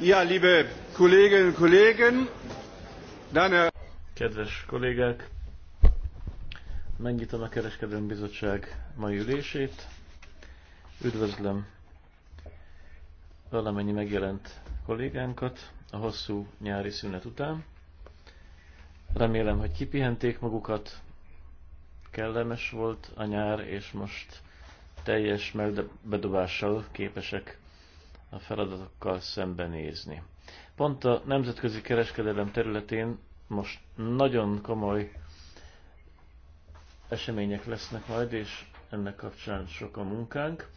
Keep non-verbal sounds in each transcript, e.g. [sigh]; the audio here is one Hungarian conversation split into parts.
Ja, liebe Kolleginnen und Kollegen, dann... Äh, Kedves kollégák, megnyitom a Kereskedelmi Bizottság mai ülését. Üdvözlöm valamennyi megjelent kollégánkat a hosszú nyári szünet után. Remélem, hogy kipihenték magukat, kellemes volt a nyár, és most teljes meldebedobással képesek a feladatokkal szembenézni. Pont a nemzetközi kereskedelem területén most nagyon komoly események lesznek majd, és ennek kapcsán sok a munkánk.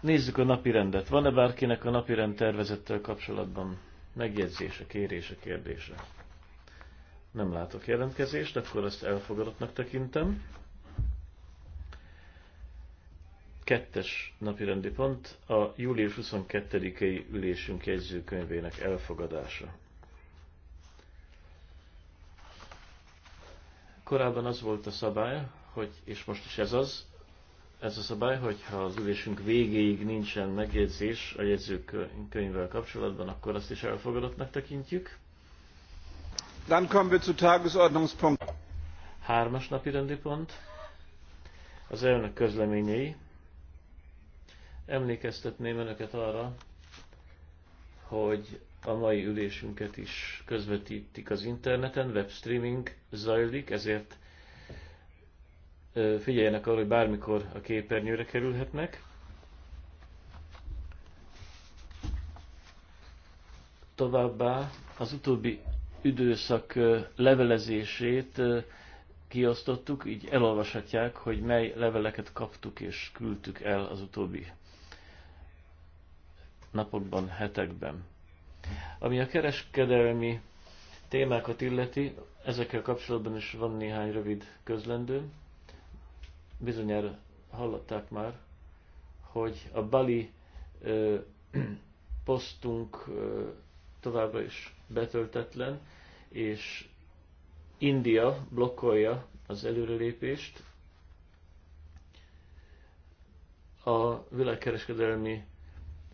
Nézzük a napirendet. Van-e bárkinek a napirend tervezettel kapcsolatban megjegyzése, kérése, kérdése? Nem látok jelentkezést, akkor ezt elfogadottnak tekintem. kettes napi rendi pont a július 22-i ülésünk jegyzőkönyvének elfogadása. Korábban az volt a szabály, hogy, és most is ez az, ez a szabály, hogy ha az ülésünk végéig nincsen megjegyzés a jegyzőkönyvvel kapcsolatban, akkor azt is elfogadottnak tekintjük. Dann kommen wir zu Tagesordnungspunkt. Hármas napi rendi pont. Az elnök közleményei. Emlékeztetném Önöket arra, hogy a mai ülésünket is közvetítik az interneten, webstreaming zajlik, ezért figyeljenek arra, hogy bármikor a képernyőre kerülhetnek. Továbbá az utóbbi időszak levelezését kiosztottuk, így elolvashatják, hogy mely leveleket kaptuk és küldtük el az utóbbi napokban, hetekben. Ami a kereskedelmi témákat illeti, ezekkel kapcsolatban is van néhány rövid közlendő. Bizonyára hallották már, hogy a Bali ö, [clears throat] posztunk ö, továbbra is betöltetlen, és India blokkolja az előrelépést. A világkereskedelmi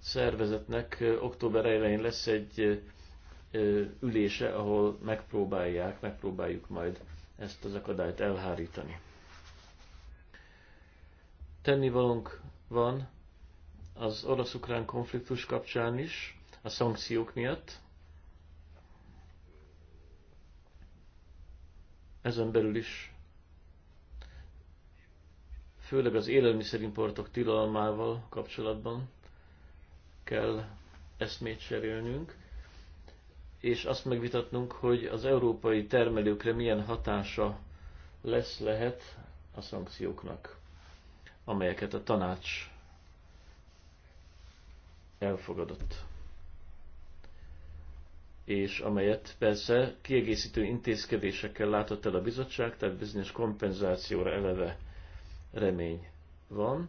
szervezetnek október elején lesz egy ülése, ahol megpróbálják, megpróbáljuk majd ezt az akadályt elhárítani. Tennivalónk van az orosz-ukrán konfliktus kapcsán is, a szankciók miatt. Ezen belül is főleg az élelmiszerimportok tilalmával kapcsolatban kell eszmét cserélnünk, és azt megvitatnunk, hogy az európai termelőkre milyen hatása lesz lehet a szankcióknak, amelyeket a tanács elfogadott. És amelyet persze kiegészítő intézkedésekkel látott el a bizottság, tehát bizonyos kompenzációra eleve remény van,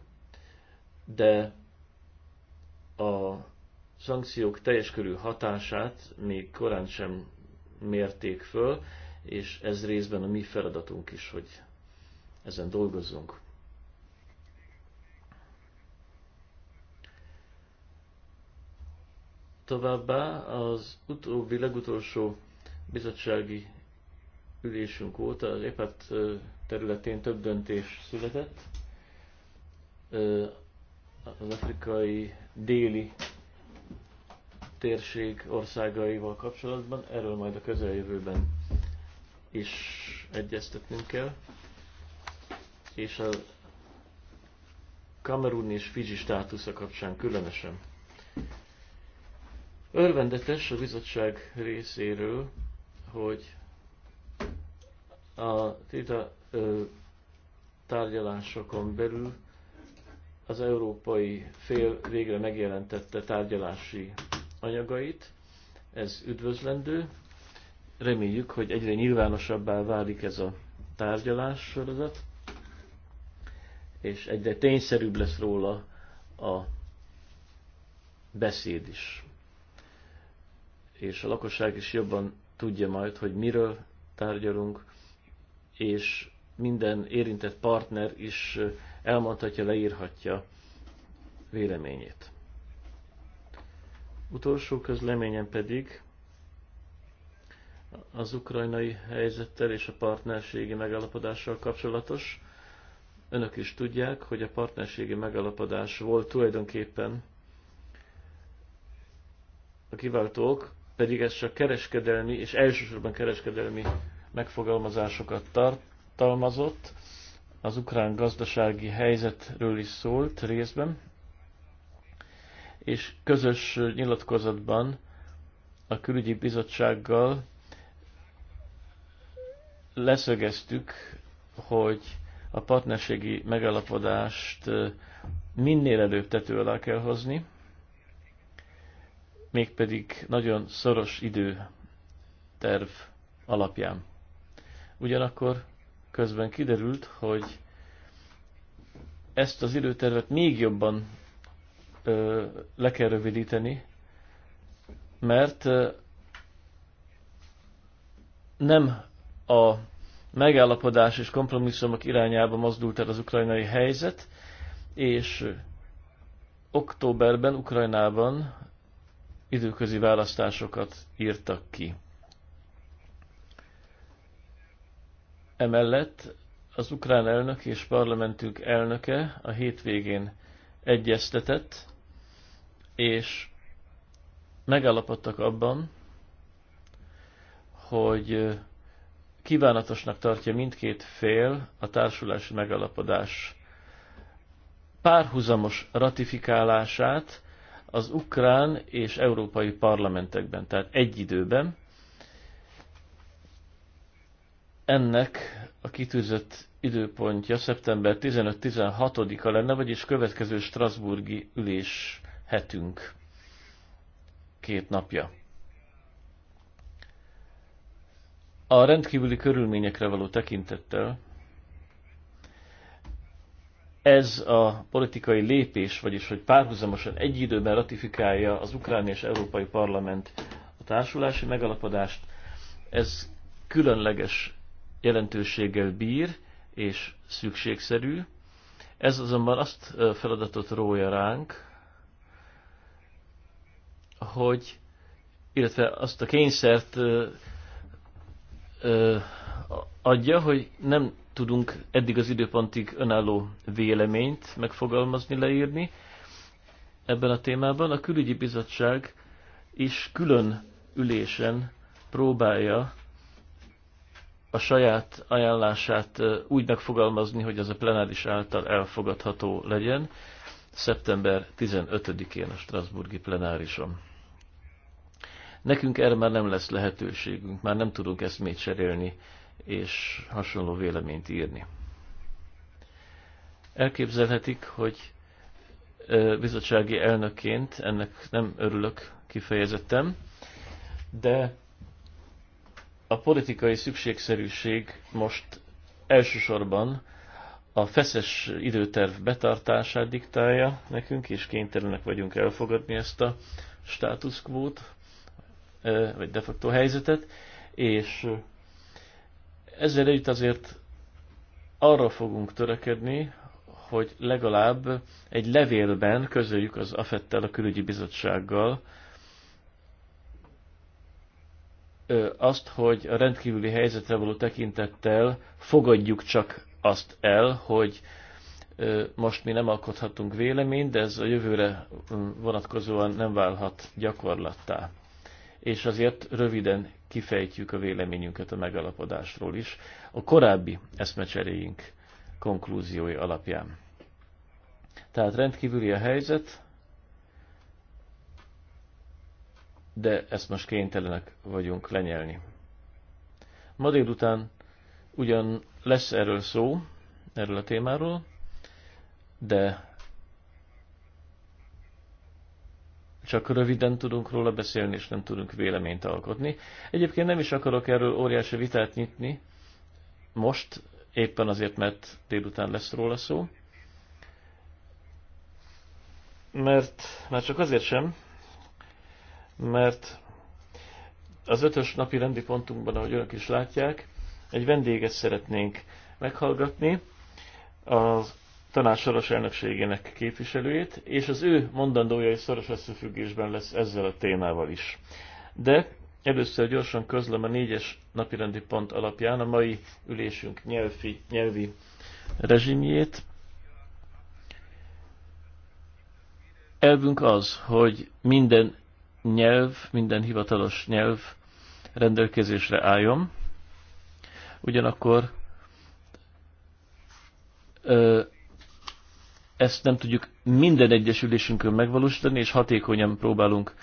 de a szankciók teljes körű hatását még korán sem mérték föl, és ez részben a mi feladatunk is, hogy ezen dolgozzunk. Továbbá az utóbbi legutolsó bizottsági ülésünk óta az EPAT területén több döntés született az afrikai déli térség országaival kapcsolatban. Erről majd a közeljövőben is egyeztetnünk kell. És a Kamerun és Fiji státusza kapcsán különösen. Örvendetes a bizottság részéről, hogy a TITA tárgyalásokon belül az európai fél végre megjelentette tárgyalási anyagait. Ez üdvözlendő. Reméljük, hogy egyre nyilvánosabbá válik ez a tárgyalás sorozat, és egyre tényszerűbb lesz róla a beszéd is. És a lakosság is jobban tudja majd, hogy miről tárgyalunk, és minden érintett partner is elmondhatja, leírhatja véleményét. Utolsó közleményen pedig az ukrajnai helyzettel és a partnerségi megalapodással kapcsolatos. Önök is tudják, hogy a partnerségi megalapodás volt tulajdonképpen a kiváltók, pedig ez csak kereskedelmi és elsősorban kereskedelmi megfogalmazásokat tartalmazott, az ukrán gazdasági helyzetről is szólt részben, és közös nyilatkozatban a külügyi bizottsággal leszögeztük, hogy a partnerségi megalapodást minél előbb tető alá kell hozni, mégpedig nagyon szoros idő terv alapján. Ugyanakkor közben kiderült, hogy ezt az időtervet még jobban ö, le kell rövidíteni, mert ö, nem a megállapodás és kompromisszumok irányába mozdult el az ukrajnai helyzet, és októberben Ukrajnában időközi választásokat írtak ki. Emellett az ukrán elnök és parlamentünk elnöke a hétvégén egyeztetett, és megállapodtak abban, hogy kívánatosnak tartja mindkét fél a társulási megalapodás párhuzamos ratifikálását az ukrán és európai parlamentekben, tehát egy időben, ennek a kitűzött időpontja szeptember 15-16-a lenne, vagyis következő Strasburgi ülés hetünk két napja. A rendkívüli körülményekre való tekintettel ez a politikai lépés, vagyis hogy párhuzamosan egy időben ratifikálja az ukrán és európai parlament a társulási megalapodást, ez különleges jelentőséggel bír és szükségszerű. Ez azonban azt feladatot rója ránk, hogy, illetve azt a kényszert ö, ö, adja, hogy nem tudunk eddig az időpontig önálló véleményt megfogalmazni, leírni ebben a témában. A külügyi bizottság is külön ülésen próbálja a saját ajánlását úgy megfogalmazni, hogy ez a plenáris által elfogadható legyen szeptember 15-én a Strasburgi plenárison. Nekünk erre már nem lesz lehetőségünk, már nem tudunk eszmét cserélni és hasonló véleményt írni. Elképzelhetik, hogy bizottsági elnökként ennek nem örülök kifejezetten, de a politikai szükségszerűség most elsősorban a feszes időterv betartását diktálja nekünk, és kénytelenek vagyunk elfogadni ezt a státuszkvót, vagy de facto helyzetet, és ezzel együtt azért arra fogunk törekedni, hogy legalább egy levélben közöljük az AFET-tel, a külügyi bizottsággal, azt, hogy a rendkívüli helyzetre való tekintettel fogadjuk csak azt el, hogy most mi nem alkothatunk véleményt, de ez a jövőre vonatkozóan nem válhat gyakorlattá. És azért röviden kifejtjük a véleményünket a megalapodásról is, a korábbi eszmecseréink konklúziói alapján. Tehát rendkívüli a helyzet, de ezt most kénytelenek vagyunk lenyelni. Ma délután ugyan lesz erről szó, erről a témáról, de csak röviden tudunk róla beszélni, és nem tudunk véleményt alkotni. Egyébként nem is akarok erről óriási vitát nyitni, most, éppen azért, mert délután lesz róla szó, mert már csak azért sem, mert az ötös napi rendi pontunkban, ahogy önök is látják, egy vendéget szeretnénk meghallgatni, a tanács soros elnökségének képviselőjét, és az ő mondandója is szoros összefüggésben lesz ezzel a témával is. De először gyorsan közlöm a négyes napirendi pont alapján a mai ülésünk nyelvi, nyelvi rezsimjét. Elvünk az, hogy minden nyelv, minden hivatalos nyelv rendelkezésre álljon. Ugyanakkor ezt nem tudjuk minden egyes megvalósítani, és hatékonyan próbálunk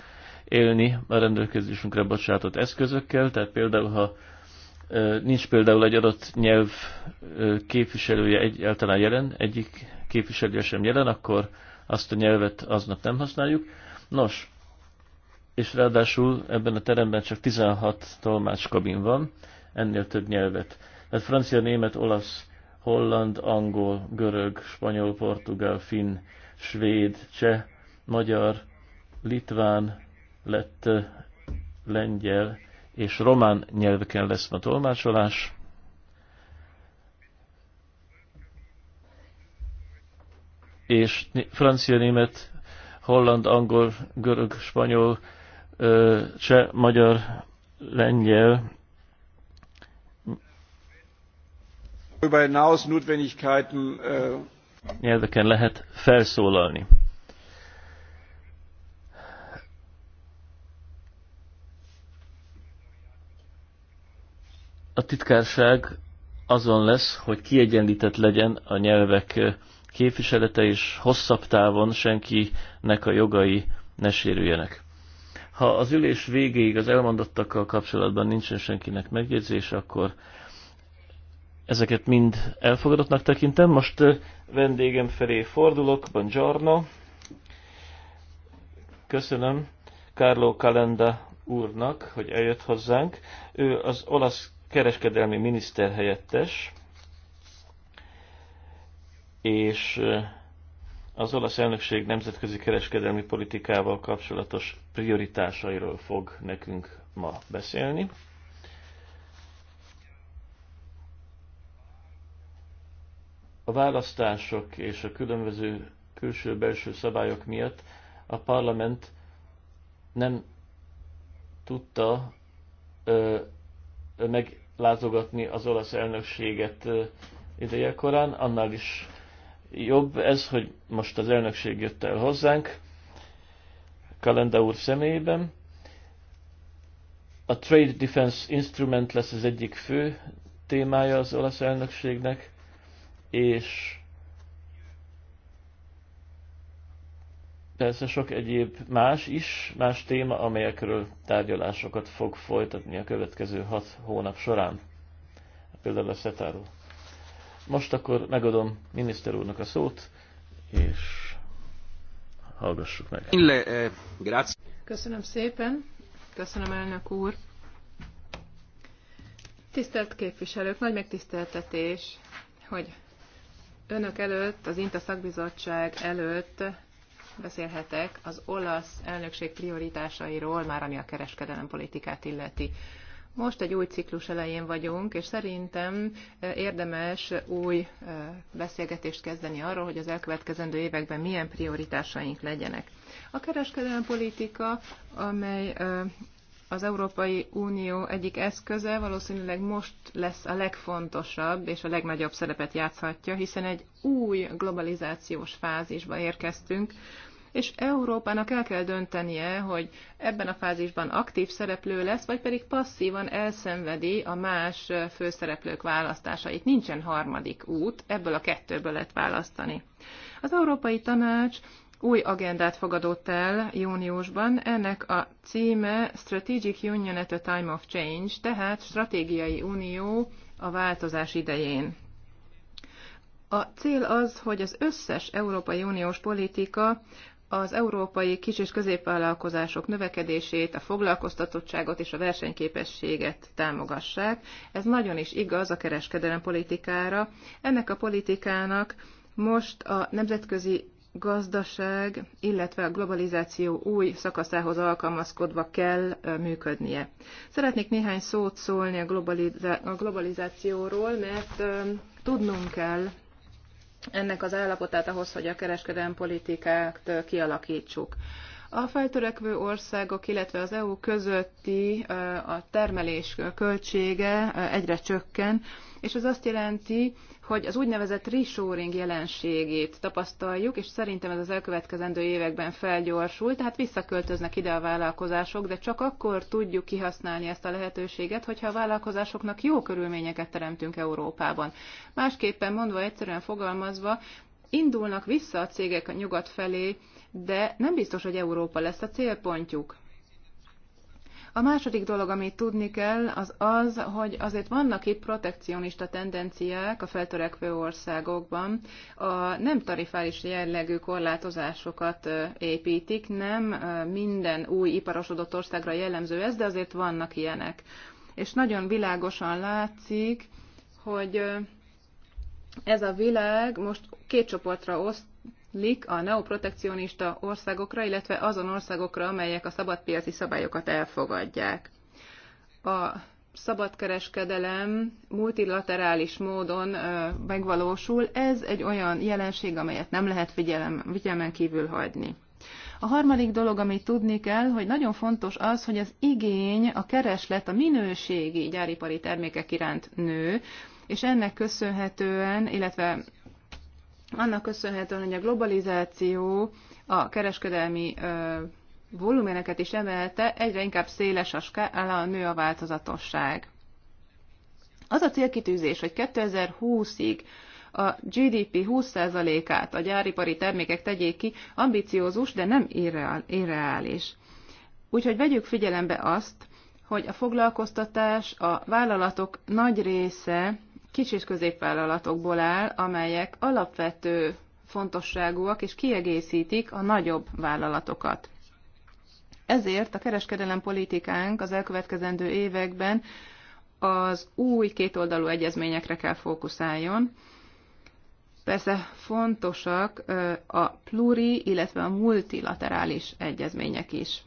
élni a rendelkezésünkre bocsátott eszközökkel, tehát például, ha nincs például egy adott nyelv képviselője egyáltalán jelen, egyik képviselője sem jelen, akkor azt a nyelvet aznap nem használjuk. Nos, és ráadásul ebben a teremben csak 16 tolmács kabin van, ennél több nyelvet. Tehát francia, német, olasz, holland, angol, görög, spanyol, portugál, finn, svéd, cseh, magyar, litván, lett, lengyel és román nyelveken lesz ma tolmácsolás. És francia, német, holland, angol, görög, spanyol, cseh, magyar, lengyel. Äh, nyelveken lehet felszólalni. A titkárság azon lesz, hogy kiegyenlített legyen a nyelvek képviselete, és hosszabb távon senkinek a jogai ne sérüljenek. Ha az ülés végéig az elmondottakkal kapcsolatban nincsen senkinek megjegyzés, akkor ezeket mind elfogadottnak tekintem. Most vendégem felé fordulok, Bongiorno. Köszönöm Carlo Calenda úrnak, hogy eljött hozzánk. Ő az olasz kereskedelmi miniszter helyettes, és az olasz elnökség nemzetközi kereskedelmi politikával kapcsolatos prioritásairól fog nekünk ma beszélni. A választások és a különböző külső-belső szabályok miatt a parlament nem tudta ö, meglátogatni az olasz elnökséget ö, idejekorán, annál is jobb ez, hogy most az elnökség jött el hozzánk, Kalenda úr személyében. A Trade Defense Instrument lesz az egyik fő témája az olasz elnökségnek, és persze sok egyéb más is, más téma, amelyekről tárgyalásokat fog folytatni a következő hat hónap során. Például a Setáról. Most akkor megadom miniszter úrnak a szót, és hallgassuk meg. Eh, köszönöm szépen, köszönöm elnök úr. Tisztelt képviselők, nagy megtiszteltetés, hogy önök előtt, az INTA szakbizottság előtt beszélhetek az olasz elnökség prioritásairól, már ami a kereskedelem politikát illeti. Most egy új ciklus elején vagyunk, és szerintem eh, érdemes eh, új eh, beszélgetést kezdeni arról, hogy az elkövetkezendő években milyen prioritásaink legyenek. A kereskedelmi politika, amely az Európai Unió egyik eszköze valószínűleg most lesz a legfontosabb és a legnagyobb szerepet játszhatja, hiszen egy új globalizációs fázisba érkeztünk, és Európának el kell döntenie, hogy ebben a fázisban aktív szereplő lesz, vagy pedig passzívan elszenvedi a más főszereplők választásait. Nincsen harmadik út, ebből a kettőből lehet választani. Az Európai Tanács új agendát fogadott el júniusban, ennek a címe Strategic Union at a Time of Change, tehát Stratégiai Unió a változás idején. A cél az, hogy az összes Európai Uniós politika az európai kis- és középvállalkozások növekedését, a foglalkoztatottságot és a versenyképességet támogassák. Ez nagyon is igaz a kereskedelem politikára. Ennek a politikának most a nemzetközi gazdaság, illetve a globalizáció új szakaszához alkalmazkodva kell működnie. Szeretnék néhány szót szólni a, a globalizációról, mert tudnunk kell ennek az állapotát ahhoz, hogy a kereskedelmi politikát a feltörekvő országok, illetve az EU közötti a termelés költsége egyre csökken, és ez azt jelenti, hogy az úgynevezett reshoring jelenségét tapasztaljuk, és szerintem ez az elkövetkezendő években felgyorsult, tehát visszaköltöznek ide a vállalkozások, de csak akkor tudjuk kihasználni ezt a lehetőséget, hogyha a vállalkozásoknak jó körülményeket teremtünk Európában. Másképpen mondva, egyszerűen fogalmazva, indulnak vissza a cégek a nyugat felé, de nem biztos, hogy Európa lesz a célpontjuk. A második dolog, amit tudni kell, az az, hogy azért vannak itt protekcionista tendenciák a feltörekvő országokban. A nem tarifális jellegű korlátozásokat építik, nem minden új iparosodott országra jellemző ez, de azért vannak ilyenek. És nagyon világosan látszik, hogy ez a világ most két csoportra oszt, lik a neoprotekcionista országokra, illetve azon országokra, amelyek a szabadpiaci szabályokat elfogadják. A szabadkereskedelem multilaterális módon megvalósul, ez egy olyan jelenség, amelyet nem lehet figyelem, figyelmen kívül hagyni. A harmadik dolog, amit tudni kell, hogy nagyon fontos az, hogy az igény, a kereslet, a minőségi gyáripari termékek iránt nő, és ennek köszönhetően, illetve annak köszönhetően, hogy a globalizáció a kereskedelmi volumeneket is emelte, egyre inkább széles a skála, nő a változatosság. Az a célkitűzés, hogy 2020-ig a GDP 20%-át a gyáripari termékek tegyék ki, ambiciózus, de nem irreális. Úgyhogy vegyük figyelembe azt, hogy a foglalkoztatás, a vállalatok nagy része kis és középvállalatokból áll, amelyek alapvető fontosságúak és kiegészítik a nagyobb vállalatokat. Ezért a kereskedelem politikánk az elkövetkezendő években az új kétoldalú egyezményekre kell fókuszáljon. Persze fontosak a pluri, illetve a multilaterális egyezmények is.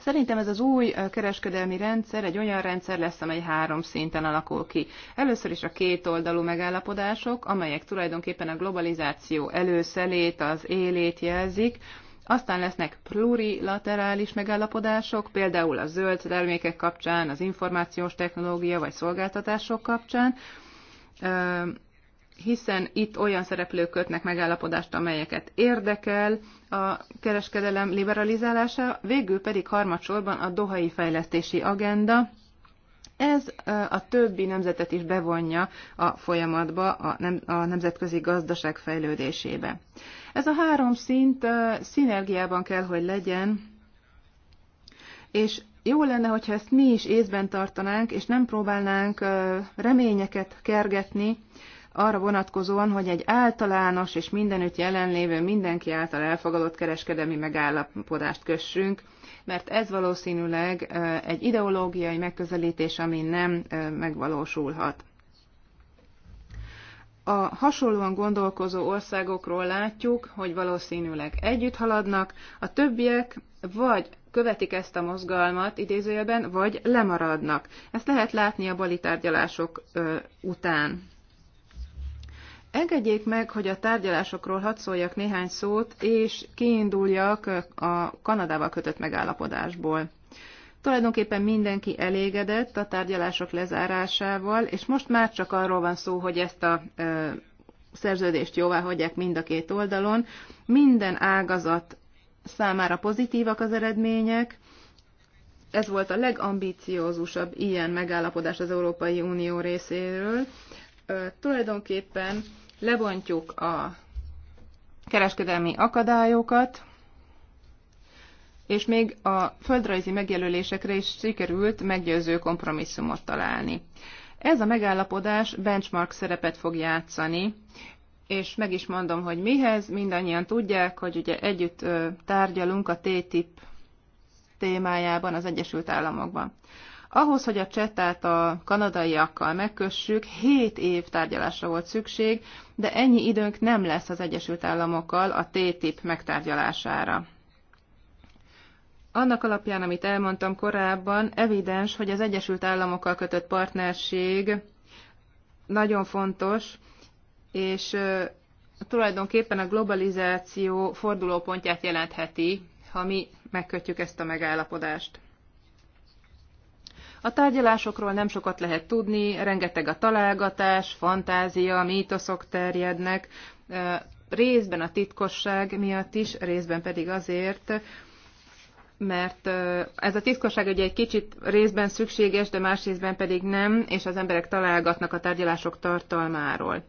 Szerintem ez az új kereskedelmi rendszer egy olyan rendszer lesz, amely három szinten alakul ki. Először is a kétoldalú megállapodások, amelyek tulajdonképpen a globalizáció előszelét, az élét jelzik, aztán lesznek plurilaterális megállapodások, például a zöld termékek kapcsán, az információs technológia vagy szolgáltatások kapcsán, hiszen itt olyan szereplők kötnek megállapodást, amelyeket érdekel a kereskedelem liberalizálása, végül pedig harmadsorban a dohai fejlesztési agenda. Ez a többi nemzetet is bevonja a folyamatba, a, nemzetközi gazdaság fejlődésébe. Ez a három szint szinergiában kell, hogy legyen, és jó lenne, hogyha ezt mi is észben tartanánk, és nem próbálnánk reményeket kergetni, arra vonatkozóan, hogy egy általános és mindenütt jelenlévő, mindenki által elfogadott kereskedelmi megállapodást kössünk, mert ez valószínűleg egy ideológiai megközelítés, ami nem megvalósulhat. A hasonlóan gondolkozó országokról látjuk, hogy valószínűleg együtt haladnak, a többiek vagy követik ezt a mozgalmat idézőjelben, vagy lemaradnak. Ezt lehet látni a bali tárgyalások után. Engedjék meg, hogy a tárgyalásokról hadd szóljak néhány szót, és kiinduljak a Kanadával kötött megállapodásból. Tulajdonképpen mindenki elégedett a tárgyalások lezárásával, és most már csak arról van szó, hogy ezt a e, szerződést jóvá hagyják mind a két oldalon. Minden ágazat számára pozitívak az eredmények. Ez volt a legambíciózusabb ilyen megállapodás az Európai Unió részéről tulajdonképpen lebontjuk a kereskedelmi akadályokat, és még a földrajzi megjelölésekre is sikerült meggyőző kompromisszumot találni. Ez a megállapodás benchmark szerepet fog játszani, és meg is mondom, hogy mihez, mindannyian tudják, hogy ugye együtt tárgyalunk a TTIP témájában az Egyesült Államokban. Ahhoz, hogy a csetát a kanadaiakkal megkössük, 7 év tárgyalásra volt szükség, de ennyi időnk nem lesz az Egyesült Államokkal a TTIP megtárgyalására. Annak alapján, amit elmondtam korábban, evidens, hogy az Egyesült Államokkal kötött partnerség nagyon fontos, és tulajdonképpen a globalizáció fordulópontját jelentheti, ha mi megkötjük ezt a megállapodást. A tárgyalásokról nem sokat lehet tudni, rengeteg a találgatás, fantázia, mítoszok terjednek, részben a titkosság miatt is, részben pedig azért, mert ez a titkosság ugye egy kicsit részben szükséges, de más részben pedig nem, és az emberek találgatnak a tárgyalások tartalmáról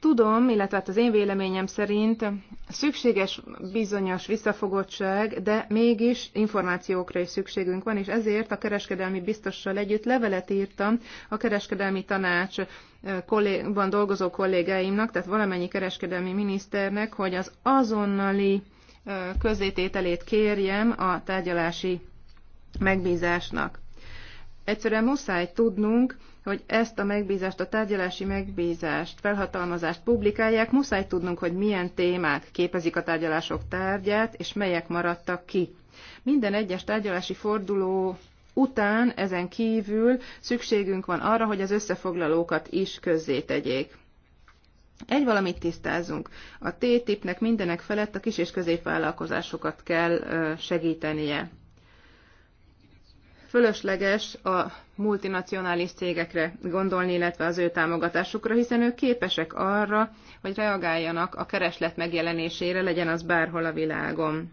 Tudom, illetve hát az én véleményem szerint szükséges bizonyos visszafogottság, de mégis információkra is szükségünk van, és ezért a kereskedelmi biztossal együtt levelet írtam a kereskedelmi tanács van dolgozó kollégáimnak, tehát valamennyi kereskedelmi miniszternek, hogy az azonnali közzétételét kérjem a tárgyalási megbízásnak. Egyszerűen muszáj tudnunk, hogy ezt a megbízást, a tárgyalási megbízást, felhatalmazást publikálják, muszáj tudnunk, hogy milyen témák képezik a tárgyalások tárgyát, és melyek maradtak ki. Minden egyes tárgyalási forduló után ezen kívül szükségünk van arra, hogy az összefoglalókat is tegyék. Egy valamit tisztázunk. A T-tipnek mindenek felett a kis és középvállalkozásokat kell segítenie fölösleges a multinacionális cégekre gondolni, illetve az ő támogatásukra, hiszen ők képesek arra, hogy reagáljanak a kereslet megjelenésére, legyen az bárhol a világon.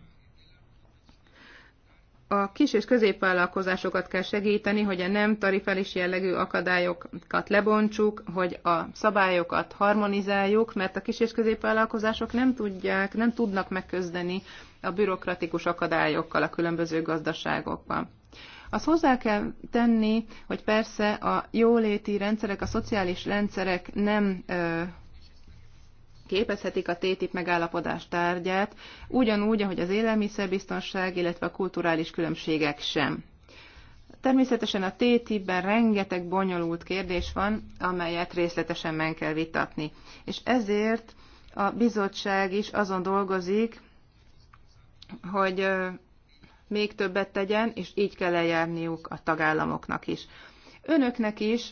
A kis és középvállalkozásokat kell segíteni, hogy a nem tarifális jellegű akadályokat lebontsuk, hogy a szabályokat harmonizáljuk, mert a kis és középvállalkozások nem tudják, nem tudnak megközdeni a bürokratikus akadályokkal a különböző gazdaságokban. Azt hozzá kell tenni, hogy persze a jóléti rendszerek, a szociális rendszerek nem ö, képezhetik a TTIP megállapodás tárgyát, ugyanúgy, ahogy az élelmiszerbiztonság, illetve a kulturális különbségek sem. Természetesen a TTIP-ben rengeteg bonyolult kérdés van, amelyet részletesen meg kell vitatni. És ezért a bizottság is azon dolgozik, hogy még többet tegyen, és így kell eljárniuk a tagállamoknak is. Önöknek is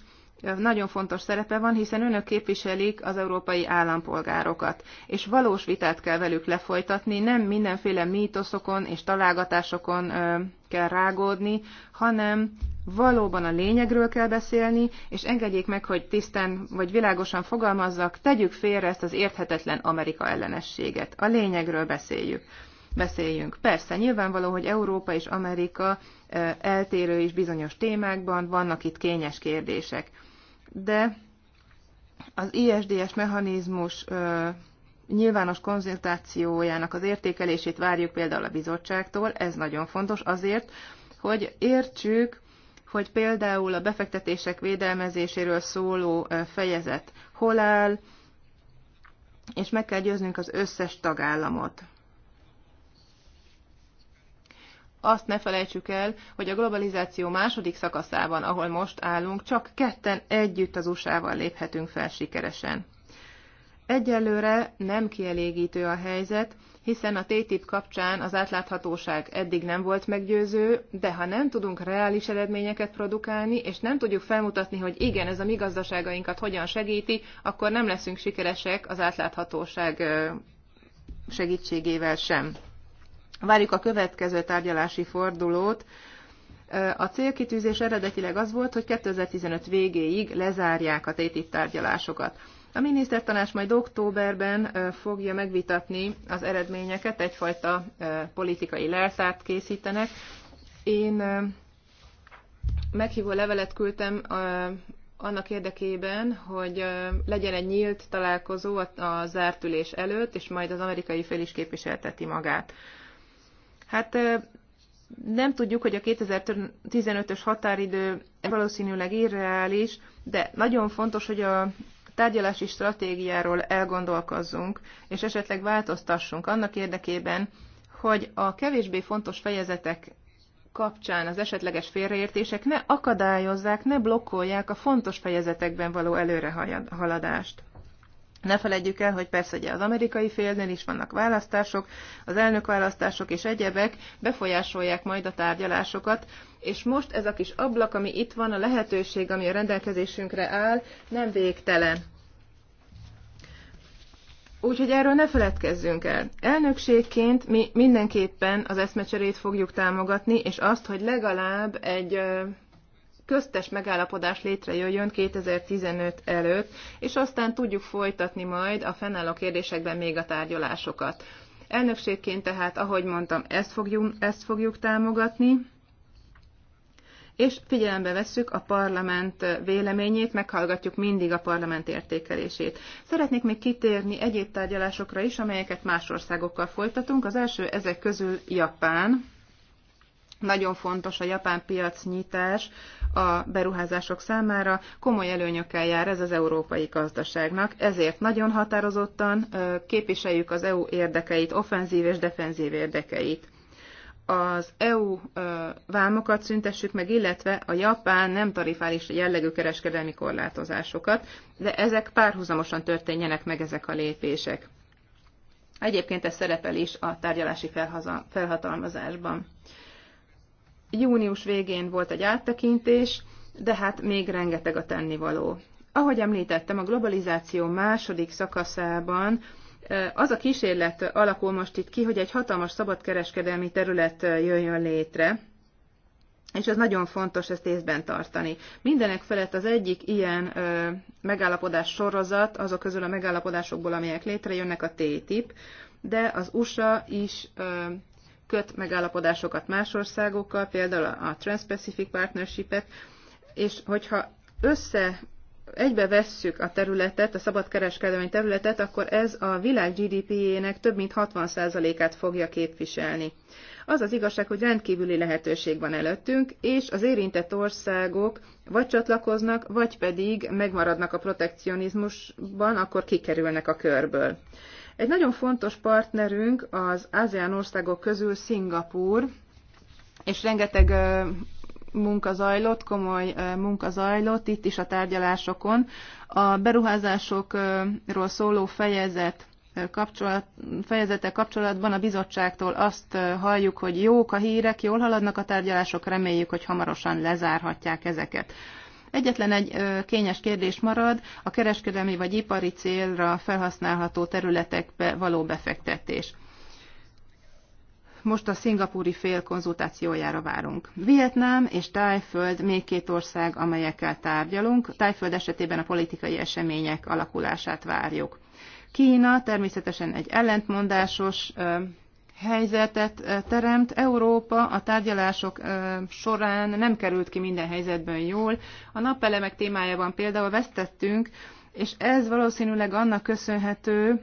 nagyon fontos szerepe van, hiszen önök képviselik az európai állampolgárokat, és valós vitát kell velük lefolytatni, nem mindenféle mítoszokon és találgatásokon kell rágódni, hanem valóban a lényegről kell beszélni, és engedjék meg, hogy tisztán vagy világosan fogalmazzak, tegyük félre ezt az érthetetlen Amerika ellenességet. A lényegről beszéljük beszéljünk. Persze, nyilvánvaló, hogy Európa és Amerika eltérő is bizonyos témákban, vannak itt kényes kérdések. De az ISDS mechanizmus nyilvános konzultációjának az értékelését várjuk például a bizottságtól, ez nagyon fontos azért, hogy értsük, hogy például a befektetések védelmezéséről szóló fejezet hol áll, és meg kell győznünk az összes tagállamot. azt ne felejtsük el, hogy a globalizáció második szakaszában, ahol most állunk, csak ketten együtt az USA-val léphetünk fel sikeresen. Egyelőre nem kielégítő a helyzet, hiszen a TTIP kapcsán az átláthatóság eddig nem volt meggyőző, de ha nem tudunk reális eredményeket produkálni, és nem tudjuk felmutatni, hogy igen, ez a mi gazdaságainkat hogyan segíti, akkor nem leszünk sikeresek az átláthatóság segítségével sem. Várjuk a következő tárgyalási fordulót. A célkitűzés eredetileg az volt, hogy 2015 végéig lezárják a TTIP tárgyalásokat. A minisztertanács majd októberben fogja megvitatni az eredményeket, egyfajta politikai leltárt készítenek. Én meghívó levelet küldtem annak érdekében, hogy legyen egy nyílt találkozó a zártülés előtt, és majd az amerikai fél is képviselteti magát. Hát nem tudjuk, hogy a 2015-ös határidő valószínűleg irreális, de nagyon fontos, hogy a tárgyalási stratégiáról elgondolkozzunk, és esetleg változtassunk annak érdekében, hogy a kevésbé fontos fejezetek kapcsán az esetleges félreértések ne akadályozzák, ne blokkolják a fontos fejezetekben való előrehaladást. Ne felejtjük el, hogy persze ugye az amerikai félnél is vannak választások, az elnökválasztások és egyebek befolyásolják majd a tárgyalásokat, és most ez a kis ablak, ami itt van, a lehetőség, ami a rendelkezésünkre áll, nem végtelen. Úgyhogy erről ne feledkezzünk el. Elnökségként mi mindenképpen az eszmecserét fogjuk támogatni, és azt, hogy legalább egy köztes megállapodás létrejöjjön 2015 előtt, és aztán tudjuk folytatni majd a fennálló kérdésekben még a tárgyalásokat. Elnökségként tehát, ahogy mondtam, ezt fogjuk, ezt fogjuk támogatni, és figyelembe vesszük a parlament véleményét, meghallgatjuk mindig a parlament értékelését. Szeretnék még kitérni egyéb tárgyalásokra is, amelyeket más országokkal folytatunk. Az első ezek közül Japán. Nagyon fontos a japán piac nyitás a beruházások számára, komoly előnyökkel jár ez az európai gazdaságnak, ezért nagyon határozottan képviseljük az EU érdekeit, offenzív és defenzív érdekeit az EU vámokat szüntessük meg, illetve a japán nem tarifális jellegű kereskedelmi korlátozásokat, de ezek párhuzamosan történjenek meg ezek a lépések. Egyébként ez szerepel is a tárgyalási felhaza, felhatalmazásban. Június végén volt egy áttekintés, de hát még rengeteg a tennivaló. Ahogy említettem, a globalizáció második szakaszában az a kísérlet alakul most itt ki, hogy egy hatalmas szabadkereskedelmi terület jöjjön létre, és ez nagyon fontos ezt észben tartani. Mindenek felett az egyik ilyen ö, megállapodás sorozat, azok közül a megállapodásokból, amelyek létrejönnek, a TTIP, de az USA is ö, köt megállapodásokat más országokkal, például a Trans-Pacific Partnership-et, és hogyha össze egybe vesszük a területet, a kereskedelmi területet, akkor ez a világ GDP-jének több mint 60%-át fogja képviselni. Az az igazság, hogy rendkívüli lehetőség van előttünk, és az érintett országok vagy csatlakoznak, vagy pedig megmaradnak a protekcionizmusban, akkor kikerülnek a körből. Egy nagyon fontos partnerünk az ASEAN országok közül Szingapúr, és rengeteg munka zajlott, komoly munka zajlott itt is a tárgyalásokon. A beruházásokról szóló fejezet kapcsolat, fejezete kapcsolatban a bizottságtól azt halljuk, hogy jók a hírek, jól haladnak a tárgyalások, reméljük, hogy hamarosan lezárhatják ezeket. Egyetlen egy kényes kérdés marad, a kereskedelmi vagy ipari célra felhasználható területekbe való befektetés most a szingapúri fél konzultációjára várunk. Vietnám és Tájföld még két ország, amelyekkel tárgyalunk. Tájföld esetében a politikai események alakulását várjuk. Kína természetesen egy ellentmondásos helyzetet teremt. Európa a tárgyalások során nem került ki minden helyzetben jól. A napelemek témájában például vesztettünk, és ez valószínűleg annak köszönhető,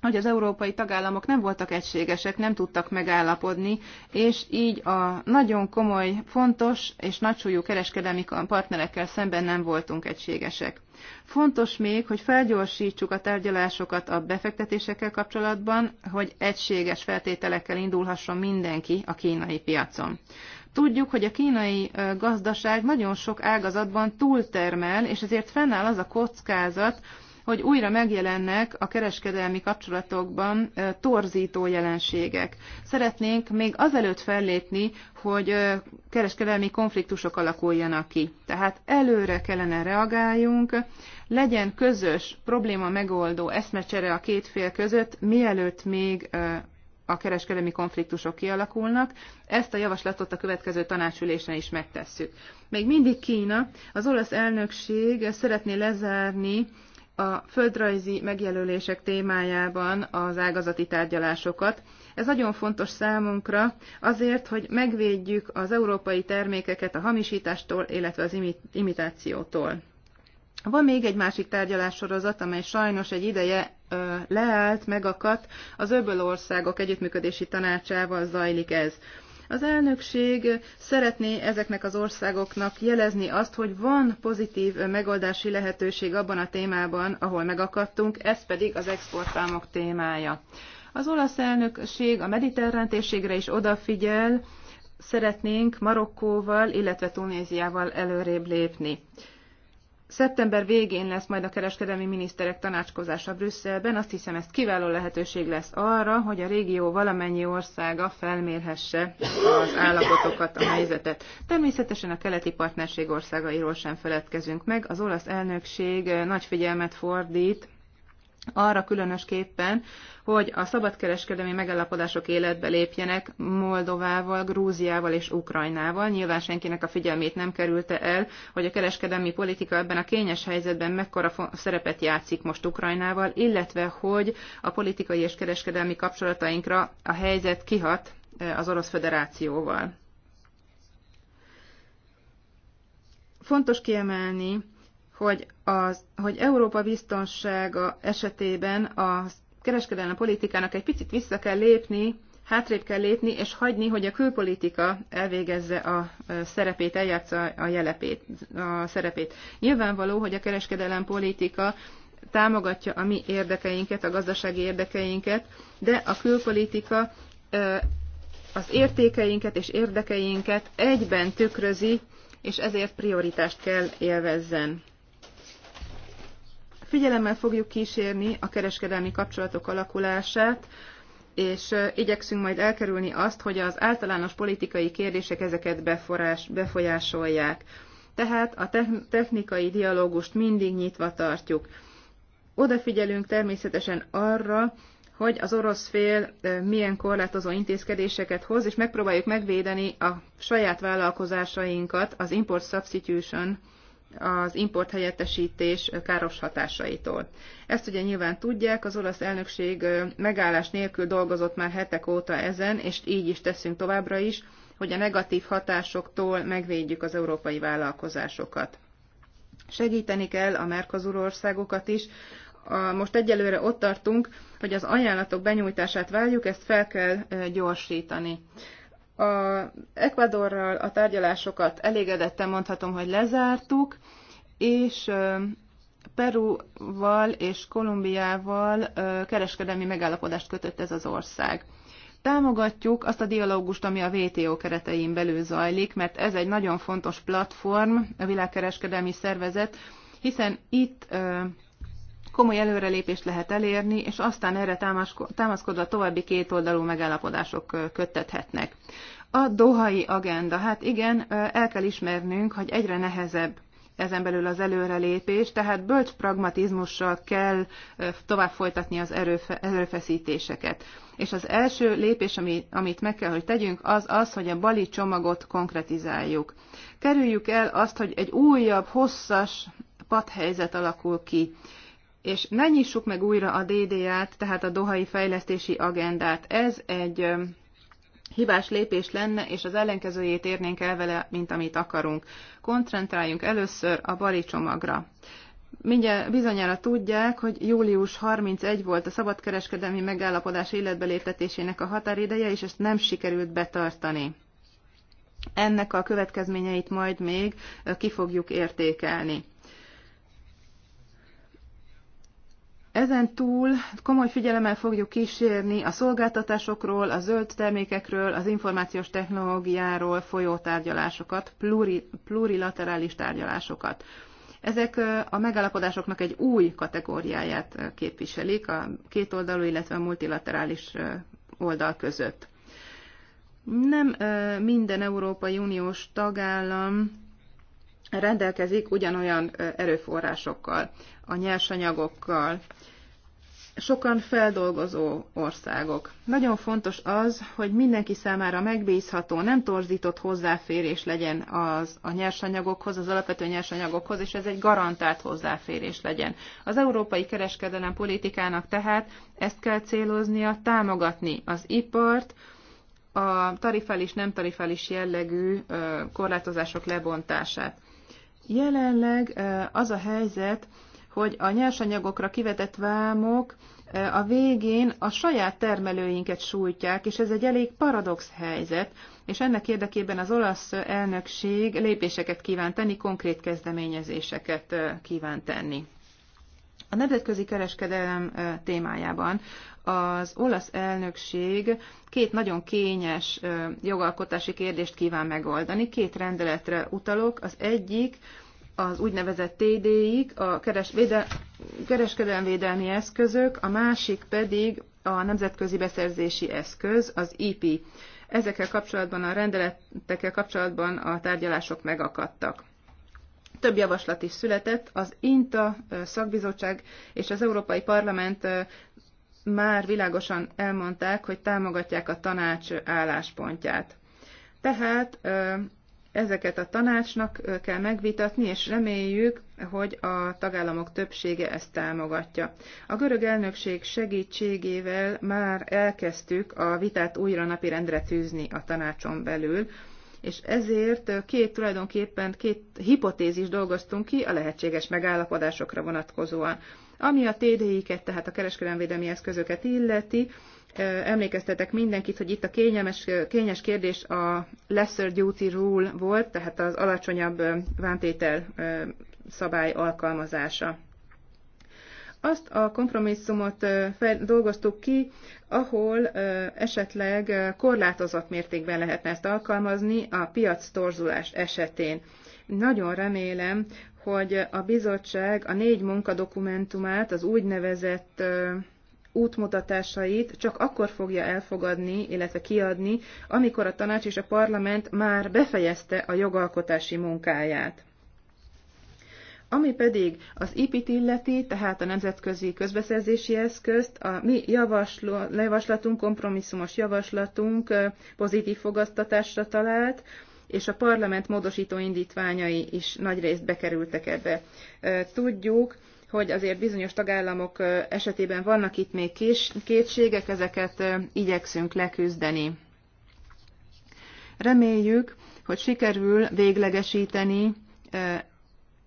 hogy az európai tagállamok nem voltak egységesek, nem tudtak megállapodni, és így a nagyon komoly, fontos és nagysúlyú kereskedelmi partnerekkel szemben nem voltunk egységesek. Fontos még, hogy felgyorsítsuk a tárgyalásokat a befektetésekkel kapcsolatban, hogy egységes feltételekkel indulhasson mindenki a kínai piacon. Tudjuk, hogy a kínai gazdaság nagyon sok ágazatban túltermel, és ezért fennáll az a kockázat, hogy újra megjelennek a kereskedelmi kapcsolatokban torzító jelenségek. Szeretnénk még azelőtt fellépni, hogy kereskedelmi konfliktusok alakuljanak ki. Tehát előre kellene reagáljunk, legyen közös probléma megoldó eszmecsere a két fél között, mielőtt még a kereskedelmi konfliktusok kialakulnak. Ezt a javaslatot a következő tanácsülésen is megtesszük. Még mindig Kína, az olasz elnökség szeretné lezárni a földrajzi megjelölések témájában az ágazati tárgyalásokat. Ez nagyon fontos számunkra azért, hogy megvédjük az európai termékeket a hamisítástól, illetve az imitációtól. Van még egy másik tárgyalássorozat, amely sajnos egy ideje ö, leállt, megakadt. Az öböl országok együttműködési tanácsával zajlik ez. Az elnökség szeretné ezeknek az országoknak jelezni azt, hogy van pozitív megoldási lehetőség abban a témában, ahol megakadtunk, ez pedig az exportálmok témája. Az olasz elnökség a mediterrán térségre is odafigyel, szeretnénk Marokkóval, illetve Tunéziával előrébb lépni. Szeptember végén lesz majd a kereskedelmi miniszterek tanácskozása Brüsszelben, azt hiszem ez kiváló lehetőség lesz arra, hogy a régió valamennyi országa felmérhesse az állapotokat, a helyzetet. Természetesen a keleti partnerség országairól sem feledkezünk meg, az olasz elnökség nagy figyelmet fordít arra különösképpen, hogy a szabadkereskedelmi megállapodások életbe lépjenek Moldovával, Grúziával és Ukrajnával. Nyilván senkinek a figyelmét nem kerülte el, hogy a kereskedelmi politika ebben a kényes helyzetben mekkora szerepet játszik most Ukrajnával, illetve hogy a politikai és kereskedelmi kapcsolatainkra a helyzet kihat eh, az Orosz Föderációval. Fontos kiemelni, hogy, az, hogy Európa biztonsága esetében a kereskedelmi politikának egy picit vissza kell lépni, hátrébb kell lépni, és hagyni, hogy a külpolitika elvégezze a szerepét, eljátsza a, jelepét, a szerepét. Nyilvánvaló, hogy a kereskedelem politika támogatja a mi érdekeinket, a gazdasági érdekeinket, de a külpolitika az értékeinket és érdekeinket egyben tükrözi, és ezért prioritást kell élvezzen. Figyelemmel fogjuk kísérni a kereskedelmi kapcsolatok alakulását, és igyekszünk majd elkerülni azt, hogy az általános politikai kérdések ezeket beforás, befolyásolják. Tehát a technikai dialógust mindig nyitva tartjuk. Odafigyelünk természetesen arra, hogy az orosz fél milyen korlátozó intézkedéseket hoz, és megpróbáljuk megvédeni a saját vállalkozásainkat az import substitution az import helyettesítés káros hatásaitól. Ezt ugye nyilván tudják, az olasz elnökség megállás nélkül dolgozott már hetek óta ezen, és így is teszünk továbbra is, hogy a negatív hatásoktól megvédjük az európai vállalkozásokat. Segíteni kell a Merkazur országokat is. Most egyelőre ott tartunk, hogy az ajánlatok benyújtását várjuk, ezt fel kell gyorsítani. A Ecuadorral a tárgyalásokat elégedetten mondhatom, hogy lezártuk, és Peruval és Kolumbiával kereskedelmi megállapodást kötött ez az ország. Támogatjuk azt a dialógust, ami a WTO keretein belül zajlik, mert ez egy nagyon fontos platform, a világkereskedelmi szervezet, hiszen itt komoly előrelépést lehet elérni, és aztán erre támaszkodva további kétoldalú megállapodások köttethetnek. A dohai agenda. Hát igen, el kell ismernünk, hogy egyre nehezebb ezen belül az előrelépés, tehát bölcs pragmatizmussal kell tovább folytatni az erőfe, erőfeszítéseket. És az első lépés, ami, amit meg kell, hogy tegyünk, az az, hogy a bali csomagot konkretizáljuk. Kerüljük el azt, hogy egy újabb, hosszas padhelyzet alakul ki és ne nyissuk meg újra a DDA-t, tehát a Dohai Fejlesztési Agendát. Ez egy hibás lépés lenne, és az ellenkezőjét érnénk el vele, mint amit akarunk. Koncentráljunk először a bali csomagra. Mindjárt bizonyára tudják, hogy július 31 volt a szabadkereskedelmi megállapodás életbeléptetésének a határideje, és ezt nem sikerült betartani. Ennek a következményeit majd még ki fogjuk értékelni. Ezen túl komoly figyelemmel fogjuk kísérni a szolgáltatásokról, a zöld termékekről, az információs technológiáról folyó tárgyalásokat, pluri, plurilaterális tárgyalásokat. Ezek a megállapodásoknak egy új kategóriáját képviselik a kétoldalú, illetve a multilaterális oldal között. Nem minden Európai Uniós tagállam rendelkezik ugyanolyan erőforrásokkal, a nyersanyagokkal, sokan feldolgozó országok. Nagyon fontos az, hogy mindenki számára megbízható, nem torzított hozzáférés legyen az a nyersanyagokhoz, az alapvető nyersanyagokhoz, és ez egy garantált hozzáférés legyen. Az európai kereskedelem politikának tehát ezt kell céloznia, támogatni az ipart, a tarifális, nem tarifális jellegű korlátozások lebontását. Jelenleg az a helyzet, hogy a nyersanyagokra kivetett vámok a végén a saját termelőinket sújtják, és ez egy elég paradox helyzet, és ennek érdekében az olasz elnökség lépéseket kíván tenni, konkrét kezdeményezéseket kíván tenni. A nemzetközi kereskedelem témájában az olasz elnökség két nagyon kényes jogalkotási kérdést kíván megoldani. Két rendeletre utalok. Az egyik az úgynevezett TD-ig, a védelmi eszközök, a másik pedig a nemzetközi beszerzési eszköz, az IP. Ezekkel kapcsolatban a rendeletekkel kapcsolatban a tárgyalások megakadtak. Több javaslat is született, az INTA szakbizottság és az Európai Parlament már világosan elmondták, hogy támogatják a tanács álláspontját. Tehát Ezeket a tanácsnak kell megvitatni, és reméljük, hogy a tagállamok többsége ezt támogatja. A görög elnökség segítségével már elkezdtük a vitát újra napirendre tűzni a tanácson belül, és ezért két tulajdonképpen két hipotézis dolgoztunk ki a lehetséges megállapodásokra vonatkozóan. Ami a TDI-ket, tehát a kereskedelmi eszközöket illeti, emlékeztetek mindenkit, hogy itt a kényelmes, kényes kérdés a lesser duty rule volt, tehát az alacsonyabb vántétel szabály alkalmazása. Azt a kompromisszumot dolgoztuk ki, ahol esetleg korlátozott mértékben lehetne ezt alkalmazni a piac torzulás esetén. Nagyon remélem, hogy a bizottság a négy munkadokumentumát, az úgynevezett útmutatásait csak akkor fogja elfogadni, illetve kiadni, amikor a tanács és a parlament már befejezte a jogalkotási munkáját. Ami pedig az IPIT illeti, tehát a nemzetközi közbeszerzési eszközt, a mi javaslatunk, kompromisszumos javaslatunk pozitív fogasztatásra talált, és a parlament módosító indítványai is nagy részt bekerültek ebbe. Tudjuk, hogy azért bizonyos tagállamok esetében vannak itt még kétségek, ezeket igyekszünk leküzdeni. Reméljük, hogy sikerül véglegesíteni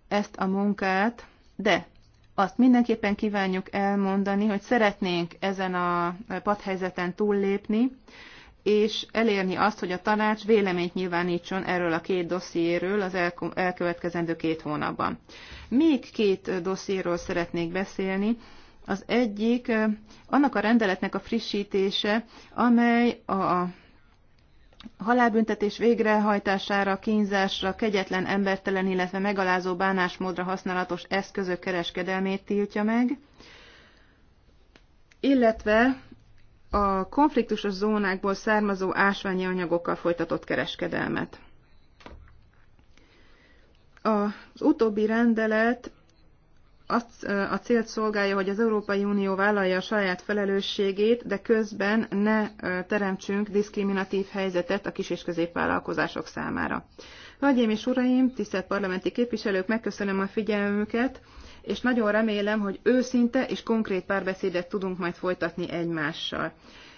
ezt a munkát, de azt mindenképpen kívánjuk elmondani, hogy szeretnénk ezen a padhelyzeten túllépni, és elérni azt, hogy a tanács véleményt nyilvánítson erről a két dossziéről az elkövetkezendő két hónapban. Még két dossziéről szeretnék beszélni. Az egyik annak a rendeletnek a frissítése, amely a halálbüntetés végrehajtására, kínzásra, kegyetlen, embertelen, illetve megalázó bánásmódra használatos eszközök kereskedelmét tiltja meg, illetve a konfliktusos zónákból származó ásványi anyagokkal folytatott kereskedelmet. Az utóbbi rendelet azt a célt szolgálja, hogy az Európai Unió vállalja a saját felelősségét, de közben ne teremtsünk diszkriminatív helyzetet a kis- és középvállalkozások számára. Hölgyeim és uraim, tisztelt parlamenti képviselők, megköszönöm a figyelmüket, és nagyon remélem, hogy őszinte és konkrét párbeszédet tudunk majd folytatni egymással.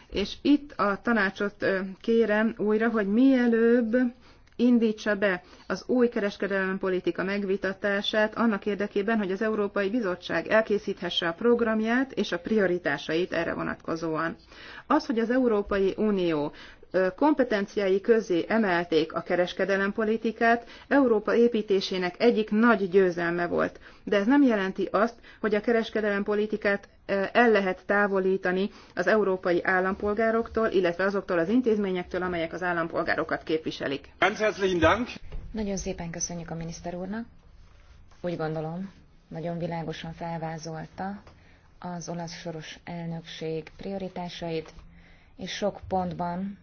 És itt a tanácsot kérem újra, hogy mielőbb indítsa be az új kereskedelmi politika megvitatását annak érdekében, hogy az Európai Bizottság elkészíthesse a programját és a prioritásait erre vonatkozóan. Az, hogy az Európai Unió kompetenciái közé emelték a kereskedelempolitikát, Európa építésének egyik nagy győzelme volt. De ez nem jelenti azt, hogy a kereskedelempolitikát el lehet távolítani az európai állampolgároktól, illetve azoktól az intézményektől, amelyek az állampolgárokat képviselik. Nagyon szépen köszönjük a miniszter úrnak. Úgy gondolom, nagyon világosan felvázolta az olasz soros elnökség prioritásait, és sok pontban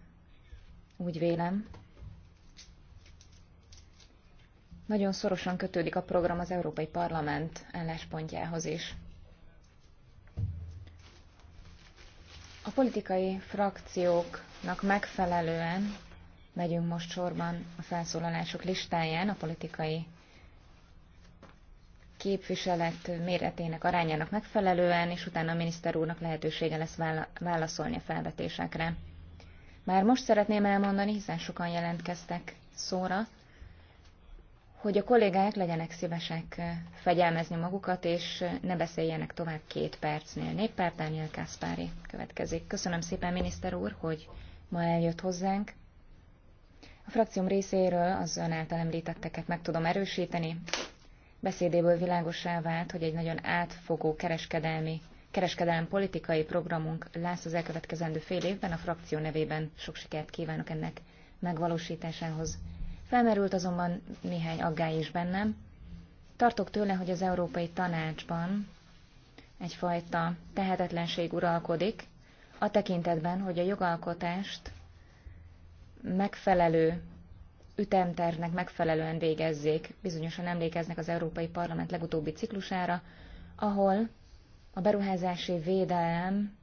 úgy vélem. Nagyon szorosan kötődik a program az Európai Parlament álláspontjához is. A politikai frakcióknak megfelelően megyünk most sorban a felszólalások listáján, a politikai képviselet méretének arányának megfelelően, és utána a miniszter úrnak lehetősége lesz válaszolni a felvetésekre. Már most szeretném elmondani, hiszen sokan jelentkeztek szóra, hogy a kollégák legyenek szívesek fegyelmezni magukat, és ne beszéljenek tovább két percnél. Néppárt Dániel Kászpári következik. Köszönöm szépen, miniszter úr, hogy ma eljött hozzánk. A frakcióm részéről az ön által említetteket meg tudom erősíteni. Beszédéből világosá vált, hogy egy nagyon átfogó kereskedelmi kereskedelem politikai programunk lesz az elkövetkezendő fél évben, a frakció nevében sok sikert kívánok ennek megvalósításához. Felmerült azonban néhány aggály is bennem. Tartok tőle, hogy az Európai Tanácsban egyfajta tehetetlenség uralkodik, a tekintetben, hogy a jogalkotást megfelelő ütemtervnek megfelelően végezzék. Bizonyosan emlékeznek az Európai Parlament legutóbbi ciklusára, ahol a beruházási védelem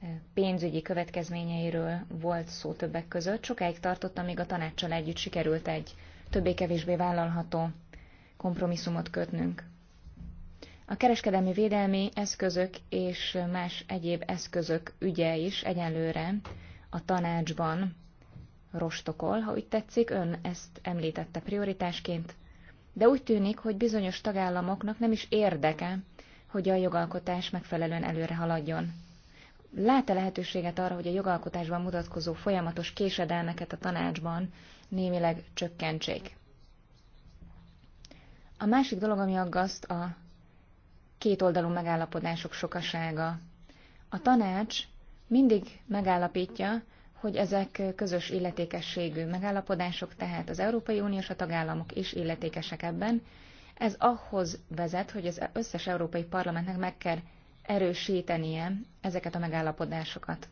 eh, pénzügyi következményeiről volt szó többek között. Sokáig tartott, amíg a tanácssal együtt sikerült egy többé-kevésbé vállalható kompromisszumot kötnünk. A kereskedelmi védelmi eszközök és más egyéb eszközök ügye is egyenlőre a tanácsban rostokol, ha úgy tetszik, ön ezt említette prioritásként, de úgy tűnik, hogy bizonyos tagállamoknak nem is érdeke, hogy a jogalkotás megfelelően előre haladjon. Lát-e lehetőséget arra, hogy a jogalkotásban mutatkozó folyamatos késedelmeket a tanácsban némileg csökkentsék? A másik dolog, ami aggaszt, a kétoldalú megállapodások sokasága. A tanács mindig megállapítja, hogy ezek közös illetékességű megállapodások, tehát az Európai Unió és a tagállamok is illetékesek ebben, ez ahhoz vezet, hogy az összes európai parlamentnek meg kell erősítenie ezeket a megállapodásokat.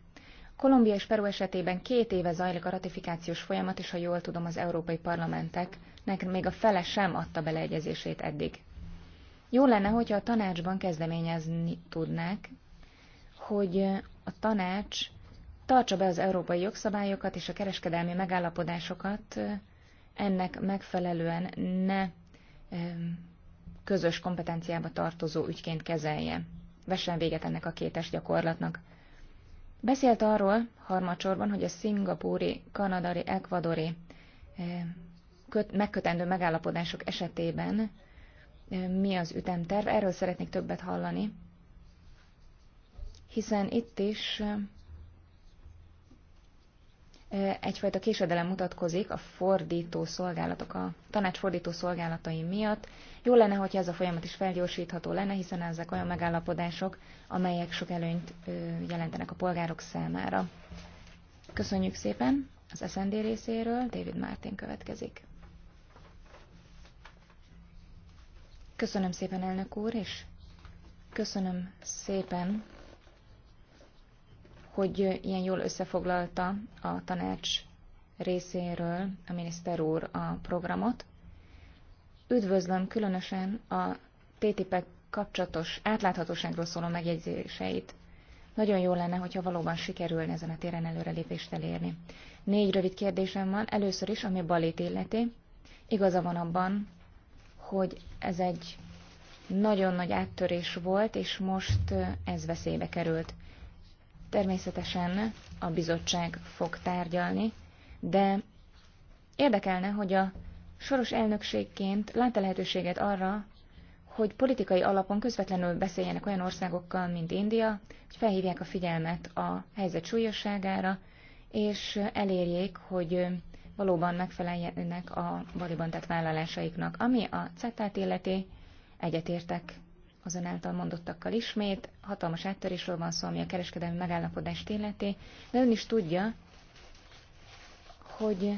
Kolumbia és Peru esetében két éve zajlik a ratifikációs folyamat, és ha jól tudom, az európai parlamenteknek még a fele sem adta beleegyezését eddig. Jó lenne, hogyha a tanácsban kezdeményezni tudnák, hogy a tanács tartsa be az európai jogszabályokat és a kereskedelmi megállapodásokat, ennek megfelelően ne közös kompetenciába tartozó ügyként kezelje. Vessen véget ennek a kétes gyakorlatnak. Beszélt arról harmadsorban, hogy a szingapúri, kanadari, ekvadori köt, megkötendő megállapodások esetében mi az ütemterv. Erről szeretnék többet hallani, hiszen itt is egyfajta késedelem mutatkozik a fordító szolgálatok, a tanács fordító szolgálatai miatt. Jó lenne, hogyha ez a folyamat is felgyorsítható lenne, hiszen ezek olyan megállapodások, amelyek sok előnyt jelentenek a polgárok számára. Köszönjük szépen! Az SND részéről David Martin következik. Köszönöm szépen, elnök úr, és köszönöm szépen hogy ilyen jól összefoglalta a tanács részéről a miniszter úr a programot. Üdvözlöm különösen a ttip kapcsolatos átláthatóságról szóló megjegyzéseit. Nagyon jó lenne, hogyha valóban sikerülne ezen a téren előrelépést elérni. Négy rövid kérdésem van. Először is, ami balét illeti. Igaza van abban, hogy ez egy nagyon nagy áttörés volt, és most eh, ez veszélybe került. Természetesen a bizottság fog tárgyalni, de érdekelne, hogy a soros elnökségként lát -e lehetőséget arra, hogy politikai alapon közvetlenül beszéljenek olyan országokkal, mint India, hogy felhívják a figyelmet a helyzet súlyosságára, és elérjék, hogy valóban megfeleljenek a valiban tett vállalásaiknak. Ami a CETÁT illeti, egyetértek az ön által mondottakkal ismét. Hatalmas áttörésről van szó, ami a kereskedelmi megállapodást illeti, de ön is tudja, hogy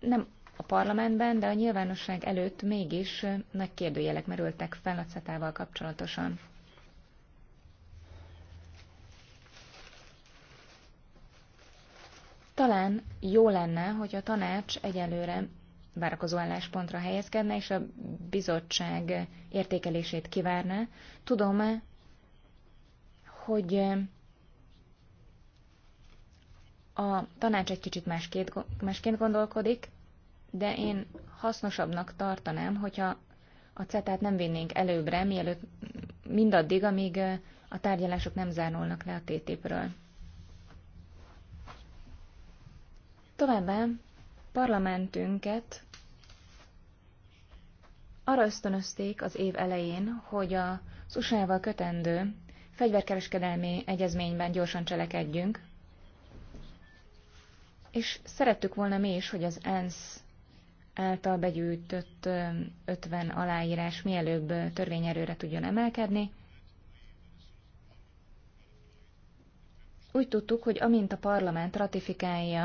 nem a parlamentben, de a nyilvánosság előtt mégis nagy kérdőjelek merültek fel a CETA-val kapcsolatosan. Talán jó lenne, hogy a tanács egyelőre várakozó álláspontra helyezkedne, és a bizottság értékelését kivárná, Tudom, -e, hogy a tanács egy kicsit másként, másként gondolkodik, de én hasznosabbnak tartanám, hogyha a CETA-t nem vinnénk előbbre, mielőtt mindaddig, amíg a tárgyalások nem zárulnak le a TTIP-ről. Továbbá parlamentünket arra ösztönözték az év elején, hogy a usa kötendő fegyverkereskedelmi egyezményben gyorsan cselekedjünk, és szerettük volna mi is, hogy az ENSZ által begyűjtött 50 aláírás mielőbb törvényerőre tudjon emelkedni. Úgy tudtuk, hogy amint a parlament ratifikálja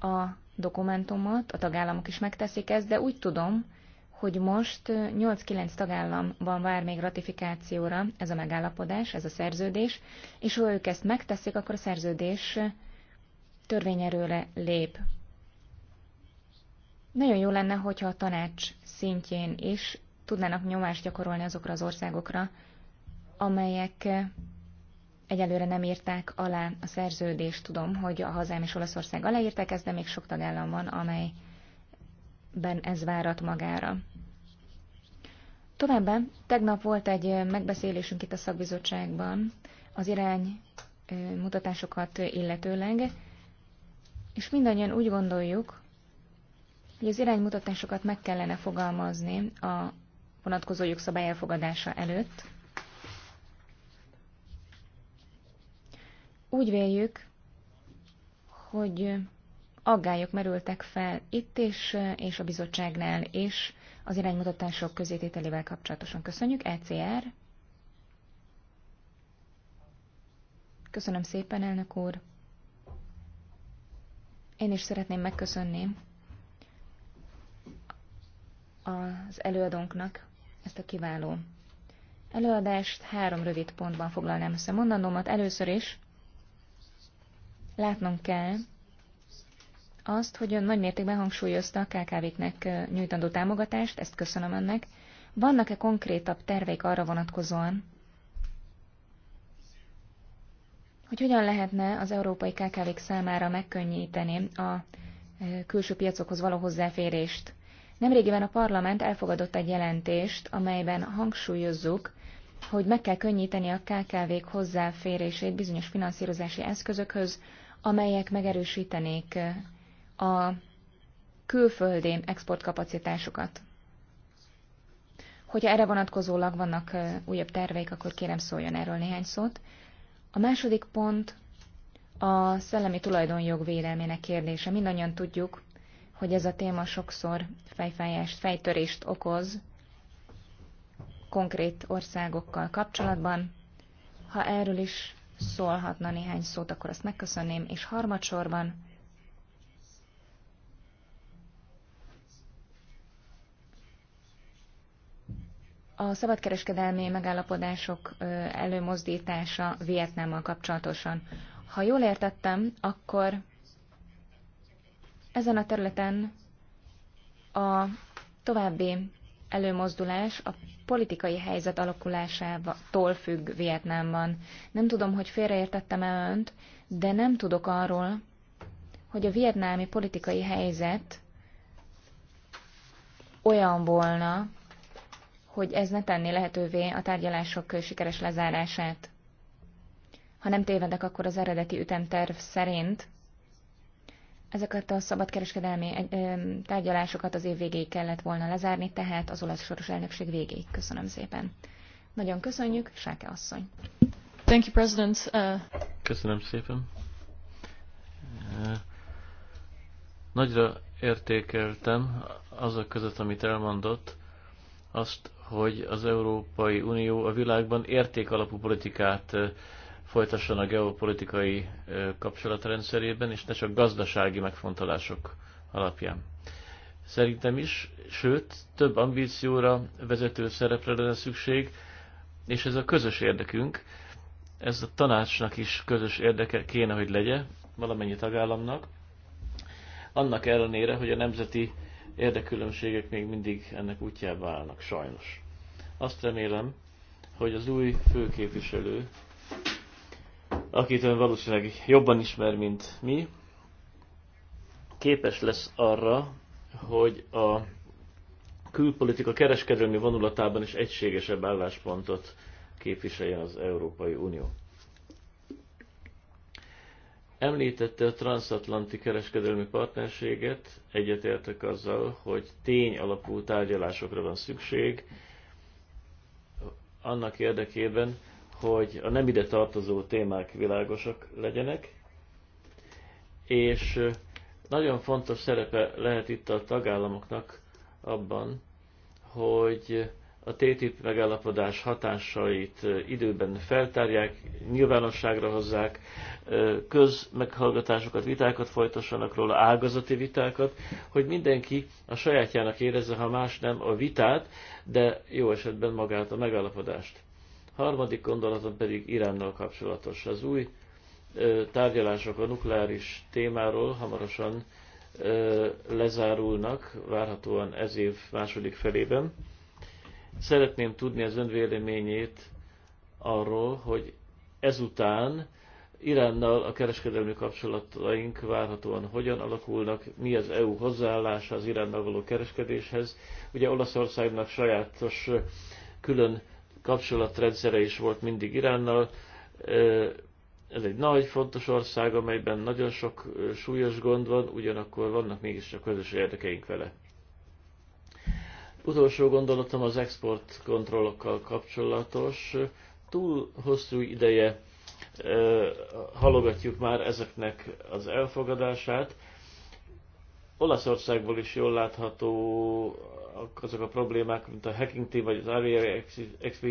a dokumentumot, a tagállamok is megteszik ezt, de úgy tudom, hogy most 8-9 tagállamban vár még ratifikációra ez a megállapodás, ez a szerződés, és ha ők ezt megteszik, akkor a szerződés törvényerőre lép. Nagyon jó lenne, hogyha a tanács szintjén is tudnának nyomást gyakorolni azokra az országokra, amelyek egyelőre nem írták alá a szerződést. Tudom, hogy a hazám és Olaszország aláírták ezt, de még sok tagállam van, amely ben ez várat magára. Továbbá tegnap volt egy megbeszélésünk itt a szakbizottságban az irány mutatásokat illetőleg, és mindannyian úgy gondoljuk, hogy az iránymutatásokat meg kellene fogalmazni a vonatkozó jogszabály elfogadása előtt. Úgy véljük, hogy aggályok merültek fel itt is, és a bizottságnál is az iránymutatások közétételével kapcsolatosan. Köszönjük, ECR! Köszönöm szépen, elnök úr! Én is szeretném megköszönni az előadónknak ezt a kiváló előadást. Három rövid pontban foglalnám össze mondanomat. Először is látnom kell, azt, hogy nagy mértékben hangsúlyozta a KKV-knek nyújtandó támogatást, ezt köszönöm önnek. Vannak-e konkrétabb terveik arra vonatkozóan, hogy hogyan lehetne az európai KKV-k számára megkönnyíteni a külső piacokhoz való hozzáférést? Nemrégiben a parlament elfogadott egy jelentést, amelyben hangsúlyozzuk, hogy meg kell könnyíteni a KKV-k hozzáférését bizonyos finanszírozási eszközökhöz, amelyek megerősítenék a külföldi exportkapacitásokat. Hogyha erre vonatkozólag vannak újabb terveik, akkor kérem szóljon erről néhány szót. A második pont a szellemi tulajdonjog védelmének kérdése. Mindannyian tudjuk, hogy ez a téma sokszor fejfájást, fejtörést okoz konkrét országokkal kapcsolatban. Ha erről is szólhatna néhány szót, akkor azt megköszönném, és harmadsorban a szabadkereskedelmi megállapodások előmozdítása Vietnámmal kapcsolatosan. Ha jól értettem, akkor ezen a területen a további előmozdulás a politikai helyzet alakulásától függ Vietnámban. Nem tudom, hogy félreértettem-e önt, de nem tudok arról, hogy a vietnámi politikai helyzet olyan volna, hogy ez ne tenné lehetővé a tárgyalások sikeres lezárását. Ha nem tévedek, akkor az eredeti ütemterv szerint ezeket a szabadkereskedelmi tárgyalásokat az év végéig kellett volna lezárni, tehát az olasz soros elnökség végéig. Köszönöm szépen. Nagyon köszönjük, Sáke asszony. Thank you, President. Uh... Köszönöm szépen. Uh, nagyra értékeltem azok között, amit elmondott, azt, hogy az Európai Unió a világban értékalapú politikát folytasson a geopolitikai kapcsolatrendszerében, és ne csak gazdasági megfontolások alapján. Szerintem is, sőt, több ambícióra, vezető szerepre lenne szükség, és ez a közös érdekünk, ez a tanácsnak is közös érdeke kéne, hogy legyen, valamennyi tagállamnak, annak ellenére, hogy a nemzeti érdekülönbségek még mindig ennek útjába állnak, sajnos. Azt remélem, hogy az új főképviselő, akit ön valószínűleg jobban ismer, mint mi, képes lesz arra, hogy a külpolitika kereskedelmi vonulatában is egységesebb álláspontot képviselje az Európai Unió. Említette a transatlanti kereskedelmi partnerséget, egyetértek azzal, hogy tény alapú tárgyalásokra van szükség, annak érdekében, hogy a nem ide tartozó témák világosak legyenek, és nagyon fontos szerepe lehet itt a tagállamoknak abban, hogy a TTIP megállapodás hatásait időben feltárják, nyilvánosságra hozzák, közmeghallgatásokat, vitákat folytassanak róla, ágazati vitákat, hogy mindenki a sajátjának érezze, ha más nem a vitát, de jó esetben magát a megállapodást. Harmadik gondolatom pedig Iránnal kapcsolatos. Az új tárgyalások a nukleáris témáról hamarosan lezárulnak, várhatóan ez év második felében Szeretném tudni az ön véleményét arról, hogy ezután Iránnal a kereskedelmi kapcsolataink várhatóan hogyan alakulnak, mi az EU hozzáállása az Iránnal való kereskedéshez. Ugye Olaszországnak sajátos külön kapcsolatrendszere is volt mindig Iránnal. Ez egy nagy, fontos ország, amelyben nagyon sok súlyos gond van, ugyanakkor vannak mégiscsak közös érdekeink vele. Utolsó gondolatom az kontrollokkal kapcsolatos. Túl hosszú ideje halogatjuk már ezeknek az elfogadását. Olaszországból is jól látható azok a problémák, mint a Hacking Team vagy az RVXP,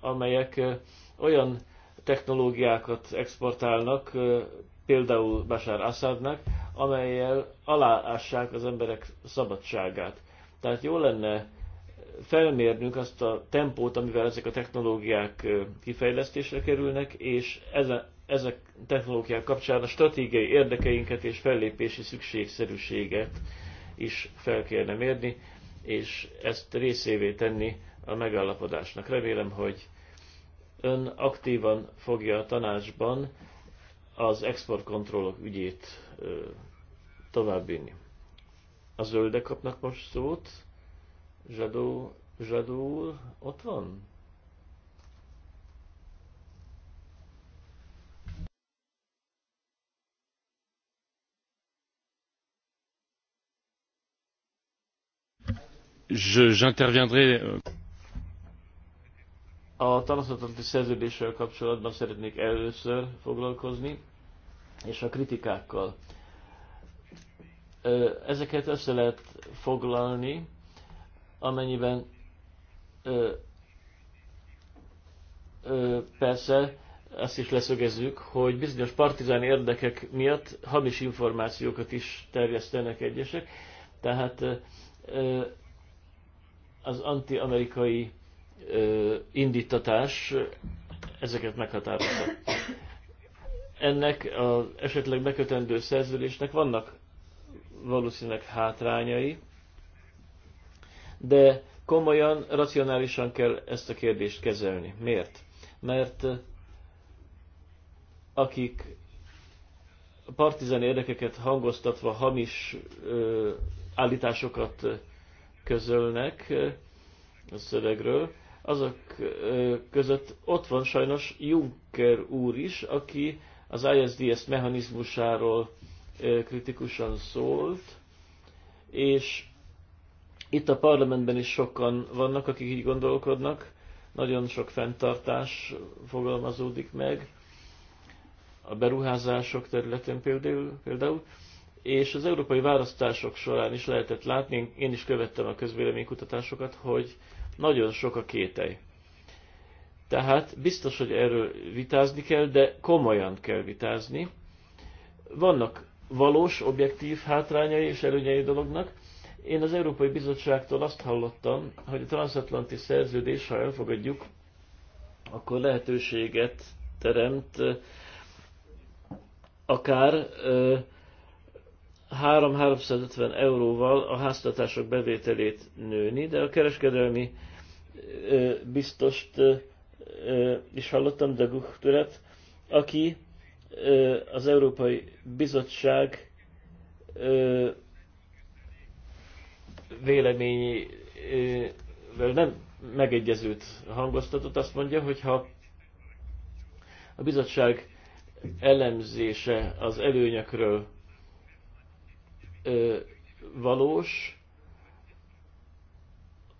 amelyek olyan technológiákat exportálnak, például Bashar Assadnak, amelyel aláássák az emberek szabadságát. Tehát jó lenne felmérnünk azt a tempót, amivel ezek a technológiák kifejlesztésre kerülnek, és ezen, ezek technológiák kapcsán a stratégiai érdekeinket és fellépési szükségszerűséget is fel kellene mérni, és ezt részévé tenni a megállapodásnak. Remélem, hogy ön aktívan fogja a tanácsban az exportkontrollok ügyét továbbvinni. A zöldek kapnak most szót. Zsadó, Zsadó ott van? j'interviendrai. Euh, a tanaszatlanti szerződéssel kapcsolatban szeretnék először foglalkozni, és a kritikákkal ezeket össze lehet foglalni, amennyiben ö, ö, persze azt is leszögezzük, hogy bizonyos partizán érdekek miatt hamis információkat is terjesztenek egyesek, tehát ö, az anti-amerikai indítatás ezeket meghatározza. Ennek az esetleg bekötendő szerződésnek vannak valószínűleg hátrányai, de komolyan, racionálisan kell ezt a kérdést kezelni. Miért? Mert eh, akik partizán érdekeket hangoztatva hamis ö, eh, állításokat eh, közölnek ö, a szövegről, azok ö, között ott van sajnos Juncker úr is, aki az ISDS mechanizmusáról kritikusan szólt, és itt a parlamentben is sokan vannak, akik így gondolkodnak, nagyon sok fenntartás fogalmazódik meg, a beruházások területén például, például, és az európai választások során is lehetett látni, én is követtem a közvéleménykutatásokat, hogy nagyon sok a kételj. Tehát biztos, hogy erről vitázni kell, de komolyan kell vitázni. Vannak valós, objektív hátrányai és előnyei dolognak. Én az Európai Bizottságtól azt hallottam, hogy a transatlanti szerződés, ha elfogadjuk, akkor lehetőséget teremt akár 3-350 euróval a háztatások bevételét nőni, de a kereskedelmi biztost is hallottam, de Guchturet, aki az Európai Bizottság véleményével nem megegyezőt hangoztatott, azt mondja, hogy ha a bizottság elemzése az előnyökről valós,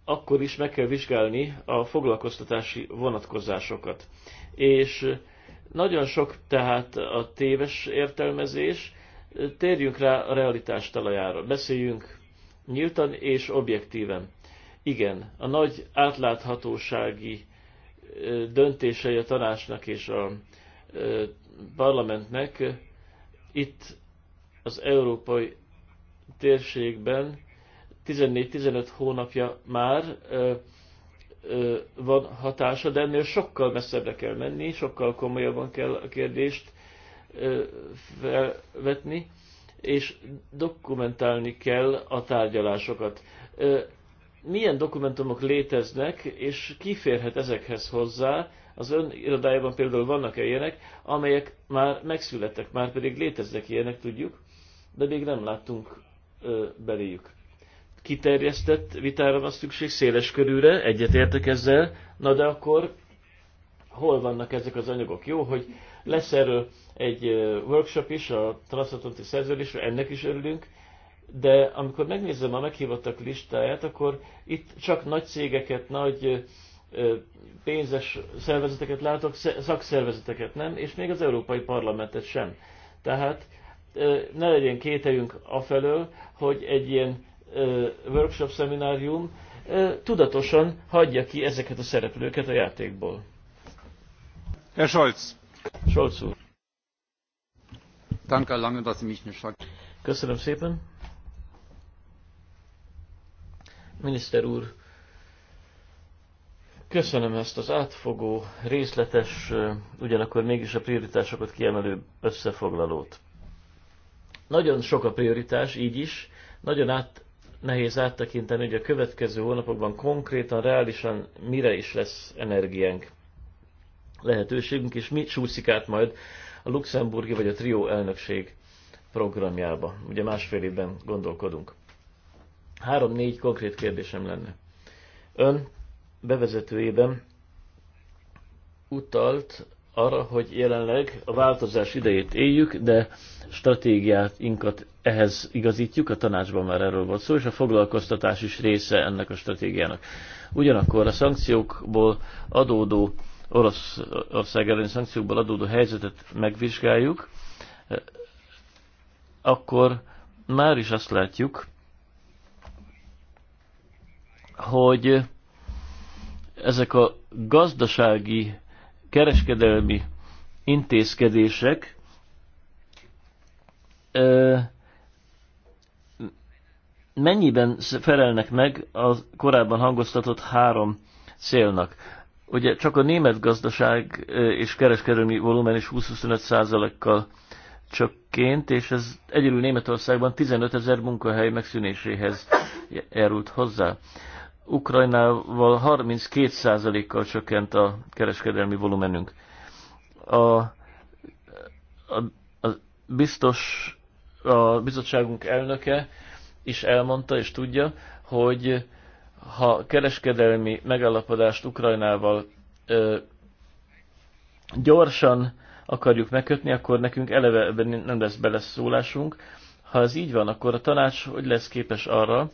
akkor is meg kell vizsgálni a foglalkoztatási vonatkozásokat. És nagyon sok tehát a téves értelmezés, térjünk rá a realitás talajára, beszéljünk nyíltan és objektíven. Igen, a nagy átláthatósági döntései a tanácsnak és a parlamentnek itt az európai térségben 14-15 hónapja már van hatása, de ennél sokkal messzebbre kell menni, sokkal komolyabban kell a kérdést felvetni, és dokumentálni kell a tárgyalásokat. Milyen dokumentumok léteznek, és kiférhet ezekhez hozzá, az ön irodájában például vannak-e ilyenek, amelyek már megszülettek, már pedig léteznek ilyenek, tudjuk, de még nem láttunk beléjük kiterjesztett vitára van szükség, széles körűre, egyetértek ezzel, na de akkor hol vannak ezek az anyagok? Jó, hogy lesz erről egy workshop is, a transatlanti szerződésről, ennek is örülünk, de amikor megnézem a meghívottak listáját, akkor itt csak nagy cégeket, nagy pénzes szervezeteket látok, szakszervezeteket nem, és még az Európai Parlamentet sem. Tehát ne legyen kételjünk afelől, hogy egy ilyen workshop szeminárium tudatosan hagyja ki ezeket a szereplőket a játékból. Herr Scholz. Scholz úr. Danke lange, dass Sie mich nicht Köszönöm szépen. Miniszter úr, köszönöm ezt az átfogó, részletes, ugyanakkor mégis a prioritásokat kiemelő összefoglalót. Nagyon sok a prioritás, így is, nagyon át nehéz áttekinteni, hogy a következő hónapokban konkrétan, reálisan mire is lesz energiánk, lehetőségünk, és mi csúszik át majd a luxemburgi vagy a trió elnökség programjába. Ugye másfél évben gondolkodunk. Három-négy konkrét kérdésem lenne. Ön bevezetőjében utalt arra, hogy jelenleg a változás idejét éljük, de stratégiát inkat ehhez igazítjuk, a tanácsban már erről volt szó, és a foglalkoztatás is része ennek a stratégiának. Ugyanakkor a szankciókból adódó, Oroszország elleni szankciókból adódó helyzetet megvizsgáljuk, akkor már is azt látjuk, hogy ezek a gazdasági, kereskedelmi intézkedések mennyiben felelnek meg a korábban hangoztatott három célnak? Ugye csak a német gazdaság és kereskedelmi volumen is 20-25%-kal csökkent, és ez egyedül Németországban 15 ezer munkahely megszűnéséhez járult hozzá. Ukrajnával 32%-kal csökkent a kereskedelmi volumenünk. A, a, a biztos, a bizottságunk elnöke is elmondta és tudja, hogy ha kereskedelmi megállapodást Ukrajnával ö, gyorsan akarjuk megkötni, akkor nekünk eleve ebben nem lesz beleszólásunk. Ha ez így van, akkor a tanács hogy lesz képes arra,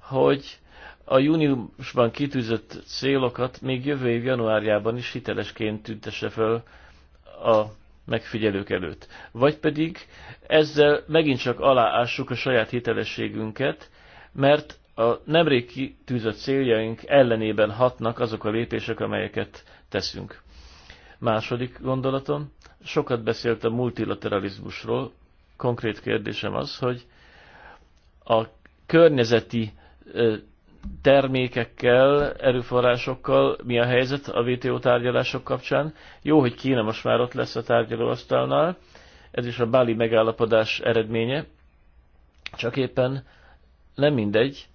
hogy a júniusban kitűzött célokat még jövő év januárjában is hitelesként tüntesse föl a megfigyelők előtt. Vagy pedig ezzel megint csak aláássuk a saját hitelességünket, mert a nemrég kitűzött céljaink ellenében hatnak azok a lépések, amelyeket teszünk. Második gondolatom, sokat beszélt a multilateralizmusról, konkrét kérdésem az, hogy a környezeti termékekkel, erőforrásokkal mi a helyzet a WTO tárgyalások kapcsán. Jó, hogy Kína most már ott lesz a tárgyalóasztalnál, ez is a báli megállapodás eredménye, csak éppen nem mindegy,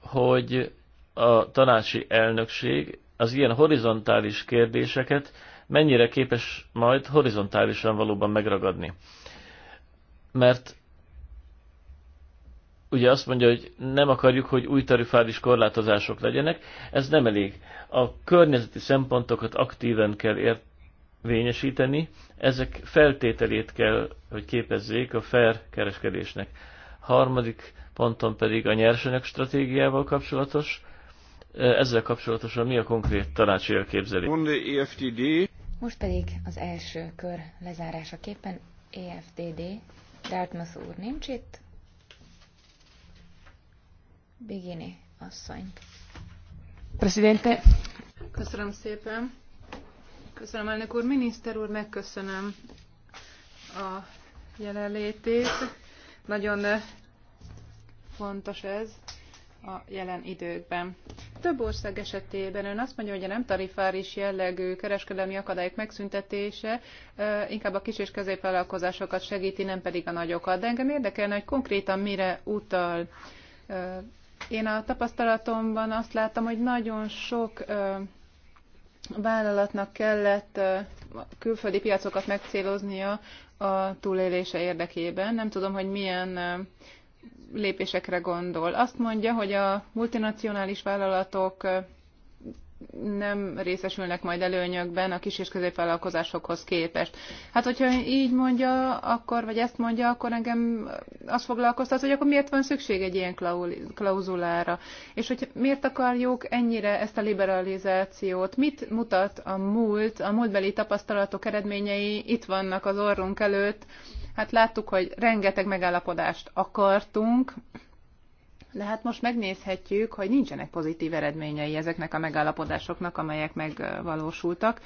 hogy a tanácsi elnökség az ilyen horizontális kérdéseket mennyire képes majd horizontálisan valóban megragadni. Mert ugye azt mondja, hogy nem akarjuk, hogy új tarifális korlátozások legyenek, ez nem elég. A környezeti szempontokat aktíven kell érvényesíteni, ezek feltételét kell, hogy képezzék a fair kereskedésnek. Harmadik ponton pedig a nyersanyag stratégiával kapcsolatos. Ezzel kapcsolatosan mi a konkrét tanácsi elképzelés? E Most pedig az első kör lezárásaképpen EFTD, Dartmouth úr nincs itt, Bigini asszony. Presidente. Köszönöm szépen. Köszönöm, elnök úr. Miniszter úr, megköszönöm a jelenlétét. Nagyon fontos ez a jelen időkben. Több ország esetében ön azt mondja, hogy a nem tarifáris jellegű kereskedelmi akadályok megszüntetése inkább a kis és középvállalkozásokat segíti, nem pedig a nagyokat. De engem érdekelne, hogy konkrétan mire utal én a tapasztalatomban azt láttam, hogy nagyon sok vállalatnak kellett külföldi piacokat megcéloznia a túlélése érdekében. Nem tudom, hogy milyen lépésekre gondol. Azt mondja, hogy a multinacionális vállalatok nem részesülnek majd előnyökben a kis és középvállalkozásokhoz képest. Hát, hogyha így mondja, akkor, vagy ezt mondja, akkor engem azt foglalkoztat, hogy akkor miért van szükség egy ilyen klauzulára, és hogy miért akarjuk ennyire ezt a liberalizációt, mit mutat a múlt, a múltbeli tapasztalatok eredményei itt vannak az orrunk előtt, Hát láttuk, hogy rengeteg megállapodást akartunk, de hát most megnézhetjük, hogy nincsenek pozitív eredményei ezeknek a megállapodásoknak, amelyek megvalósultak.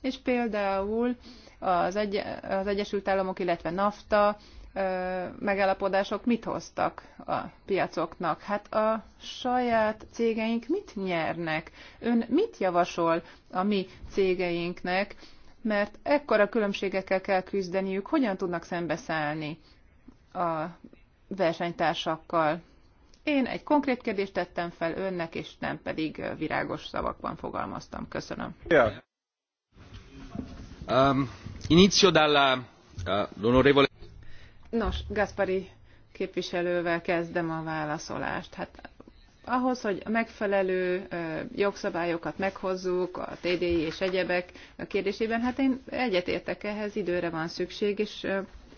És például az, egy, az Egyesült Államok, illetve NAFTA megállapodások mit hoztak a piacoknak? Hát a saját cégeink mit nyernek? Ön mit javasol a mi cégeinknek? Mert ekkora különbségekkel kell küzdeniük, hogyan tudnak szembeszállni a versenytársakkal? Én egy konkrét kérdést tettem fel önnek, és nem pedig virágos szavakban fogalmaztam. Köszönöm. Yeah. Um, inizio dalla uh, Nos, Gaspari képviselővel kezdem a válaszolást. Hát ahhoz, hogy a megfelelő jogszabályokat meghozzuk, a TDI és egyebek kérdésében, hát én egyetértek ehhez, időre van szükség, és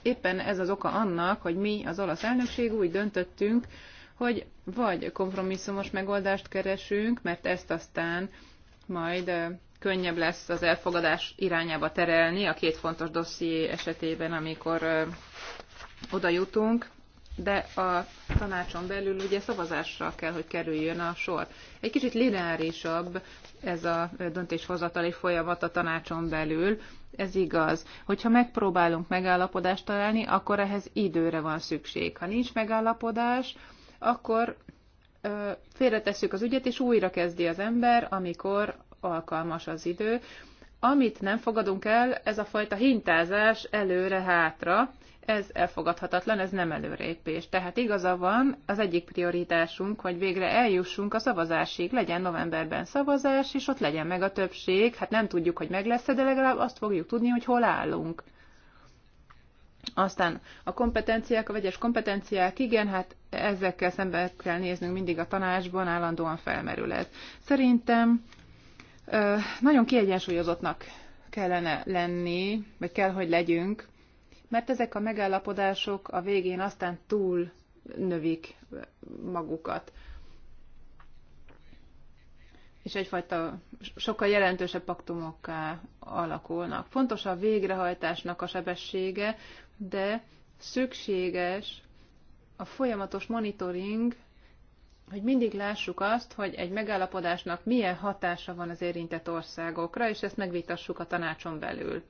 éppen ez az oka annak, hogy mi az olasz elnökség úgy döntöttünk, hogy vagy kompromisszumos megoldást keresünk, mert ezt aztán majd könnyebb lesz az elfogadás irányába terelni a két fontos dosszié esetében, amikor oda jutunk, de a tanácson belül ugye szavazásra kell, hogy kerüljön a sor. Egy kicsit lineárisabb ez a döntéshozatali folyamat a tanácson belül, ez igaz. Hogyha megpróbálunk megállapodást találni, akkor ehhez időre van szükség. Ha nincs megállapodás, akkor félretesszük az ügyet, és újra kezdi az ember, amikor alkalmas az idő. Amit nem fogadunk el, ez a fajta hintázás előre-hátra, ez elfogadhatatlan, ez nem előrépés. Tehát igaza van, az egyik prioritásunk, hogy végre eljussunk a szavazásig, legyen novemberben szavazás, és ott legyen meg a többség. Hát nem tudjuk, hogy meg lesz-e, de legalább azt fogjuk tudni, hogy hol állunk. Aztán a kompetenciák, a vegyes kompetenciák, igen, hát ezekkel szembe kell néznünk mindig a tanácsban, állandóan felmerül ez. Szerintem nagyon kiegyensúlyozottnak kellene lenni, vagy kell, hogy legyünk, mert ezek a megállapodások a végén aztán túl növik magukat. És egyfajta sokkal jelentősebb paktumokká alakulnak. Fontos a végrehajtásnak a sebessége, de szükséges a folyamatos monitoring, hogy mindig lássuk azt, hogy egy megállapodásnak milyen hatása van az érintett országokra, és ezt megvitassuk a tanácson belül.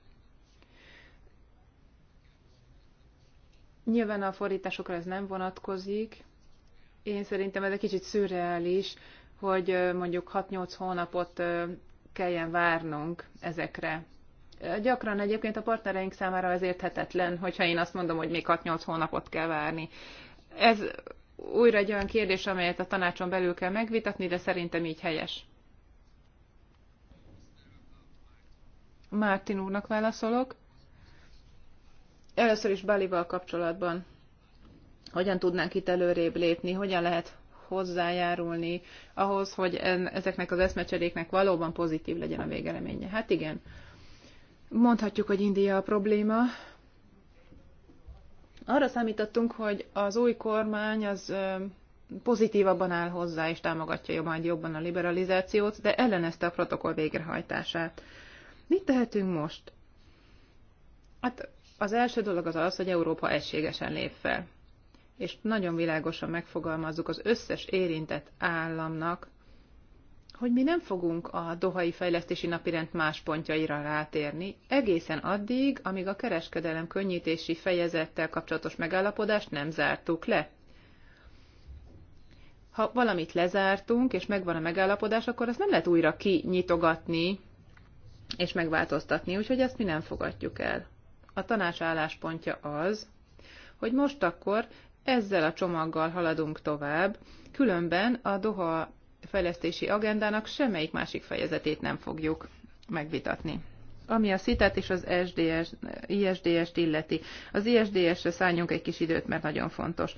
Nyilván a fordításokra ez nem vonatkozik. Én szerintem ez egy kicsit szürreális, hogy mondjuk 6-8 hónapot kelljen várnunk ezekre. Gyakran egyébként a partnereink számára az érthetetlen, hogyha én azt mondom, hogy még 6-8 hónapot kell várni. Ez újra egy olyan kérdés, amelyet a tanácson belül kell megvitatni, de szerintem így helyes. Mártin úrnak válaszolok. Először is Balival kapcsolatban. Hogyan tudnánk itt előrébb lépni, hogyan lehet hozzájárulni ahhoz, hogy ezeknek az eszmecseréknek valóban pozitív legyen a végeleménye. Hát igen, Mondhatjuk, hogy India a probléma. Arra számítottunk, hogy az új kormány az pozitívabban áll hozzá, és támogatja majd jobban a liberalizációt, de ellenezte a protokoll végrehajtását. Mit tehetünk most? Hát az első dolog az az, hogy Európa egységesen lép fel. És nagyon világosan megfogalmazzuk az összes érintett államnak, hogy mi nem fogunk a dohai fejlesztési napirend más pontjaira rátérni, egészen addig, amíg a kereskedelem könnyítési fejezettel kapcsolatos megállapodást nem zártuk le. Ha valamit lezártunk, és megvan a megállapodás, akkor azt nem lehet újra kinyitogatni és megváltoztatni, úgyhogy ezt mi nem fogadjuk el. A tanács álláspontja az, hogy most akkor ezzel a csomaggal haladunk tovább, különben a Doha fejlesztési agendának semmelyik másik fejezetét nem fogjuk megvitatni ami a szitet és az SDS, ISDS-t illeti. Az ISDS-re szálljunk egy kis időt, mert nagyon fontos.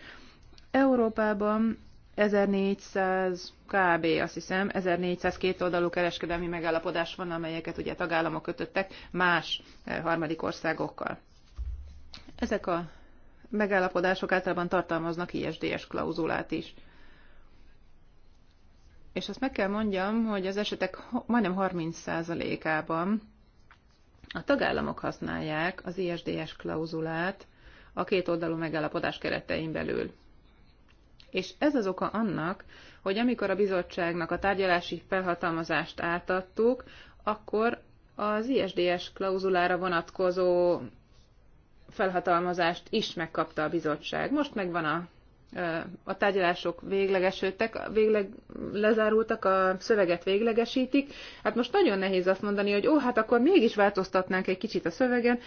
Európában 1400 kb. azt hiszem, 1402 oldalú kereskedelmi megállapodás van, amelyeket ugye tagállamok kötöttek más eh, harmadik országokkal. Ezek a megállapodások általában tartalmaznak ISDS klauzulát is és azt meg kell mondjam, hogy az esetek majdnem 30%-ában a tagállamok használják az ISDS klauzulát a két oldalú megállapodás keretein belül. És ez az oka annak, hogy amikor a bizottságnak a tárgyalási felhatalmazást átadtuk, akkor az ISDS klauzulára vonatkozó felhatalmazást is megkapta a bizottság. Most megvan a a tárgyalások véglegesültek, végleg lezárultak, a szöveget véglegesítik. Hát most nagyon nehéz azt mondani, hogy ó, hát akkor mégis változtatnánk egy kicsit a szövegen.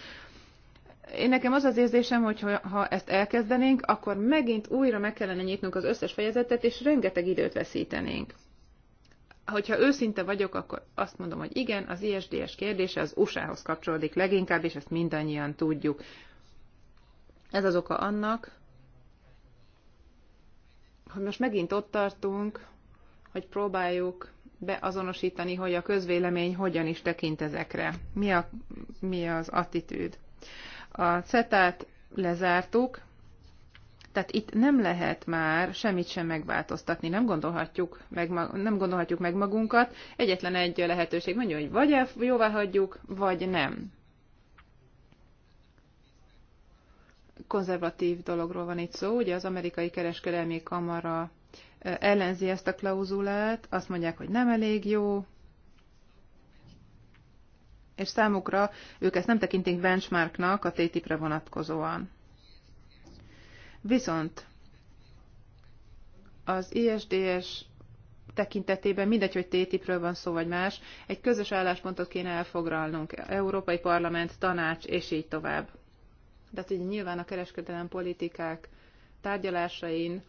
Én nekem az az érzésem, hogy ha ezt elkezdenénk, akkor megint újra meg kellene nyitnunk az összes fejezetet, és rengeteg időt veszítenénk. Hogyha őszinte vagyok, akkor azt mondom, hogy igen, az ISDS kérdése az USA-hoz kapcsolódik leginkább, és ezt mindannyian tudjuk. Ez az oka annak, hogy most megint ott tartunk, hogy próbáljuk beazonosítani, hogy a közvélemény hogyan is tekint ezekre. Mi, a, mi az attitűd. A CETÁT lezártuk, tehát itt nem lehet már semmit sem megváltoztatni, nem gondolhatjuk meg, nem gondolhatjuk meg magunkat. Egyetlen egy lehetőség mondja, hogy vagy jóvá hagyjuk, vagy nem. konzervatív dologról van itt szó. Ugye az amerikai kereskedelmi kamara ellenzi ezt a klauzulát, azt mondják, hogy nem elég jó, és számukra ők ezt nem tekintik benchmarknak a TTIP-re vonatkozóan. Viszont az ISDS tekintetében, mindegy, hogy TTIP-ről van szó vagy más, egy közös álláspontot kéne elfoglalnunk, Európai Parlament, Tanács és így tovább. Tehát hogy nyilván a kereskedelem politikák tárgyalásain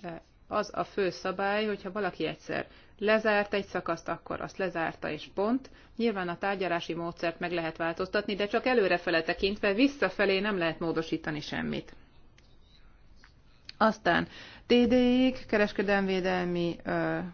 eh, az a fő szabály, hogyha valaki egyszer lezárt egy szakaszt, akkor azt lezárta és pont. Nyilván a tárgyalási módszert meg lehet változtatni, de csak előrefele tekintve, visszafelé nem lehet módosítani semmit. Aztán TD-ig, kereskedelmvédelmi ö, eh,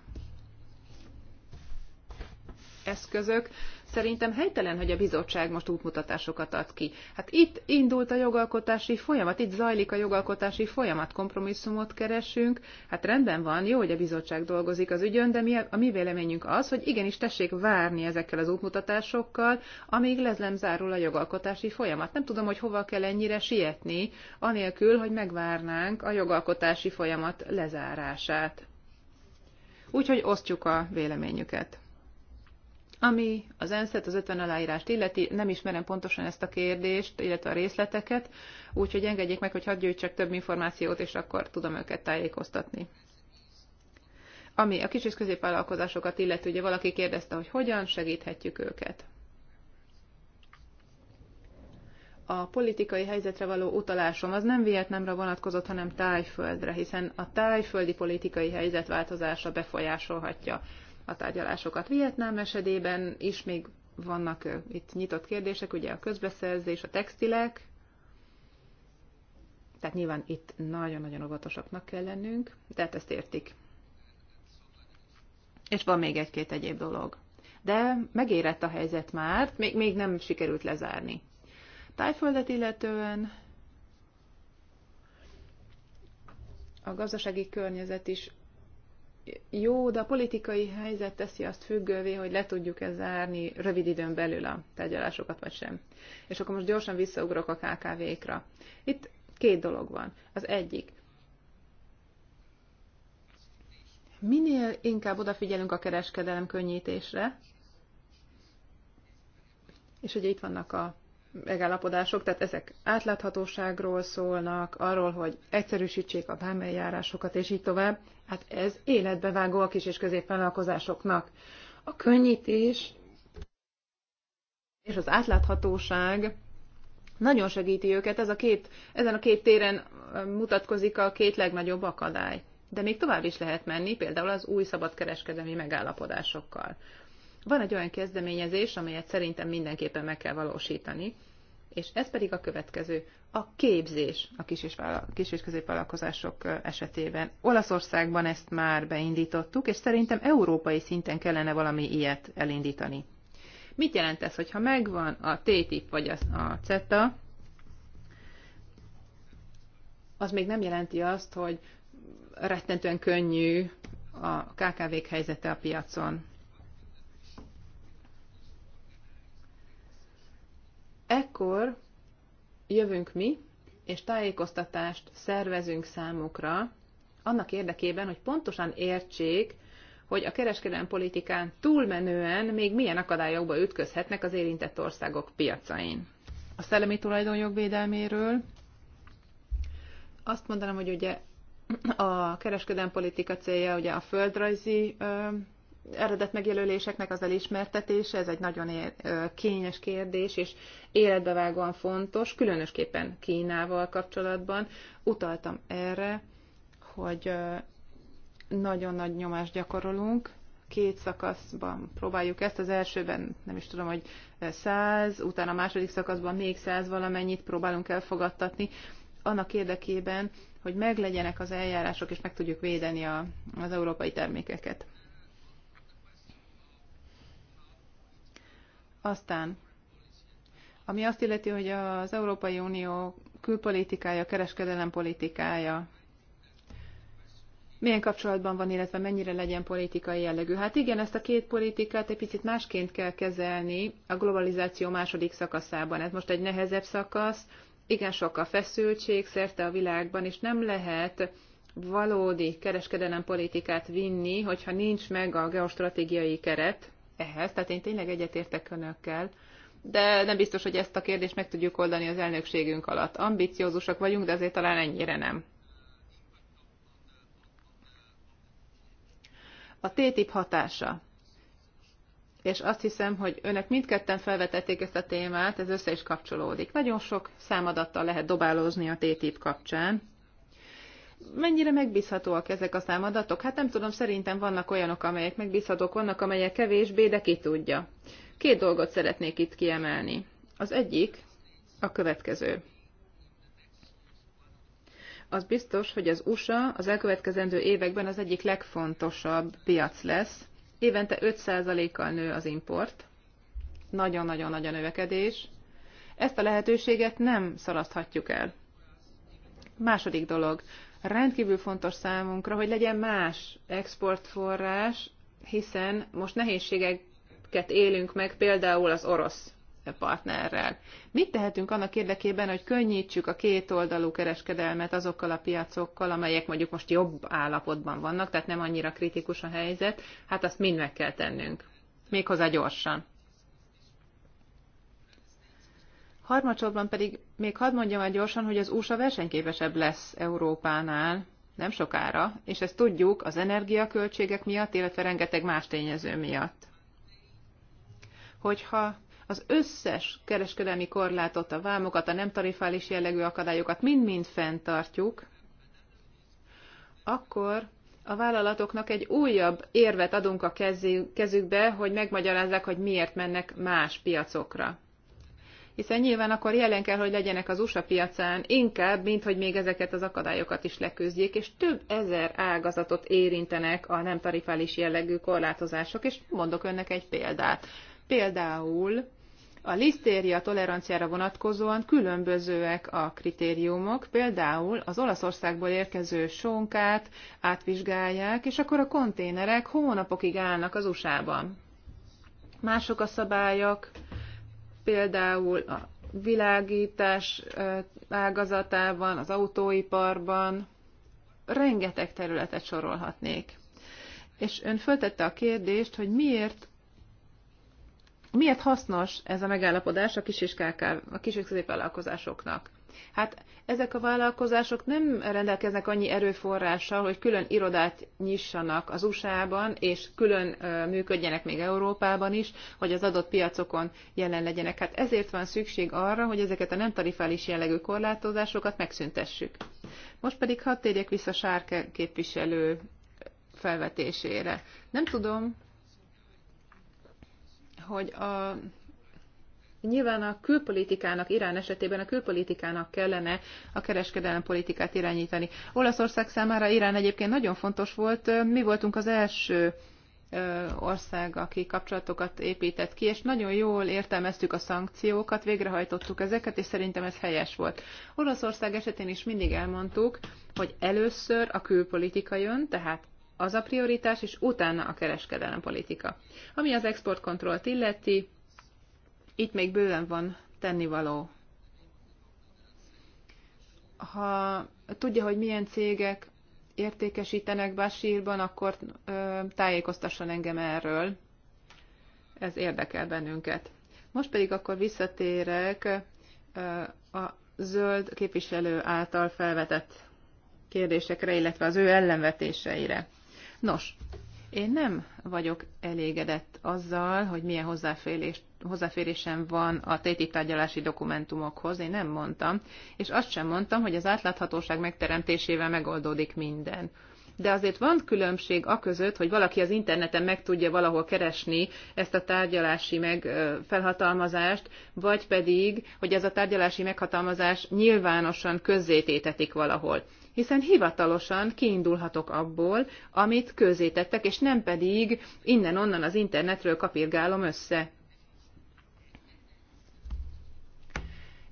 eszközök szerintem helytelen, hogy a bizottság most útmutatásokat ad ki. Hát itt indult a jogalkotási folyamat, itt zajlik a jogalkotási folyamat, kompromisszumot keresünk. Hát rendben van, jó, hogy a bizottság dolgozik az ügyön, de mi a, a mi véleményünk az, hogy igenis tessék várni ezekkel az útmutatásokkal, amíg lezlem zárul a jogalkotási folyamat. Nem tudom, hogy hova kell ennyire sietni, anélkül, hogy megvárnánk a jogalkotási folyamat lezárását. Úgyhogy osztjuk a véleményüket. Ami az ensz az 50 aláírást illeti, nem ismerem pontosan ezt a kérdést, illetve a részleteket, úgyhogy engedjék meg, hogy hadd gyűjtsek több információt, és akkor tudom őket tájékoztatni. Ami a kis és középvállalkozásokat illeti, ugye valaki kérdezte, hogy hogyan segíthetjük őket. a politikai helyzetre való utalásom az nem Vietnámra vonatkozott, hanem Tájföldre, hiszen a tájföldi politikai helyzet változása befolyásolhatja a tárgyalásokat. Vietnám esedében is még vannak itt nyitott kérdések, ugye a közbeszerzés, a textilek, tehát nyilván itt nagyon-nagyon óvatosaknak kell lennünk, de hát ezt értik. És van még egy-két egyéb dolog. De megérett a helyzet már, még, még nem sikerült lezárni. Tájföldet illetően a gazdasági környezet is jó, de a politikai helyzet teszi azt függővé, hogy le tudjuk-e zárni rövid időn belül a tárgyalásokat, vagy sem. És akkor most gyorsan visszaugrok a KKV-kra. Itt két dolog van. Az egyik, minél inkább odafigyelünk a kereskedelem könnyítésre, és ugye itt vannak a megállapodások, tehát ezek átláthatóságról szólnak, arról, hogy egyszerűsítsék a vámeljárásokat, és így tovább. Hát ez életbevágó a kis és középvállalkozásoknak. A könnyítés és az átláthatóság nagyon segíti őket. Ez a két, ezen a két téren mutatkozik a két legnagyobb akadály. De még tovább is lehet menni, például az új szabadkereskedelmi megállapodásokkal. Van egy olyan kezdeményezés, amelyet szerintem mindenképpen meg kell valósítani, és ez pedig a következő. A képzés a kis és, vállal, kis és középvállalkozások esetében. Olaszországban ezt már beindítottuk, és szerintem európai szinten kellene valami ilyet elindítani. Mit jelent ez, hogyha megvan a T-tip vagy a, a CETA, az még nem jelenti azt, hogy rettentően könnyű a KKV-k helyzete a piacon. Ekkor jövünk mi, és tájékoztatást szervezünk számukra, annak érdekében, hogy pontosan értsék, hogy a kereskedelmi politikán túlmenően még milyen akadályokba ütközhetnek az érintett országok piacain. A szellemi tulajdonjog védelméről azt mondanám, hogy ugye a kereskedelmi politika célja ugye a földrajzi eredet megjelöléseknek az elismertetése, ez egy nagyon kényes kérdés, és életbevágóan fontos, különösképpen Kínával kapcsolatban. Utaltam erre, hogy nagyon nagy nyomást gyakorolunk, két szakaszban próbáljuk ezt, az elsőben nem is tudom, hogy száz, utána a második szakaszban még száz valamennyit próbálunk elfogadtatni, annak érdekében, hogy meglegyenek az eljárások, és meg tudjuk védeni a, az európai termékeket. Aztán, ami azt illeti, hogy az Európai Unió külpolitikája, kereskedelem politikája milyen kapcsolatban van, illetve mennyire legyen politikai jellegű. Hát igen, ezt a két politikát egy picit másként kell kezelni a globalizáció második szakaszában. Ez most egy nehezebb szakasz, igen sok a feszültség szerte a világban, és nem lehet valódi kereskedelem politikát vinni, hogyha nincs meg a geostratégiai keret, ehhez, tehát én tényleg egyetértek önökkel, de nem biztos, hogy ezt a kérdést meg tudjuk oldani az elnökségünk alatt. Ambiciózusak vagyunk, de azért talán ennyire nem. A TTIP hatása. És azt hiszem, hogy önök mindketten felvetették ezt a témát, ez össze is kapcsolódik. Nagyon sok számadattal lehet dobálózni a TTIP kapcsán mennyire megbízhatóak ezek a számadatok? Hát nem tudom, szerintem vannak olyanok, amelyek megbízhatók, vannak, amelyek kevésbé, de ki tudja. Két dolgot szeretnék itt kiemelni. Az egyik a következő. Az biztos, hogy az USA az elkövetkezendő években az egyik legfontosabb piac lesz. Évente 5%-kal nő az import. Nagyon-nagyon nagy a növekedés. Ezt a lehetőséget nem szalaszthatjuk el. Második dolog. Rendkívül fontos számunkra, hogy legyen más exportforrás, hiszen most nehézségeket élünk meg például az orosz partnerrel. Mit tehetünk annak érdekében, hogy könnyítsük a kétoldalú kereskedelmet azokkal a piacokkal, amelyek mondjuk most jobb állapotban vannak, tehát nem annyira kritikus a helyzet, hát azt mind meg kell tennünk. Méghozzá gyorsan. Harmadsorban pedig még hadd mondjam el gyorsan, hogy az USA versenyképesebb lesz Európánál nem sokára, és ezt tudjuk az energiaköltségek miatt, illetve rengeteg más tényező miatt. Hogyha az összes kereskedelmi korlátot, a vámokat, a nem tarifális jellegű akadályokat mind-mind fenntartjuk, akkor a vállalatoknak egy újabb érvet adunk a kezükbe, hogy megmagyarázzák, hogy miért mennek más piacokra hiszen nyilván akkor jelen kell, hogy legyenek az USA piacán, inkább, mint hogy még ezeket az akadályokat is leküzdjék, és több ezer ágazatot érintenek a nem tarifális jellegű korlátozások, és mondok önnek egy példát. Például a lisztéria toleranciára vonatkozóan különbözőek a kritériumok, például az Olaszországból érkező sonkát átvizsgálják, és akkor a konténerek hónapokig állnak az USA-ban. Mások a szabályok, például a világítás ágazatában, az autóiparban, rengeteg területet sorolhatnék. És ön föltette a kérdést, hogy miért miért hasznos ez a megállapodás a kis és, a kis középvállalkozásoknak. Hát ezek a vállalkozások nem rendelkeznek annyi erőforrással, hogy külön irodát nyissanak az USA-ban, és külön működjenek még Európában is, hogy az adott piacokon jelen legyenek. Hát ezért van szükség arra, hogy ezeket a nem tarifális jellegű korlátozásokat megszüntessük. Most pedig hadd térjek vissza Sárke képviselő felvetésére. Nem tudom, hogy a Nyilván a külpolitikának, Irán esetében a külpolitikának kellene a kereskedelem politikát irányítani. Olaszország számára Irán egyébként nagyon fontos volt. Mi voltunk az első ország, aki kapcsolatokat épített ki, és nagyon jól értelmeztük a szankciókat, végrehajtottuk ezeket, és szerintem ez helyes volt. Olaszország esetén is mindig elmondtuk, hogy először a külpolitika jön, tehát az a prioritás, és utána a kereskedelem politika. Ami az exportkontrollt illeti, itt még bőven van tennivaló. Ha tudja, hogy milyen cégek értékesítenek Basírban, akkor ö, tájékoztasson engem erről. Ez érdekel bennünket. Most pedig akkor visszatérek ö, a zöld képviselő által felvetett kérdésekre, illetve az ő ellenvetéseire. Nos, én nem vagyok elégedett azzal, hogy milyen hozzáférés, hozzáférésem van a TTIP tárgyalási dokumentumokhoz, én nem mondtam, és azt sem mondtam, hogy az átláthatóság megteremtésével megoldódik minden. De azért van különbség a között, hogy valaki az interneten meg tudja valahol keresni ezt a tárgyalási meg felhatalmazást, vagy pedig, hogy ez a tárgyalási meghatalmazás nyilvánosan közzététetik valahol hiszen hivatalosan kiindulhatok abból, amit közzétettek, és nem pedig innen-onnan az internetről kapirgálom össze.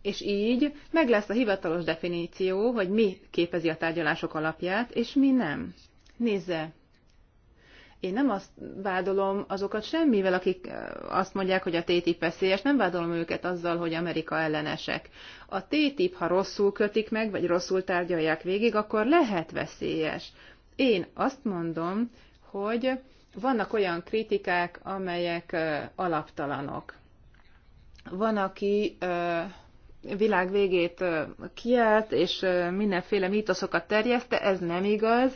És így meg lesz a hivatalos definíció, hogy mi képezi a tárgyalások alapját, és mi nem. Nézze, én nem azt vádolom azokat semmivel, akik eh, azt mondják, hogy a TTIP veszélyes, nem vádolom őket azzal, hogy Amerika ellenesek. A TTIP, ha rosszul kötik meg, vagy rosszul tárgyalják végig, akkor lehet veszélyes. Én azt mondom, hogy vannak olyan kritikák, amelyek eh, alaptalanok. Van, aki eh, világ végét kiált, és mindenféle mítoszokat terjeszte, ez nem igaz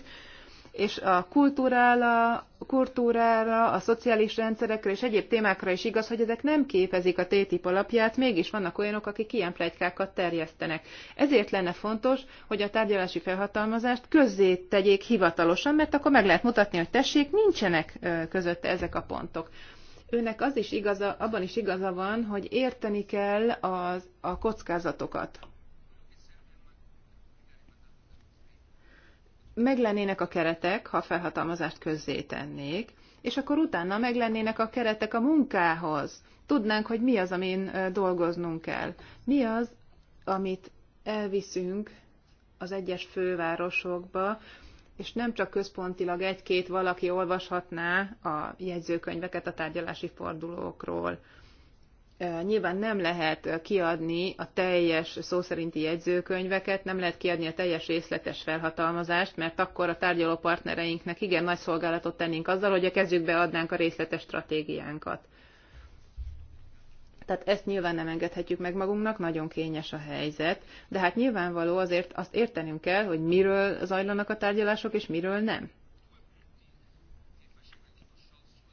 és a kultúrára, kultúrára, a szociális rendszerekre és egyéb témákra is igaz, hogy ezek nem képezik a TTIP alapját, mégis vannak olyanok, akik ilyen plegykákat terjesztenek. Ezért lenne fontos, hogy a tárgyalási felhatalmazást közzé tegyék hivatalosan, mert akkor meg lehet mutatni, hogy tessék, nincsenek közötte ezek a pontok őnek az is igaza, abban is igaza van, hogy érteni kell az, a kockázatokat. meg lennének a keretek, ha felhatalmazást közzétennék, és akkor utána meg lennének a keretek a munkához. Tudnánk, hogy mi az, amin dolgoznunk kell. Mi az, amit elviszünk az egyes fővárosokba, és nem csak központilag egy-két valaki olvashatná a jegyzőkönyveket a tárgyalási fordulókról. Nyilván nem lehet kiadni a teljes szó szerinti jegyzőkönyveket, nem lehet kiadni a teljes részletes felhatalmazást, mert akkor a tárgyaló partnereinknek igen nagy szolgálatot tennénk azzal, hogy a kezükbe adnánk a részletes stratégiánkat. Tehát ezt nyilván nem engedhetjük meg magunknak, nagyon kényes a helyzet, de hát nyilvánvaló azért azt értenünk kell, hogy miről zajlanak a tárgyalások, és miről nem.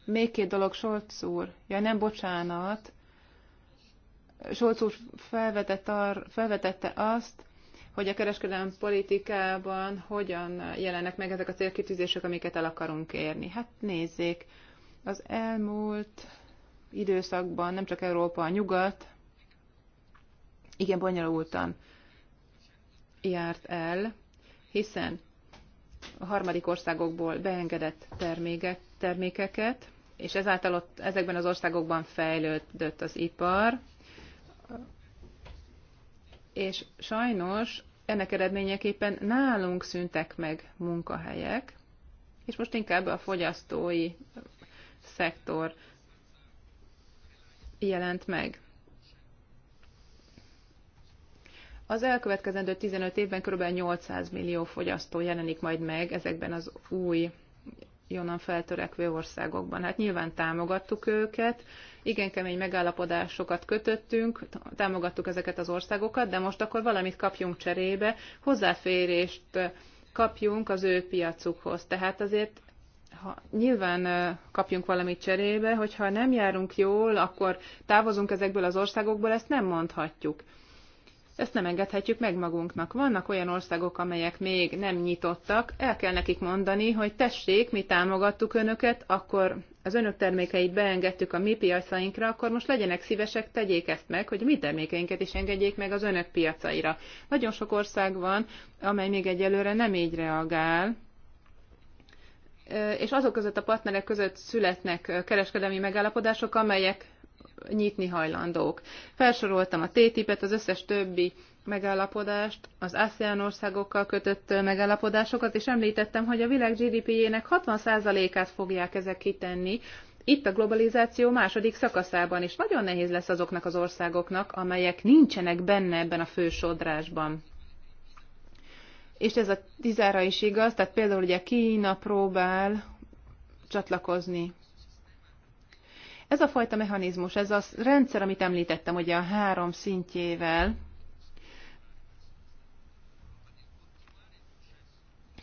Még két dolog, Solc úr. Ja, nem, bocsánat Solc úr felvetett ar, felvetette azt, hogy a kereskedelmi politikában hogyan jelennek meg ezek a célkitűzések, amiket el akarunk érni. Hát nézzék, az elmúlt időszakban nem csak Európa, a nyugat igen bonyolultan járt el, hiszen a harmadik országokból beengedett termékek, termékeket, és ezáltal ott, ezekben az országokban fejlődött az ipar, és sajnos ennek eredményeképpen nálunk szűntek meg munkahelyek, és most inkább a fogyasztói szektor jelent meg. Az elkövetkezendő 15 évben kb. 800 millió fogyasztó jelenik majd meg ezekben az új jonnan feltörekvő országokban. Hát nyilván támogattuk őket, igen kemény megállapodásokat kötöttünk, támogattuk ezeket az országokat, de most akkor valamit kapjunk cserébe, hozzáférést kapjunk az ő piacukhoz. Tehát azért ha nyilván kapjunk valamit cserébe, hogyha nem járunk jól, akkor távozunk ezekből az országokból, ezt nem mondhatjuk. Ezt nem engedhetjük meg magunknak. Vannak olyan országok, amelyek még nem nyitottak, el kell nekik mondani, hogy tessék, mi támogattuk önöket, akkor az önök termékeit beengedtük a mi piacainkra, akkor most legyenek szívesek, tegyék ezt meg, hogy mi termékeinket is engedjék meg az önök piacaira. Nagyon sok ország van, amely még egyelőre nem így reagál, és azok között a partnerek között születnek kereskedelmi megállapodások, amelyek nyitni hajlandók. Felsoroltam a TTIP-et, az összes többi megállapodást, az ASEAN országokkal kötött megállapodásokat, és említettem, hogy a világ GDP-jének 60%-át fogják ezek kitenni, itt a globalizáció második szakaszában is nagyon nehéz lesz azoknak az országoknak, amelyek nincsenek benne ebben a fősodrásban. És ez a tizára is igaz, tehát például ugye Kína próbál csatlakozni ez a fajta mechanizmus, ez a rendszer, amit említettem, ugye a három szintjével,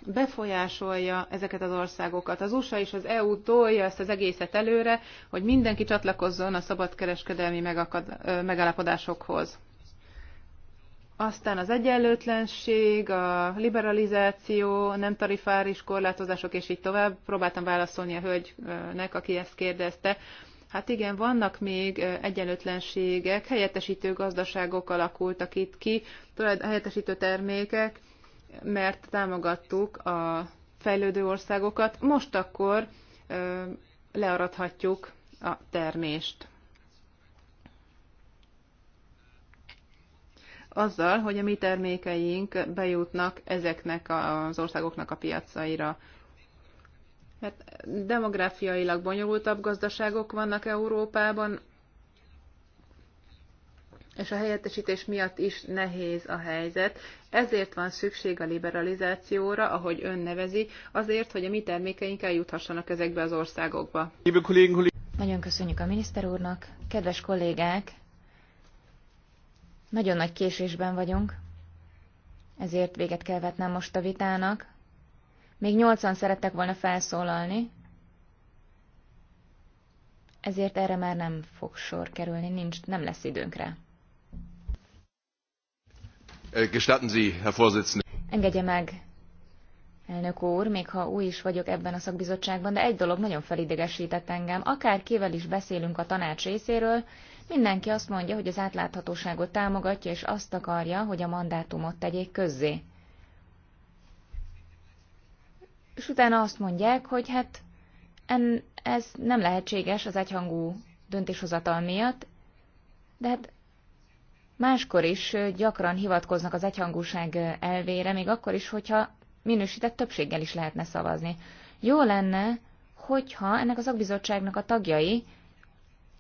befolyásolja ezeket az országokat. Az USA és az EU tolja ezt az egészet előre, hogy mindenki csatlakozzon a szabadkereskedelmi megakad, megállapodásokhoz. Aztán az egyenlőtlenség, a liberalizáció, a nem tarifáris korlátozások, és így tovább. Próbáltam válaszolni a hölgynek, aki ezt kérdezte. Hát igen, vannak még egyenlőtlenségek, helyettesítő gazdaságok alakultak itt ki, helyettesítő termékek, mert támogattuk a fejlődő országokat. Most akkor learadhatjuk a termést. Azzal, hogy a mi termékeink bejutnak ezeknek az országoknak a piacaira mert demográfiailag bonyolultabb gazdaságok vannak Európában, és a helyettesítés miatt is nehéz a helyzet. Ezért van szükség a liberalizációra, ahogy ön nevezi, azért, hogy a mi termékeink eljuthassanak ezekbe az országokba. Nagyon köszönjük a miniszter úrnak. Kedves kollégák, nagyon nagy késésben vagyunk, ezért véget kell vetnem most a vitának. Még nyolcan szerettek volna felszólalni, ezért erre már nem fog sor kerülni, nincs, nem lesz időnk rá. Äh, Engedje meg, elnök úr, még ha új is vagyok ebben a szakbizottságban, de egy dolog nagyon felidegesített engem. Akárkivel is beszélünk a tanács részéről, mindenki azt mondja, hogy az átláthatóságot támogatja, és azt akarja, hogy a mandátumot tegyék közzé. és utána azt mondják, hogy hát en, ez nem lehetséges az egyhangú döntéshozatal miatt, de hát máskor is gyakran hivatkoznak az egyhangúság elvére, még akkor is, hogyha minősített többséggel is lehetne szavazni. Jó lenne, hogyha ennek az szakbizottságnak a tagjai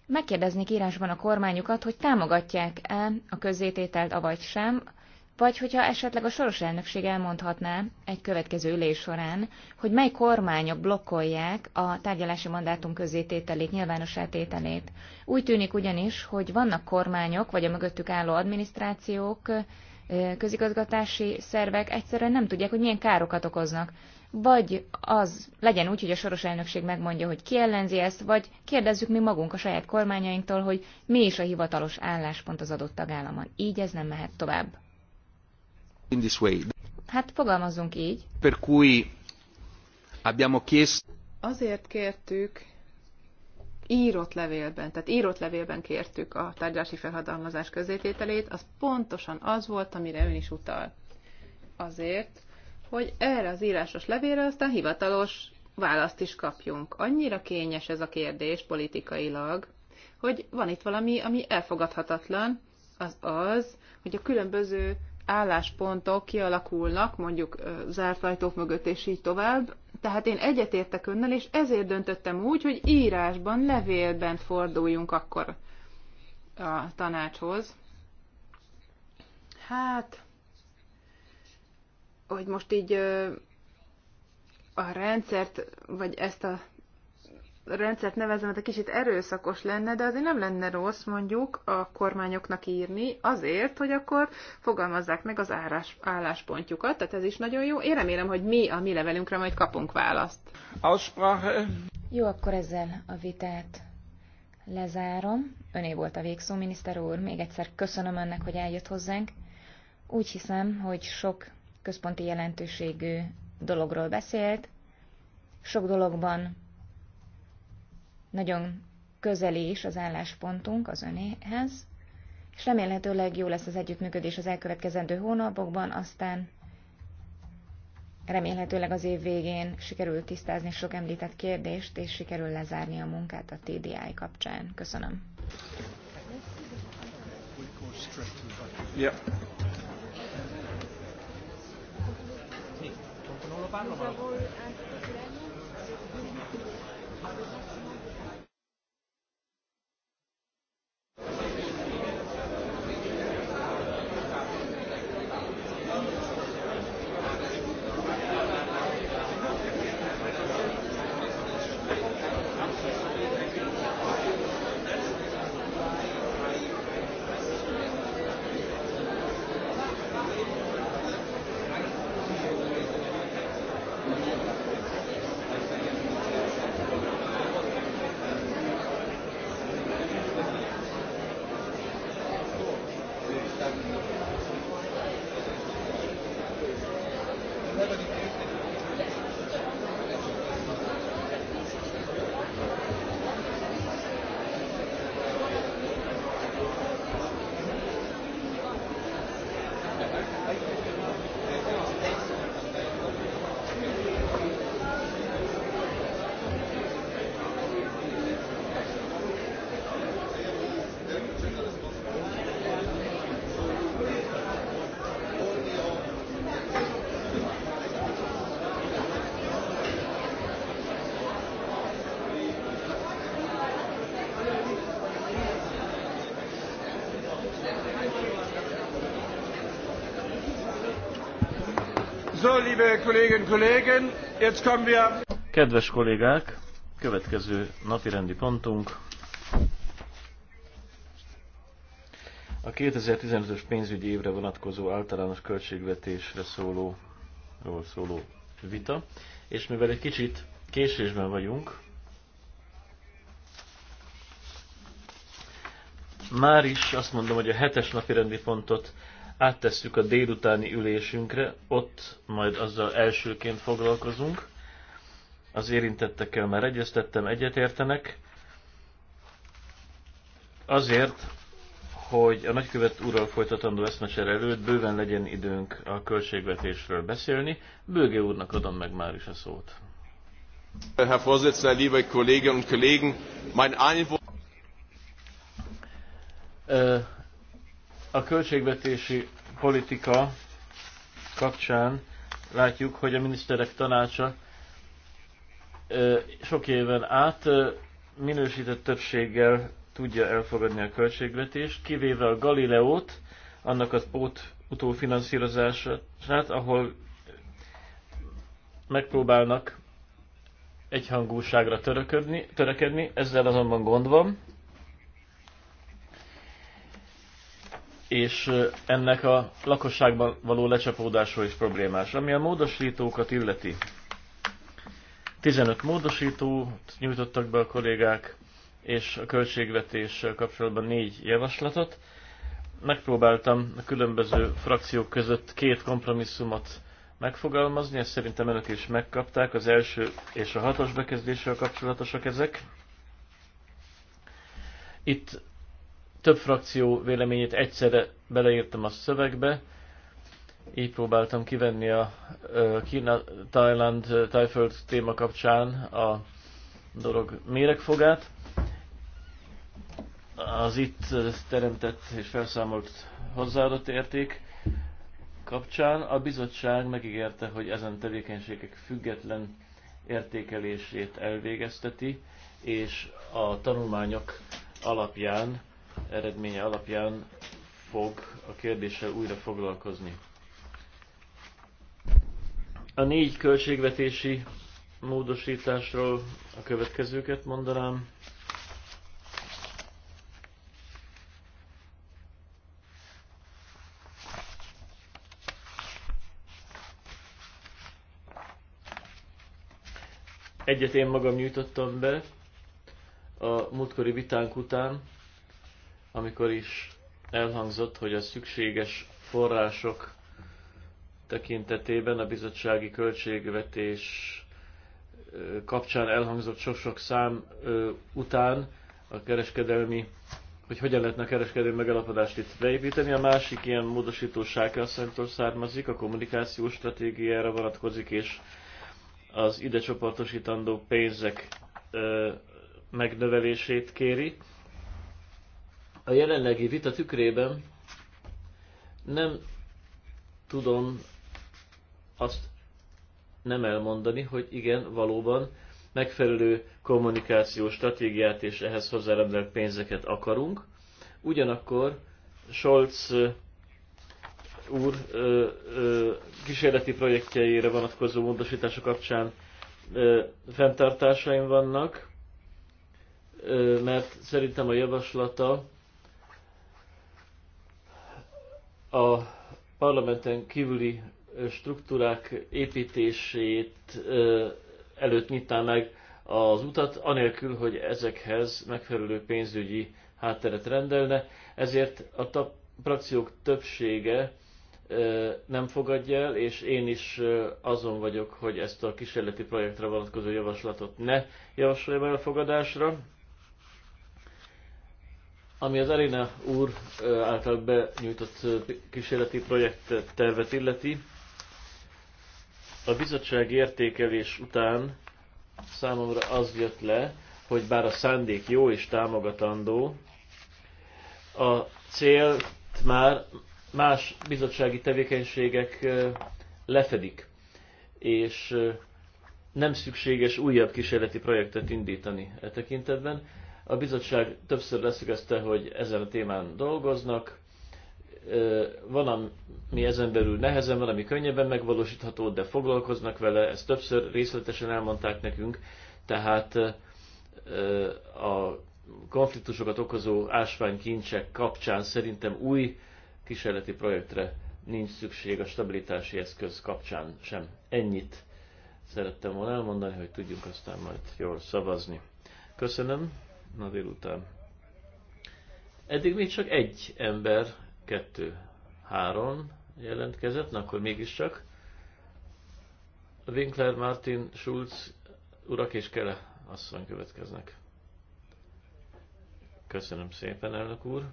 megkérdeznék írásban a kormányukat, hogy támogatják-e a közzétételt, avagy sem, vagy hogyha esetleg a soros elnökség elmondhatná egy következő ülés során, hogy mely kormányok blokkolják a tárgyalási mandátum közzétételét, nyilvános átételét. Úgy tűnik ugyanis, hogy vannak kormányok, vagy a mögöttük álló adminisztrációk, közigazgatási szervek egyszerűen nem tudják, hogy milyen károkat okoznak. Vagy az legyen úgy, hogy a soros elnökség megmondja, hogy ki ellenzi ezt, vagy kérdezzük mi magunk a saját kormányainktól, hogy mi is a hivatalos álláspont az adott tagállamon. Így ez nem mehet tovább. In this way. Hát fogalmazunk így. Per cui abbiamo chiesto... Azért kértük írott levélben, tehát írott levélben kértük a tárgyási felhatalmazás közétételét, az pontosan az volt, amire ön is utal. Azért, hogy erre az írásos levélre aztán hivatalos választ is kapjunk. Annyira kényes ez a kérdés politikailag, hogy van itt valami, ami elfogadhatatlan, az az, hogy a különböző álláspontok kialakulnak, mondjuk zárt ajtók mögött és így tovább. Tehát én egyetértek önnel, és ezért döntöttem úgy, hogy írásban, levélben forduljunk akkor a tanácshoz. Hát, hogy most így a rendszert, vagy ezt a rendszert nevezem, mert hát egy kicsit erőszakos lenne, de azért nem lenne rossz mondjuk a kormányoknak írni azért, hogy akkor fogalmazzák meg az árás, álláspontjukat, tehát ez is nagyon jó. Én remélem, hogy mi a mi levelünkre majd kapunk választ. Aussprache. Jó, akkor ezzel a vitát lezárom. Öné volt a végszó, miniszter úr. Még egyszer köszönöm önnek, hogy eljött hozzánk. Úgy hiszem, hogy sok központi jelentőségű dologról beszélt, sok dologban nagyon közeli is az álláspontunk az önéhez, és remélhetőleg jó lesz az együttműködés az elkövetkezendő hónapokban, aztán remélhetőleg az év végén sikerül tisztázni sok említett kérdést, és sikerül lezárni a munkát a TDI kapcsán. Köszönöm. Yeah. liebe Kolleginnen und Kollegen, jetzt kommen wir... Kedves kollégák, következő napirendi pontunk a 2015-ös pénzügyi évre vonatkozó általános költségvetésre szóló, szóló vita, és mivel egy kicsit késésben vagyunk, már is azt mondom, hogy a hetes napi rendi pontot áttesszük a délutáni ülésünkre, ott majd azzal elsőként foglalkozunk. Az érintettekkel már egyeztettem, egyetértenek. Azért, hogy a nagykövet úrral folytatandó eszmeser előtt bőven legyen időnk a költségvetésről beszélni. Bőge úrnak adom meg már is a szót. Herr Vorsitzender, liebe Kolleginnen und Kollegen, mein Einwurf a költségvetési politika kapcsán látjuk, hogy a miniszterek tanácsa sok éven át minősített többséggel tudja elfogadni a költségvetést, kivéve a Galileót, annak az pót utófinanszírozását, ahol megpróbálnak egyhangúságra töröködni, törekedni, ezzel azonban gond van, és ennek a lakosságban való lecsapódásról is problémás. Ami a módosítókat illeti, 15 módosítót nyújtottak be a kollégák, és a költségvetéssel kapcsolatban négy javaslatot. Megpróbáltam a különböző frakciók között két kompromisszumot megfogalmazni, ezt szerintem önök is megkapták, az első és a hatos bekezdéssel kapcsolatosak ezek. Itt több frakció véleményét egyszerre beleírtam a szövegbe, így próbáltam kivenni a Kína, Thailand, Thaiföld téma kapcsán a dolog méregfogát. Az itt teremtett és felszámolt hozzáadott érték kapcsán a bizottság megígérte, hogy ezen tevékenységek független értékelését elvégezteti, és a tanulmányok alapján eredménye alapján fog a kérdéssel újra foglalkozni. A négy költségvetési módosításról a következőket mondanám. Egyet én magam nyújtottam be a múltkori vitánk után, amikor is elhangzott, hogy a szükséges források tekintetében a bizottsági költségvetés kapcsán elhangzott sok-sok szám után a kereskedelmi, hogy hogyan lehetne a kereskedelmi megalapodást itt beépíteni. A másik ilyen módosító Sákelszentől származik, a kommunikációs stratégiára vonatkozik, és az ide csoportosítandó pénzek megnövelését kéri a jelenlegi vita tükrében nem tudom azt nem elmondani, hogy igen, valóban megfelelő kommunikációs stratégiát és ehhez hozzárendelt pénzeket akarunk. Ugyanakkor Scholz úr ö, ö, kísérleti projektjeire vonatkozó módosítása kapcsán ö, fenntartásaim vannak, ö, mert szerintem a javaslata a parlamenten kívüli struktúrák építését előtt nyitná meg az utat, anélkül, hogy ezekhez megfelelő pénzügyi hátteret rendelne, ezért a frakciók többsége nem fogadja el, és én is azon vagyok, hogy ezt a kísérleti projektre vonatkozó javaslatot ne javasoljam elfogadásra. Ami az Arena úr által benyújtott kísérleti projekt tervet illeti, a bizottság értékelés után számomra az jött le, hogy bár a szándék jó és támogatandó, a célt már más bizottsági tevékenységek lefedik, és nem szükséges újabb kísérleti projektet indítani e tekintetben. A bizottság többször leszögezte, hogy ezen a témán dolgoznak. Van, ami ezen belül nehezen, van, ami könnyebben megvalósítható, de foglalkoznak vele, ezt többször részletesen elmondták nekünk, tehát a konfliktusokat okozó ásványkincsek kapcsán szerintem új kísérleti projektre nincs szükség a stabilitási eszköz kapcsán sem. Ennyit szerettem volna elmondani, hogy tudjunk aztán majd jól szavazni. Köszönöm ma délután. Eddig még csak egy ember, kettő, három jelentkezett, na akkor mégiscsak. Winkler, Martin, Schulz, urak és Kele asszony következnek. Köszönöm szépen, elnök úr.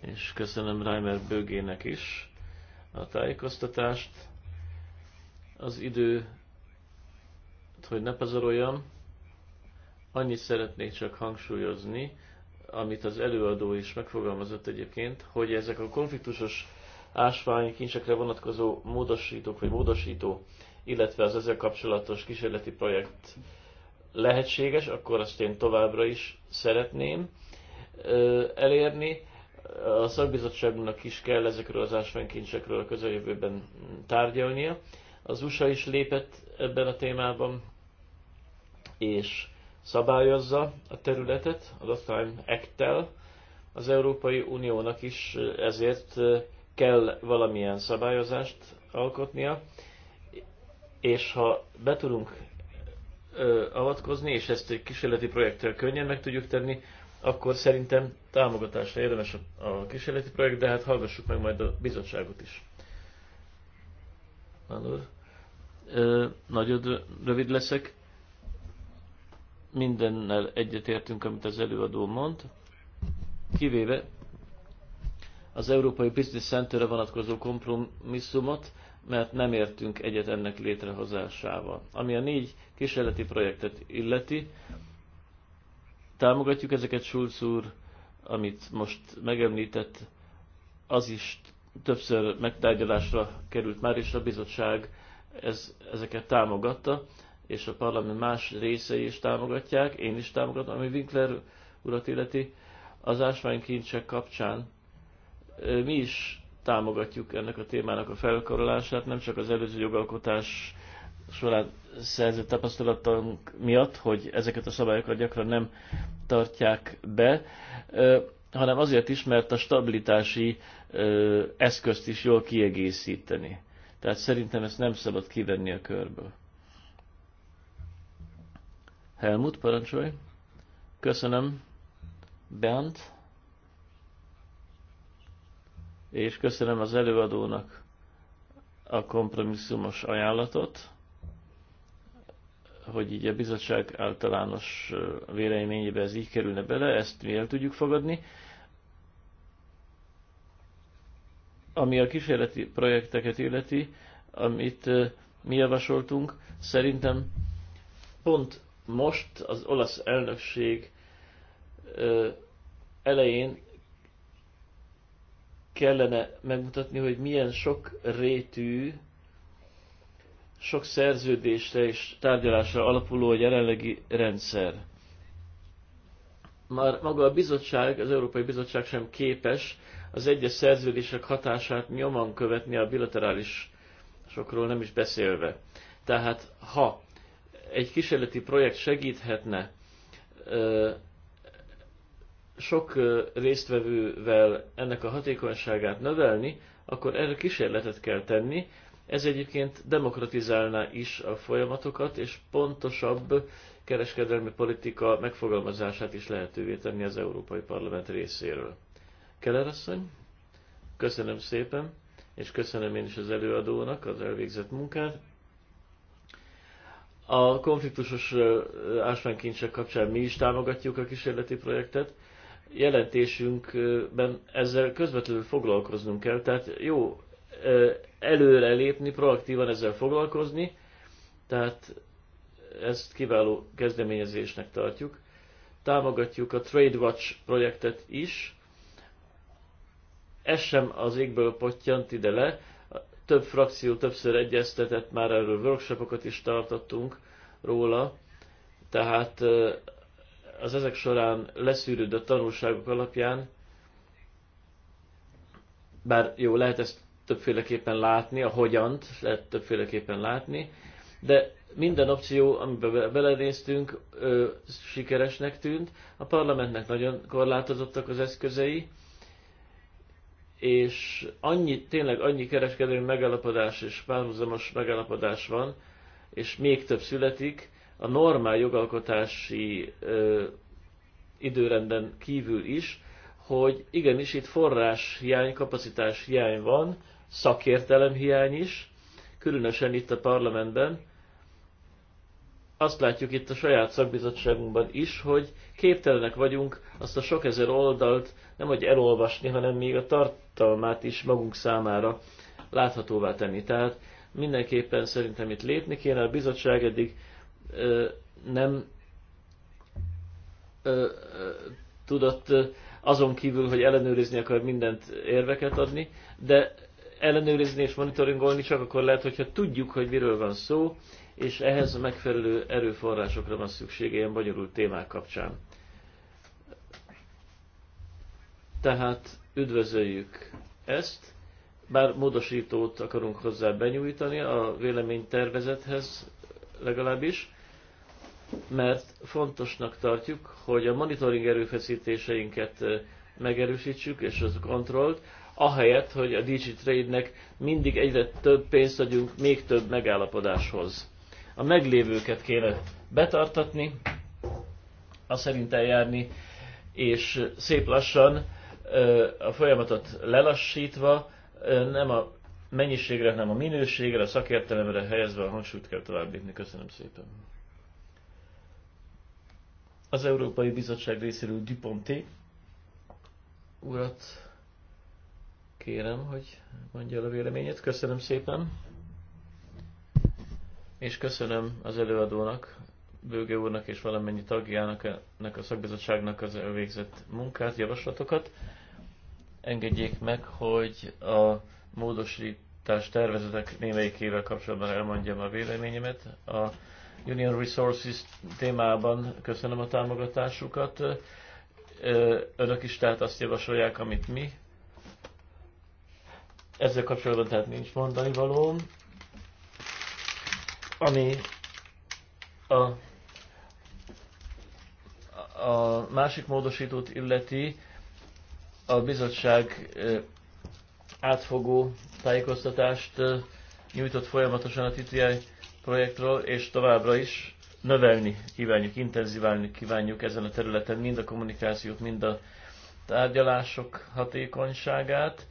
És köszönöm Reimer Bögének is a tájékoztatást. Az idő, hogy ne pazaroljam, Annyit szeretnék csak hangsúlyozni, amit az előadó is megfogalmazott egyébként, hogy ezek a konfliktusos ásványkincsekre vonatkozó módosítók vagy módosító, illetve az ezzel kapcsolatos kísérleti projekt lehetséges, akkor azt én továbbra is szeretném elérni. A szakbizottságnak is kell ezekről az ásványkincsekről a közeljövőben tárgyalnia. Az USA is lépett ebben a témában, és szabályozza a területet, az Time act Az Európai Uniónak is ezért kell valamilyen szabályozást alkotnia, és ha be tudunk ö, avatkozni, és ezt egy kísérleti projekttel könnyen meg tudjuk tenni, akkor szerintem támogatásra érdemes a, a kísérleti projekt, de hát hallgassuk meg majd a bizottságot is. Manur, ö, nagyon rövid leszek mindennel egyetértünk, amit az előadó mond, kivéve az Európai Business Center-re vonatkozó kompromisszumot, mert nem értünk egyet ennek létrehozásával. Ami a négy kísérleti projektet illeti, támogatjuk ezeket, Schulz úr, amit most megemlített, az is többször megtárgyalásra került már, és a bizottság ez, ezeket támogatta és a parlament más részei is támogatják, én is támogatom, ami Winkler urat illeti, az ásványkincsek kapcsán mi is támogatjuk ennek a témának a felkarolását, nem csak az előző jogalkotás során szerzett tapasztalatunk miatt, hogy ezeket a szabályokat gyakran nem tartják be, hanem azért is, mert a stabilitási eszközt is jól kiegészíteni. Tehát szerintem ezt nem szabad kivenni a körből. Helmut, parancsolj. Köszönöm, Bent. És köszönöm az előadónak a kompromisszumos ajánlatot, hogy így a bizottság általános véleményébe ez így kerülne bele, ezt mi el tudjuk fogadni. Ami a kísérleti projekteket illeti, amit mi javasoltunk, szerintem pont most az olasz elnökség elején kellene megmutatni, hogy milyen sok rétű, sok szerződésre és tárgyalásra alapuló a jelenlegi rendszer. Már maga a bizottság, az Európai Bizottság sem képes az egyes szerződések hatását nyoman követni a bilaterális sokról nem is beszélve. Tehát ha egy kísérleti projekt segíthetne sok résztvevővel ennek a hatékonyságát növelni, akkor erre kísérletet kell tenni. Ez egyébként demokratizálná is a folyamatokat, és pontosabb kereskedelmi politika megfogalmazását is lehetővé tenni az Európai Parlament részéről. Keller asszony, köszönöm szépen, és köszönöm én is az előadónak az elvégzett munkát. A konfliktusos ásványkincsek kapcsán mi is támogatjuk a kísérleti projektet. Jelentésünkben ezzel közvetlenül foglalkoznunk kell, tehát jó előre lépni, proaktívan ezzel foglalkozni, tehát ezt kiváló kezdeményezésnek tartjuk. Támogatjuk a Trade Watch projektet is, ez sem az égből pottyant ide le, több frakció többször egyeztetett, már erről workshopokat is tartottunk róla, tehát az ezek során leszűrődött tanulságok alapján, bár jó, lehet ezt többféleképpen látni, a hogyant lehet többféleképpen látni, de minden opció, amiben belenéztünk, sikeresnek tűnt. A parlamentnek nagyon korlátozottak az eszközei, és annyi, tényleg annyi kereskedelmi megállapodás és párhuzamos megállapodás van, és még több születik, a normál jogalkotási ö, időrenden kívül is, hogy igenis itt forrás hiány, kapacitás hiány van, szakértelem hiány is, különösen itt a parlamentben, azt látjuk itt a saját szakbizottságunkban is, hogy képtelenek vagyunk azt a sok ezer oldalt nem hogy elolvasni, hanem még a tartalmát is magunk számára láthatóvá tenni. Tehát mindenképpen szerintem itt lépni kéne, a bizottság eddig ö, nem ö, ö, tudott ö, azon kívül, hogy ellenőrizni akar mindent érveket adni, de ellenőrizni és monitoringolni csak akkor lehet, hogyha tudjuk, hogy miről van szó, és ehhez megfelelő erőforrásokra van szüksége ilyen bonyolult témák kapcsán. Tehát üdvözöljük ezt, bár módosítót akarunk hozzá benyújtani a véleménytervezethez legalábbis, mert fontosnak tartjuk, hogy a monitoring erőfeszítéseinket megerősítsük, és az kontrollt, ahelyett, hogy a DigiTrade-nek mindig egyre több pénzt adjunk még több megállapodáshoz a meglévőket kéne betartatni, a szerint eljárni, és szép lassan a folyamatot lelassítva, nem a mennyiségre, hanem a minőségre, a szakértelemre helyezve a hangsúlyt kell továbbítni. Köszönöm szépen. Az Európai Bizottság részéről Duponté urat kérem, hogy mondja el a véleményét. Köszönöm szépen és köszönöm az előadónak, Bőge úrnak és valamennyi tagjának ennek a szakbizottságnak az elvégzett munkát, javaslatokat. Engedjék meg, hogy a módosítás tervezetek némelyikével kapcsolatban elmondjam a véleményemet. A Union Resources témában köszönöm a támogatásukat. Önök is tehát azt javasolják, amit mi. Ezzel kapcsolatban tehát nincs mondani valóm. Ami a, a másik módosítót illeti, a bizottság átfogó tájékoztatást nyújtott folyamatosan a TTI projektről, és továbbra is növelni kívánjuk, intenzíválni kívánjuk ezen a területen mind a kommunikációt, mind a tárgyalások hatékonyságát.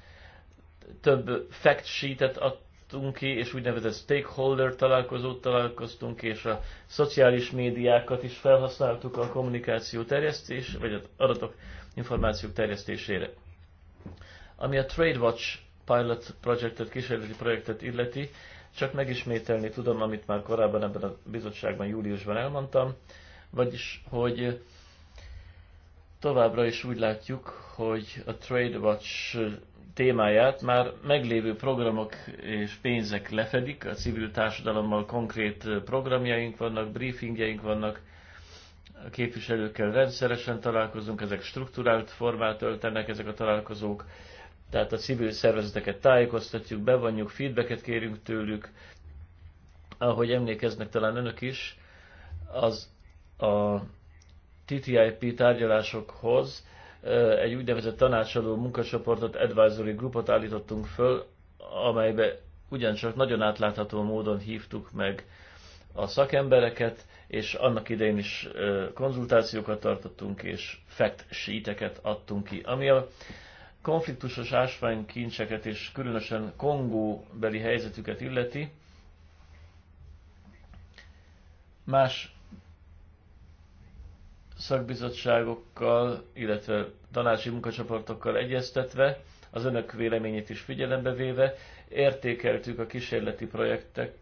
Több fact sheetet adtunk találkoztunk ki, és úgynevezett stakeholder találkozót találkoztunk, és a szociális médiákat is felhasználtuk a kommunikáció terjesztés, vagy az adatok, információk terjesztésére. Ami a TradeWatch pilot projektet, kísérleti projektet illeti, csak megismételni tudom, amit már korábban ebben a bizottságban júliusban elmondtam, vagyis, hogy továbbra is úgy látjuk, hogy a TradeWatch témáját már meglévő programok és pénzek lefedik, a civil társadalommal konkrét programjaink vannak, briefingjeink vannak, a képviselőkkel rendszeresen találkozunk, ezek strukturált formát öltenek ezek a találkozók, tehát a civil szervezeteket tájékoztatjuk, bevonjuk, feedbacket kérünk tőlük, ahogy emlékeznek talán önök is, az a TTIP tárgyalásokhoz egy úgynevezett tanácsadó munkacsoportot, advisory groupot állítottunk föl, amelybe ugyancsak nagyon átlátható módon hívtuk meg a szakembereket, és annak idején is konzultációkat tartottunk, és fact sheeteket adtunk ki. Ami a konfliktusos ásványkincseket és különösen Kongó beli helyzetüket illeti, más szakbizottságokkal, illetve tanácsi munkacsoportokkal egyeztetve, az önök véleményét is figyelembe véve értékeltük a kísérleti projektek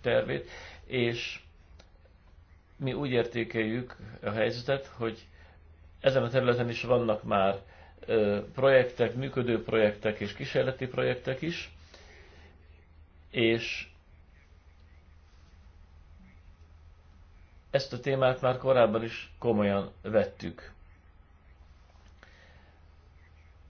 tervét, és mi úgy értékeljük a helyzetet, hogy ezen a területen is vannak már projektek, működő projektek és kísérleti projektek is, és Ezt a témát már korábban is komolyan vettük.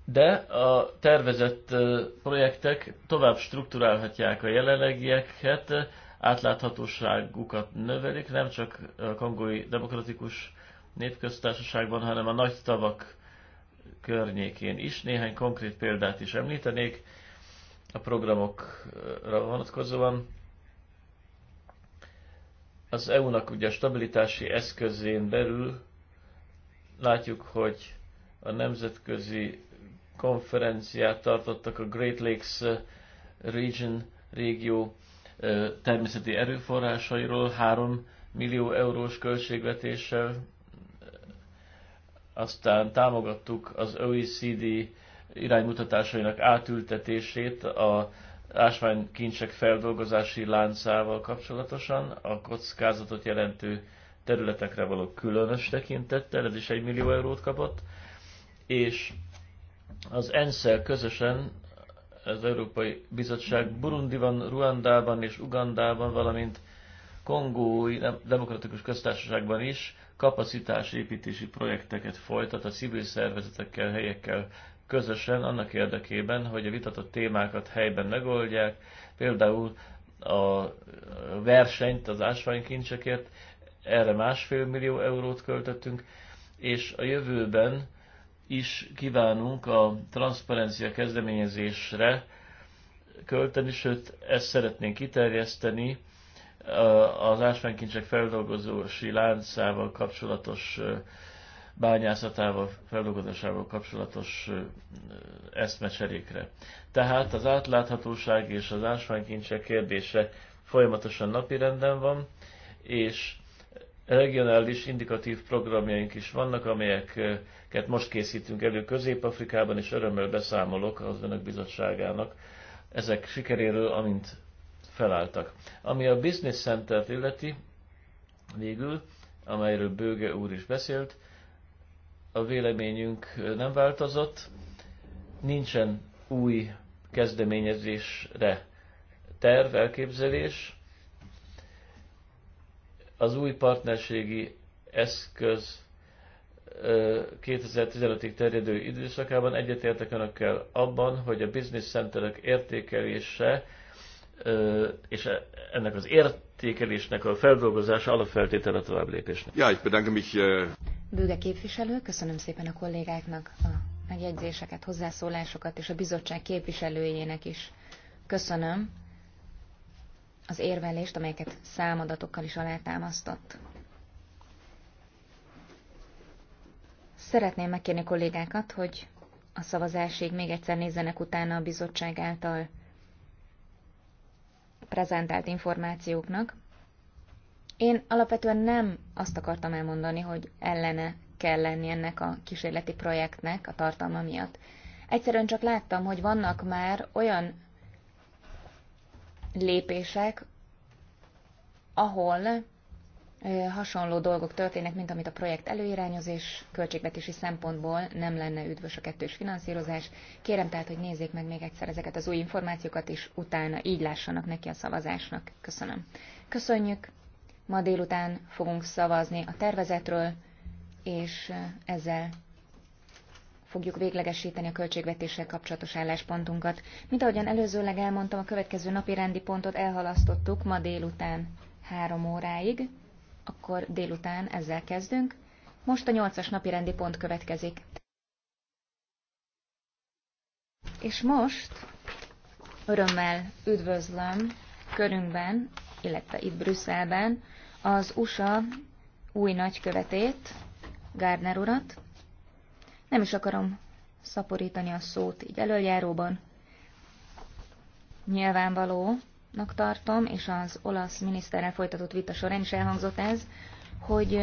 De a tervezett projektek tovább strukturálhatják a jelenlegieket, átláthatóságukat növelik, nem csak a kongói demokratikus népköztársaságban, hanem a nagy tavak környékén is. Néhány konkrét példát is említenék a programokra vonatkozóan. Az EU-nak ugye a stabilitási eszközén belül látjuk, hogy a nemzetközi konferenciát tartottak a Great Lakes eh, Region régió eh, természeti erőforrásairól 3 millió eurós költségvetéssel. Aztán támogattuk az OECD iránymutatásainak átültetését a ásványkincsek feldolgozási láncával kapcsolatosan, a kockázatot jelentő területekre való különös tekintettel, ez is egy millió eurót kapott, és az ensz közösen az Európai Bizottság Burundiban, Ruandában és Ugandában, valamint Kongói Demokratikus Köztársaságban is kapacitásépítési projekteket folytat a civil szervezetekkel, helyekkel, közösen annak érdekében, hogy a vitatott témákat helyben megoldják, például a versenyt az ásványkincsekért, erre másfél millió eurót költöttünk, és a jövőben is kívánunk a transzparencia kezdeményezésre költeni, sőt, ezt szeretnénk kiterjeszteni az ásványkincsek feldolgozósi láncával kapcsolatos bányászatával, feldolgozásával kapcsolatos eszmecserékre. Tehát az átláthatóság és az ásványkincse kérdése folyamatosan napirenden van, és regionális indikatív programjaink is vannak, amelyeket most készítünk elő Közép-Afrikában, és örömmel beszámolok az Önök Bizottságának ezek sikeréről, amint felálltak. Ami a Business Center illeti, végül, amelyről Bőge úr is beszélt, a véleményünk nem változott, nincsen új kezdeményezésre terv, elképzelés. Az új partnerségi eszköz 2015-ig terjedő időszakában egyetértek önökkel abban, hogy a business centerek értékelése és e, ennek az értékelésnek a feldolgozása alapfeltétele a tovább lépésnek. Ja, ich bedanke mich. Äh, Bőge képviselő, köszönöm szépen a kollégáknak a megjegyzéseket, hozzászólásokat, és a bizottság képviselőjének is köszönöm az érvelést, amelyeket számadatokkal is alátámasztott. Szeretném megkérni kollégákat, hogy a szavazásig még egyszer nézzenek utána a bizottság által prezentált információknak, én alapvetően nem azt akartam elmondani, hogy ellene kell lenni ennek a kísérleti projektnek a tartalma miatt. Egyszerűen csak láttam, hogy vannak már olyan lépések, ahol hasonló dolgok történnek, mint amit a projekt előirányozás költségvetési szempontból nem lenne üdvös a kettős finanszírozás. Kérem tehát, hogy nézzék meg még egyszer ezeket az új információkat, és utána így lássanak neki a szavazásnak. Köszönöm. Köszönjük, Ma délután fogunk szavazni a tervezetről, és ezzel fogjuk véglegesíteni a költségvetéssel kapcsolatos álláspontunkat. Mint ahogyan előzőleg elmondtam, a következő napi rendi pontot elhalasztottuk ma délután három óráig, akkor délután ezzel kezdünk. Most a nyolcas napi rendi pont következik. És most örömmel üdvözlöm körünkben, illetve itt Brüsszelben az USA új nagykövetét, Gardner urat. Nem is akarom szaporítani a szót így előjáróban. Nyilvánvalónak tartom, és az olasz miniszterrel folytatott vita során is elhangzott ez, hogy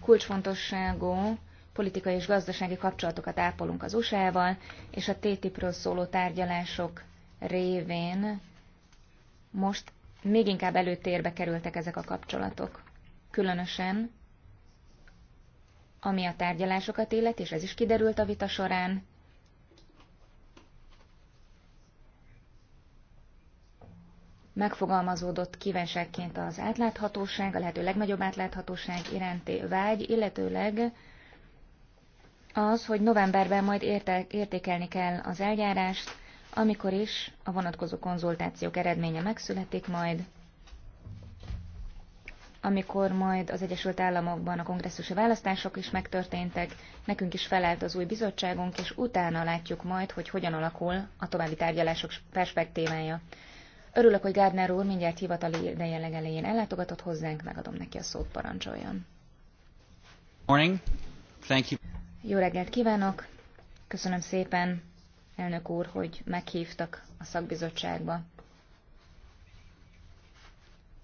kulcsfontosságú politikai és gazdasági kapcsolatokat ápolunk az USA-val, és a TTIP-ről szóló tárgyalások révén most még inkább előtérbe kerültek ezek a kapcsolatok. Különösen, ami a tárgyalásokat illet, és ez is kiderült a vita során, megfogalmazódott kívánságként az átláthatóság, a lehető legnagyobb átláthatóság iránti vágy, illetőleg az, hogy novemberben majd érte, értékelni kell az eljárást, amikor is a vonatkozó konzultációk eredménye megszületik majd, amikor majd az Egyesült Államokban a kongresszusi választások is megtörténtek, nekünk is felelt az új bizottságunk, és utána látjuk majd, hogy hogyan alakul a további tárgyalások perspektívája. Örülök, hogy Gardner úr mindjárt hivatali ideje legelején ellátogatott hozzánk, megadom neki a szót, parancsoljon. Morning. Thank you. Jó reggelt kívánok! Köszönöm szépen elnök úr, hogy meghívtak a szakbizottságba.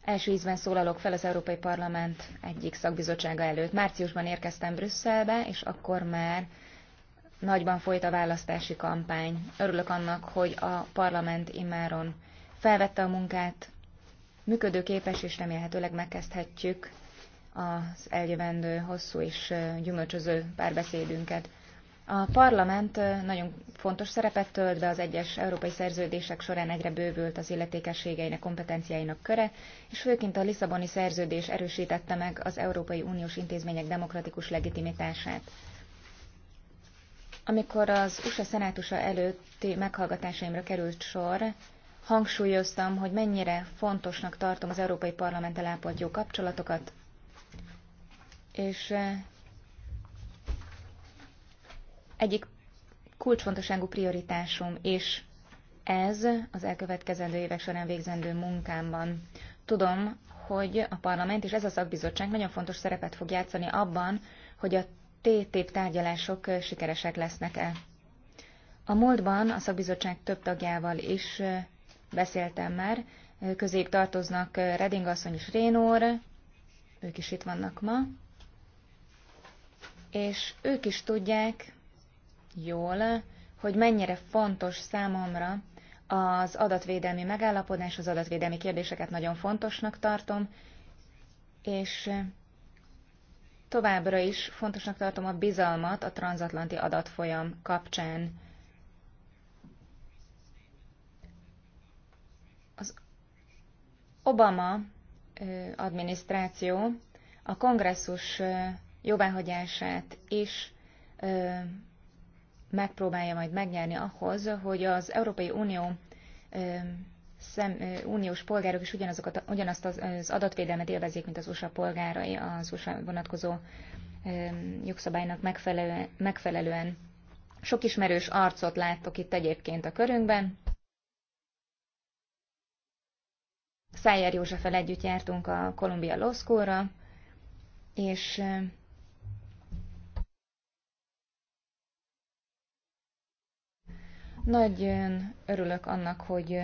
Első ízben szólalok fel az Európai Parlament egyik szakbizottsága előtt. Márciusban érkeztem Brüsszelbe, és akkor már nagyban folyt a választási kampány. Örülök annak, hogy a parlament imáron felvette a munkát, működőképes, és remélhetőleg megkezdhetjük az eljövendő hosszú és gyümölcsöző párbeszédünket. A parlament nagyon fontos szerepet tölt be az egyes európai szerződések során egyre bővült az illetékességeinek, kompetenciáinak köre, és főként a Lisszaboni szerződés erősítette meg az Európai Uniós intézmények demokratikus legitimitását. Amikor az USA szenátusa előtti meghallgatásaimra került sor, hangsúlyoztam, hogy mennyire fontosnak tartom az Európai parlament ápolt jó kapcsolatokat, és egyik kulcsfontosságú prioritásom, és ez az elkövetkezendő évek során végzendő munkámban. Tudom, hogy a parlament és ez a szakbizottság nagyon fontos szerepet fog játszani abban, hogy a TTIP tárgyalások sikeresek lesznek-e. A múltban a szakbizottság több tagjával is beszéltem már, közép tartoznak Reding asszony és Rénor, ők is itt vannak ma, és ők is tudják, jól, hogy mennyire fontos számomra az adatvédelmi megállapodás, az adatvédelmi kérdéseket nagyon fontosnak tartom, és továbbra is fontosnak tartom a bizalmat a transatlanti adatfolyam kapcsán. Az Obama adminisztráció a kongresszus jóváhagyását is megpróbálja majd megnyerni ahhoz, hogy az Európai Unió szem, uniós polgárok is ugyanazokat, ugyanazt az, adatvédelmet élvezik, mint az USA polgárai az USA vonatkozó jogszabálynak megfelelően, megfelelően. Sok ismerős arcot láttok itt egyébként a körünkben. Szájer Józsefel együtt jártunk a Columbia Law School-ra, és Nagyon örülök annak, hogy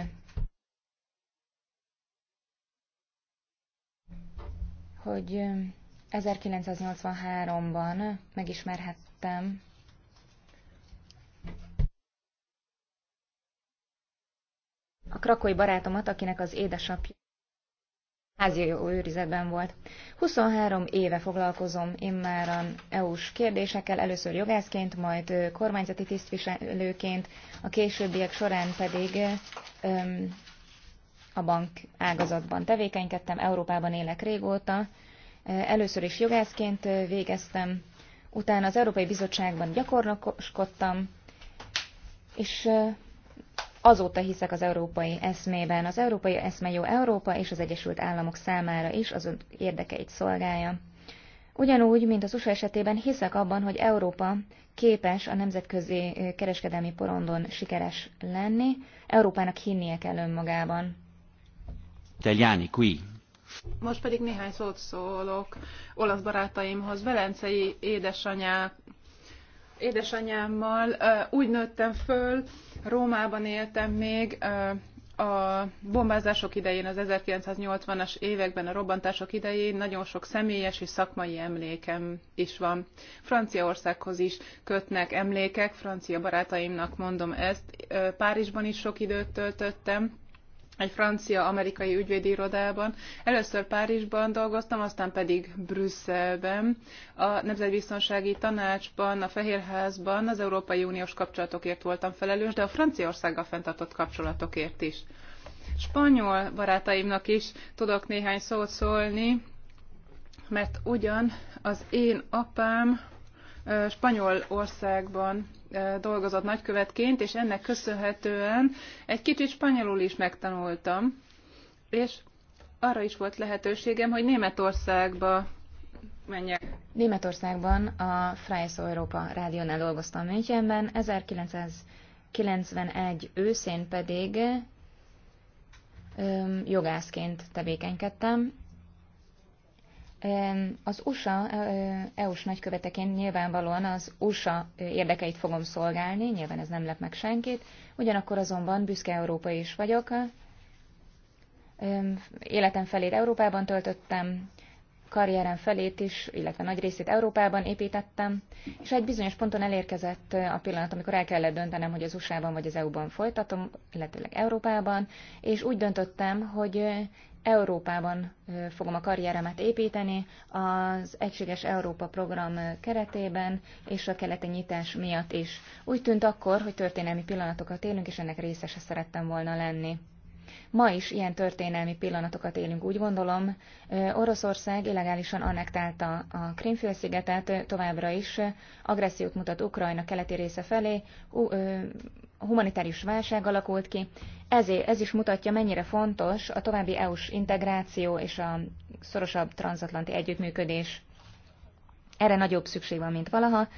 hogy 1983-ban megismerhettem a krakói barátomat, akinek az édesapja házi őrizetben volt. 23 éve foglalkozom a EU-s kérdésekkel, először jogászként, majd kormányzati tisztviselőként, a későbbiek során pedig öm, a bank ágazatban tevékenykedtem, Európában élek régóta. Először is jogászként végeztem, utána az Európai Bizottságban gyakornokoskodtam, és Azóta hiszek az európai eszmében. Az európai eszme jó Európa és az Egyesült Államok számára is az érdekeit szolgálja. Ugyanúgy, mint az USA esetében hiszek abban, hogy Európa képes a nemzetközi kereskedelmi porondon sikeres lenni, Európának hinnie kell önmagában. Teljáni Kui. Most pedig néhány szót szólok olasz barátaimhoz. Velencei édesanyá, édesanyámmal úgy nőttem föl, Rómában éltem még, a bombázások idején, az 1980-as években, a robbantások idején nagyon sok személyes és szakmai emlékem is van. Franciaországhoz is kötnek emlékek, francia barátaimnak mondom ezt. Párizsban is sok időt töltöttem, egy francia-amerikai ügyvédi irodában. Először Párizsban dolgoztam, aztán pedig Brüsszelben, a Nemzetbiztonsági Tanácsban, a Fehérházban, az Európai Uniós kapcsolatokért voltam felelős, de a Franciaországgal fenntartott kapcsolatokért is. Spanyol barátaimnak is tudok néhány szót szólni, mert ugyan az én apám Spanyolországban dolgozott nagykövetként, és ennek köszönhetően egy kicsit spanyolul is megtanultam, és arra is volt lehetőségem, hogy Németországba menjek. Németországban a Freies Európa rádiónál dolgoztam Münchenben, 1991 őszén pedig öm, jogászként tevékenykedtem, az USA EU-s nagyköveteként nyilvánvalóan az USA érdekeit fogom szolgálni, nyilván ez nem lep meg senkit, ugyanakkor azonban büszke európai is vagyok. Életem felét Európában töltöttem, karrierem felét is, illetve nagy részét Európában építettem, és egy bizonyos ponton elérkezett a pillanat, amikor el kellett döntenem, hogy az USA-ban vagy az EU-ban folytatom, illetőleg Európában, és úgy döntöttem, hogy Európában fogom a karrieremet építeni, az Egységes Európa program keretében és a keleti nyitás miatt is. Úgy tűnt akkor, hogy történelmi pillanatokat élünk, és ennek részese szerettem volna lenni. Ma is ilyen történelmi pillanatokat élünk, úgy gondolom. Oroszország illegálisan annektálta a Krimfélszigetet, továbbra is agressziót mutat Ukrajna keleti része felé, humanitárius válság alakult ki. Ezért ez is mutatja, mennyire fontos a további EU-s integráció és a szorosabb transatlanti együttműködés. Erre nagyobb szükség van, mint valaha.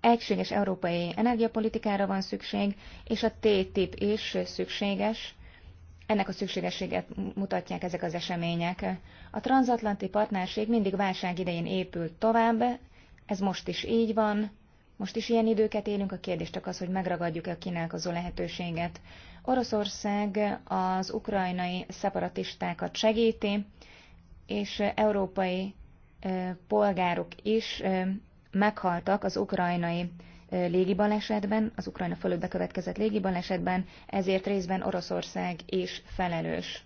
Egységes európai energiapolitikára van szükség, és a TTIP is szükséges ennek a szükségességet mutatják ezek az események. A transatlanti partnerség mindig válság idején épült tovább, ez most is így van, most is ilyen időket élünk, a kérdés csak az, hogy megragadjuk-e a kínálkozó lehetőséget. Oroszország az ukrajnai szeparatistákat segíti, és európai polgárok is meghaltak az ukrajnai légi balesetben, az Ukrajna fölött bekövetkezett légi balesetben, ezért részben Oroszország is felelős.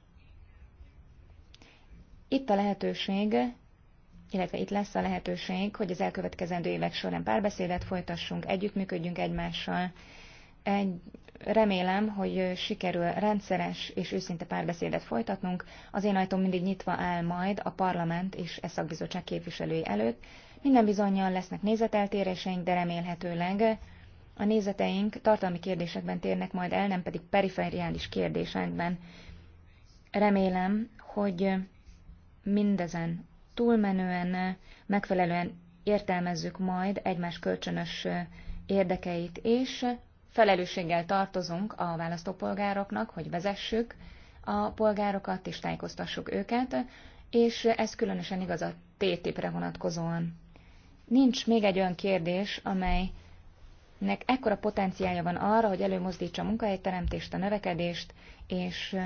Itt a lehetőség, illetve itt lesz a lehetőség, hogy az elkövetkezendő évek során párbeszédet folytassunk, együttműködjünk egymással. Egy, remélem, hogy sikerül rendszeres és őszinte párbeszédet folytatnunk. Az én ajtóm mindig nyitva áll majd a parlament és e szakbizottság képviselői előtt, minden bizonyal lesznek nézeteltéréseink, de remélhetőleg a nézeteink tartalmi kérdésekben térnek majd el, nem pedig perifériális kérdésekben. Remélem, hogy mindezen túlmenően, megfelelően értelmezzük majd egymás kölcsönös érdekeit, és felelősséggel tartozunk a választópolgároknak, hogy vezessük a polgárokat és tájékoztassuk őket, és ez különösen igaz a TTIP-re vonatkozóan. Nincs még egy olyan kérdés, amelynek ekkora potenciálja van arra, hogy előmozdítsa a munkahelyteremtést, a növekedést, és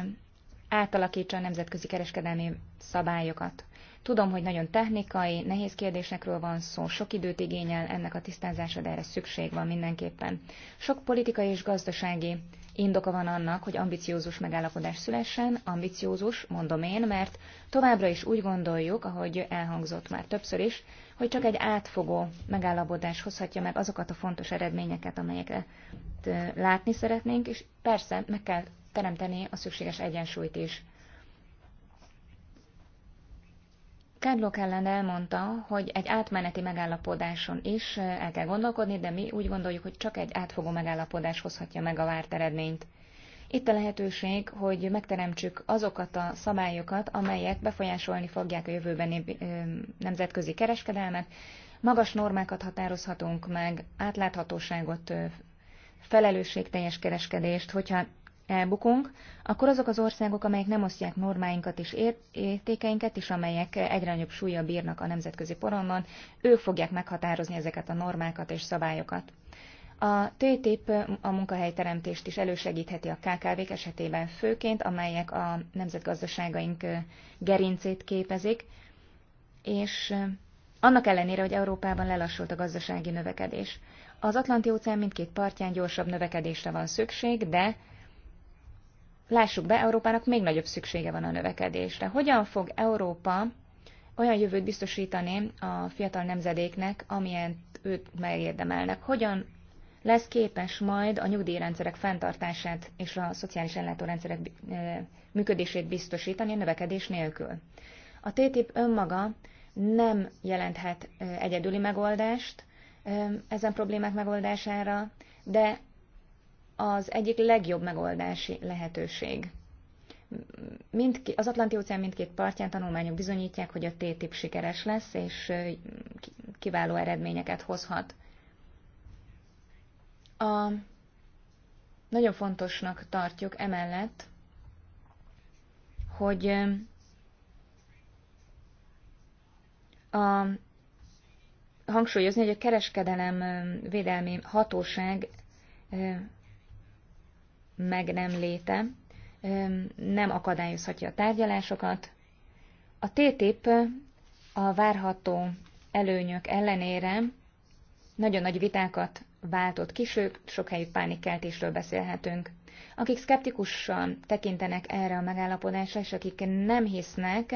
átalakítsa a nemzetközi kereskedelmi szabályokat. Tudom, hogy nagyon technikai, nehéz kérdésekről van szó, sok időt igényel ennek a tisztázása, de erre szükség van mindenképpen. Sok politikai és gazdasági indoka van annak, hogy ambiciózus megállapodás szülessen, ambiciózus, mondom én, mert továbbra is úgy gondoljuk, ahogy elhangzott már többször is, hogy csak egy átfogó megállapodás hozhatja meg azokat a fontos eredményeket, amelyeket látni szeretnénk, és persze meg kell teremteni a szükséges egyensúlyt is. Kárló ellen elmondta, hogy egy átmeneti megállapodáson is el kell gondolkodni, de mi úgy gondoljuk, hogy csak egy átfogó megállapodás hozhatja meg a várt eredményt. Itt a lehetőség, hogy megteremtsük azokat a szabályokat, amelyek befolyásolni fogják a jövőbeni nemzetközi kereskedelmet, magas normákat határozhatunk meg, átláthatóságot, felelősségteljes kereskedést, hogyha elbukunk, akkor azok az országok, amelyek nem osztják normáinkat és értékeinket, és amelyek egyre nagyobb súlya bírnak a nemzetközi poronban, ők fogják meghatározni ezeket a normákat és szabályokat. A TTIP a munkahelyteremtést is elősegítheti a KKV-k esetében főként, amelyek a nemzetgazdaságaink gerincét képezik, és annak ellenére, hogy Európában lelassult a gazdasági növekedés. Az Atlanti óceán mindkét partján gyorsabb növekedésre van szükség, de lássuk be, Európának még nagyobb szüksége van a növekedésre. Hogyan fog Európa olyan jövőt biztosítani a fiatal nemzedéknek, amilyen őt megérdemelnek? Hogyan lesz képes majd a nyugdíjrendszerek fenntartását és a szociális ellátórendszerek eh, működését biztosítani a növekedés nélkül? A TTIP önmaga nem jelenthet eh, egyedüli megoldást eh, ezen problémák megoldására, de az egyik legjobb megoldási lehetőség. Mindki, az Atlanti-óceán mindkét partján tanulmányok bizonyítják, hogy a T-tip sikeres lesz, és kiváló eredményeket hozhat. A, nagyon fontosnak tartjuk emellett, hogy a, hangsúlyozni, hogy a kereskedelem védelmi hatóság meg nem léte nem akadályozhatja a tárgyalásokat. A TTIP a várható előnyök ellenére nagyon nagy vitákat váltott ki, sőt, sok helyütt pánikkeltésről beszélhetünk. Akik szkeptikusan tekintenek erre a megállapodásra, és akik nem hisznek,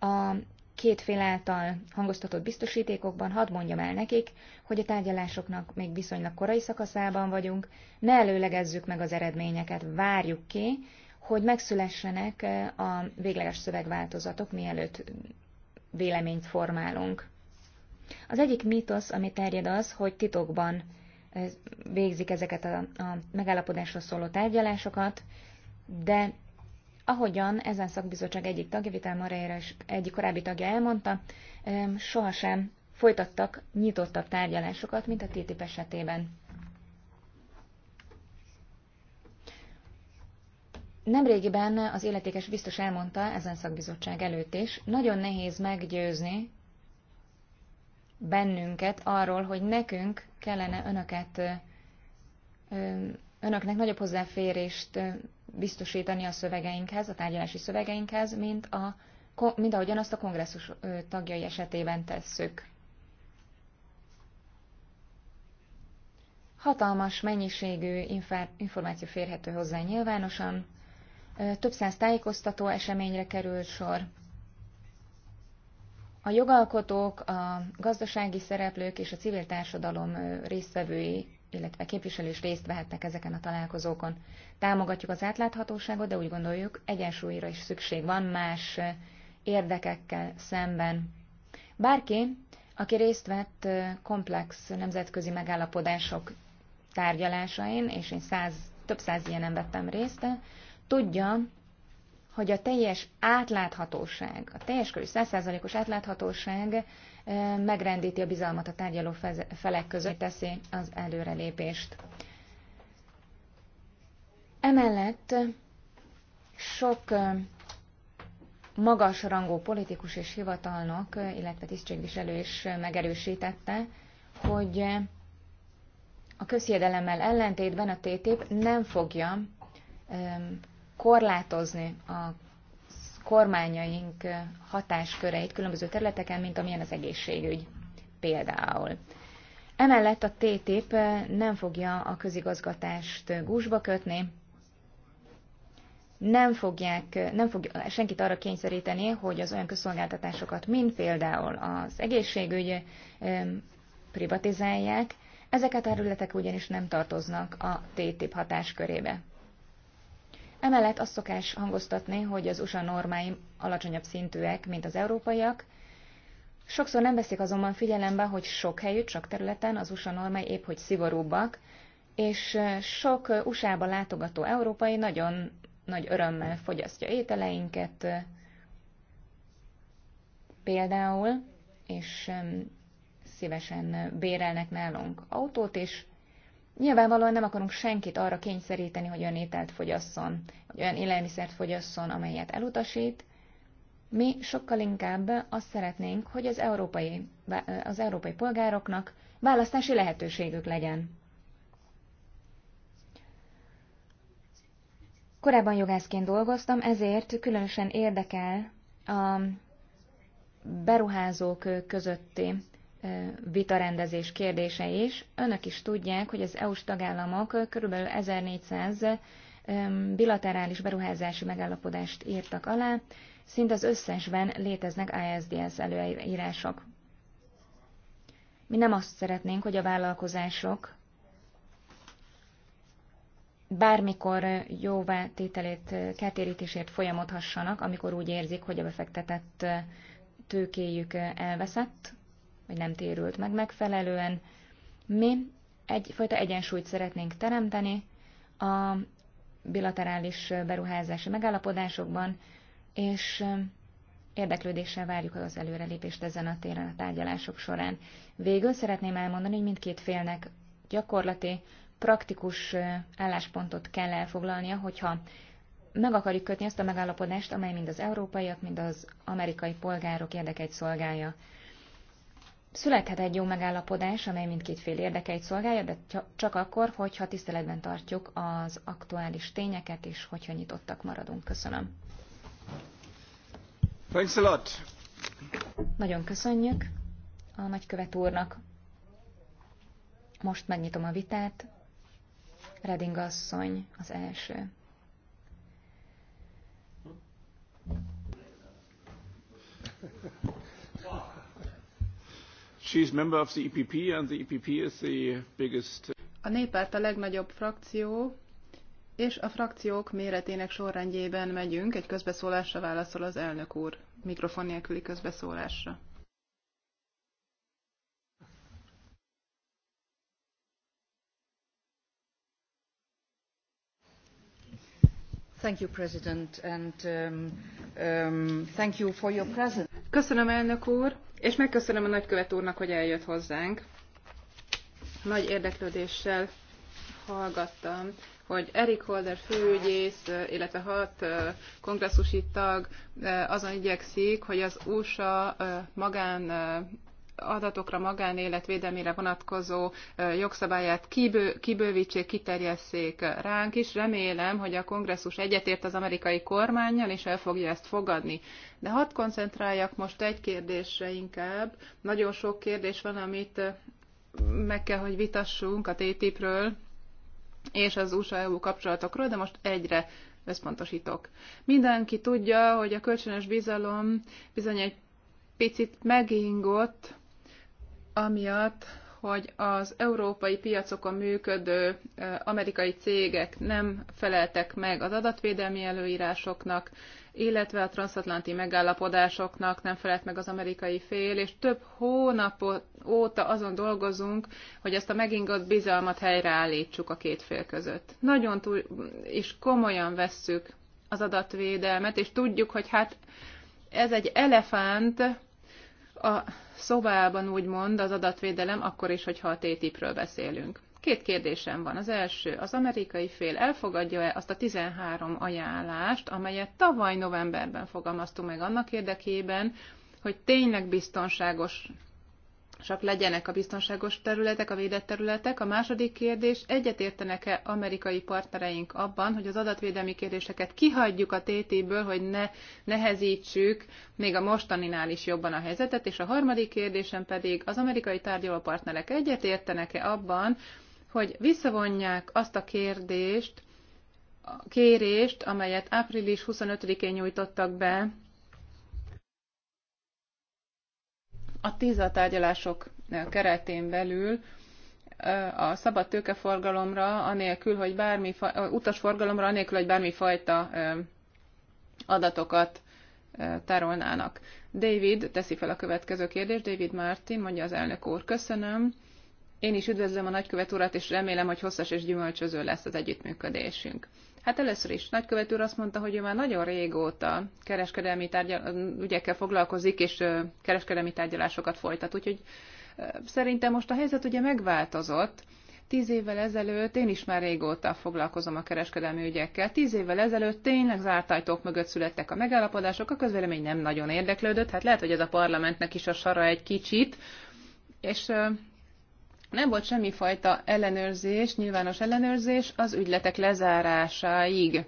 a két által hangoztatott biztosítékokban hadd mondjam el nekik, hogy a tárgyalásoknak még viszonylag korai szakaszában vagyunk, ne előlegezzük meg az eredményeket, várjuk ki, hogy megszülessenek eh, a végleges szövegváltozatok, mielőtt véleményt formálunk. Az egyik mítosz, ami terjed az, hogy titokban eh, végzik ezeket a, a megállapodásra szóló tárgyalásokat, de Ahogyan ezen szakbizottság egyik tagja, Vitál Moreira és egyik korábbi tagja elmondta, sohasem folytattak nyitottabb tárgyalásokat, mint a TTIP esetében. Nemrégiben az életékes biztos elmondta ezen szakbizottság előtt is, nagyon nehéz meggyőzni bennünket arról, hogy nekünk kellene önöket, önöknek nagyobb hozzáférést biztosítani a szövegeinkhez, a tárgyalási szövegeinkhez, mint, a, mint ahogyan azt a kongresszus tagjai esetében tesszük. Hatalmas mennyiségű információ férhető hozzá nyilvánosan, több száz tájékoztató eseményre került sor. A jogalkotók, a gazdasági szereplők és a civil társadalom résztvevői illetve képviselő is részt vehetnek ezeken a találkozókon. Támogatjuk az átláthatóságot, de úgy gondoljuk, egyensúlyra is szükség van más érdekekkel szemben. Bárki, aki részt vett komplex nemzetközi megállapodások tárgyalásain, és én száz, több száz ilyenen vettem részt, tudja, hogy a teljes átláthatóság, a teljes körű százszázalékos átláthatóság megrendíti a bizalmat a tárgyaló felek között, teszi az előrelépést. Emellett sok magas rangú politikus és hivatalnok, illetve tisztségviselő is megerősítette, hogy a közhiedelemmel ellentétben a TTIP nem fogja korlátozni a kormányaink hatásköreit különböző területeken, mint amilyen az egészségügy például. Emellett a TTIP nem fogja a közigazgatást gúzsba kötni, nem, fogják, nem fog senkit arra kényszeríteni, hogy az olyan közszolgáltatásokat, mint például az egészségügy privatizálják, ezek a területek ugyanis nem tartoznak a TTIP hatáskörébe. Emellett azt szokás hangoztatni, hogy az USA normáim alacsonyabb szintűek, mint az európaiak. Sokszor nem veszik azonban figyelembe, hogy sok helyütt, sok területen az USA normái épp hogy szigorúbbak, és sok USA-ba látogató európai nagyon nagy örömmel fogyasztja ételeinket, például, és szívesen bérelnek nálunk autót is, Nyilvánvalóan nem akarunk senkit arra kényszeríteni, hogy olyan ételt fogyasszon, hogy olyan élelmiszert fogyasszon, amelyet elutasít. Mi sokkal inkább azt szeretnénk, hogy az európai, az európai polgároknak választási lehetőségük legyen. Korábban jogászként dolgoztam, ezért különösen érdekel a beruházók közötti vitarendezés kérdése is. Önök is tudják, hogy az EU-s tagállamok kb. 1400 bilaterális beruházási megállapodást írtak alá, szinte az összesben léteznek ISDS előírások. Mi nem azt szeretnénk, hogy a vállalkozások bármikor jóvá tételét, kertérítésért folyamodhassanak, amikor úgy érzik, hogy a befektetett tőkéjük elveszett, vagy nem térült meg megfelelően. Mi egyfajta egyensúlyt szeretnénk teremteni a bilaterális beruházási megállapodásokban, és érdeklődéssel várjuk az előrelépést ezen a téren a tárgyalások során. Végül szeretném elmondani, hogy mindkét félnek gyakorlati, praktikus álláspontot kell elfoglalnia, hogyha meg akarjuk kötni ezt a megállapodást, amely mind az európaiak, mind az amerikai polgárok érdekeit szolgálja. Születhet egy jó megállapodás, amely mindkét fél érdekeit szolgálja, de csak akkor, hogyha tiszteletben tartjuk az aktuális tényeket, és hogyha nyitottak maradunk. Köszönöm. Thanks a lot. Nagyon köszönjük a nagykövet úrnak. Most megnyitom a vitát. Reding asszony az első. She's member of the EPP, and the EPP is the biggest. A néppárt a legnagyobb frakció, és a frakciók méretének sorrendjében megyünk. Egy közbeszólásra válaszol az elnök úr. Mikrofon nélküli közbeszólásra. Köszönöm, elnök úr, és megköszönöm a nagykövet úrnak, hogy eljött hozzánk. Nagy érdeklődéssel hallgattam, hogy Erik Holder főügyész, illetve hat kongresszusi tag azon igyekszik, hogy az USA magán adatokra, magánéletvédelmére vonatkozó jogszabályát kibő, kibővítsék, kiterjesszék ránk is. Remélem, hogy a kongresszus egyetért az amerikai kormányjal, és el fogja ezt fogadni. De hadd koncentráljak most egy kérdésre inkább. Nagyon sok kérdés van, amit meg kell, hogy vitassunk a TTIP-ről és az USA-EU e kapcsolatokról, de most egyre összpontosítok. Mindenki tudja, hogy a kölcsönös bizalom bizony egy picit megingott amiatt, hogy az európai piacokon működő amerikai cégek nem feleltek meg az adatvédelmi előírásoknak, illetve a transatlanti megállapodásoknak nem felelt meg az amerikai fél, és több hónap óta azon dolgozunk, hogy ezt a megingott bizalmat helyreállítsuk a két fél között. Nagyon túl, és komolyan vesszük az adatvédelmet, és tudjuk, hogy hát ez egy elefánt, a szobában úgymond az adatvédelem, akkor is, hogyha a TTIP-ről beszélünk. Két kérdésem van. Az első, az amerikai fél elfogadja-e azt a 13 ajánlást, amelyet tavaly novemberben fogalmaztunk meg annak érdekében, hogy tényleg biztonságos csak legyenek a biztonságos területek, a védett területek. A második kérdés, egyetértenek-e amerikai partnereink abban, hogy az adatvédelmi kérdéseket kihagyjuk a TT-ből, hogy ne nehezítsük még a mostaninál is jobban a helyzetet? És a harmadik kérdésem pedig, az amerikai tárgyaló partnerek egyetértenek-e abban, hogy visszavonják azt a kérdést, a kérést, amelyet április 25-én nyújtottak be A TISA tárgyalások keretén belül a szabad tőkeforgalomra, anélkül, hogy bármi, utasforgalomra, anélkül, hogy bármifajta adatokat tárolnának. David teszi fel a következő kérdést. David Martin, mondja az elnök úr, köszönöm. Én is üdvözlöm a nagykövet urat, és remélem, hogy hosszas és gyümölcsöző lesz az együttműködésünk. Hát először is nagykövet úr azt mondta, hogy ő már nagyon régóta kereskedelmi tárgyal, ügyekkel foglalkozik, és kereskedelmi tárgyalásokat folytat. Úgyhogy szerintem most a helyzet ugye megváltozott. Tíz évvel ezelőtt én is már régóta foglalkozom a kereskedelmi ügyekkel. Tíz évvel ezelőtt tényleg zárt ajtók mögött születtek a megállapodások, a közvélemény nem nagyon érdeklődött, hát lehet, hogy ez a parlamentnek is a sara egy kicsit, és nem volt semmifajta ellenőrzés, nyilvános ellenőrzés az ügyletek lezárásáig.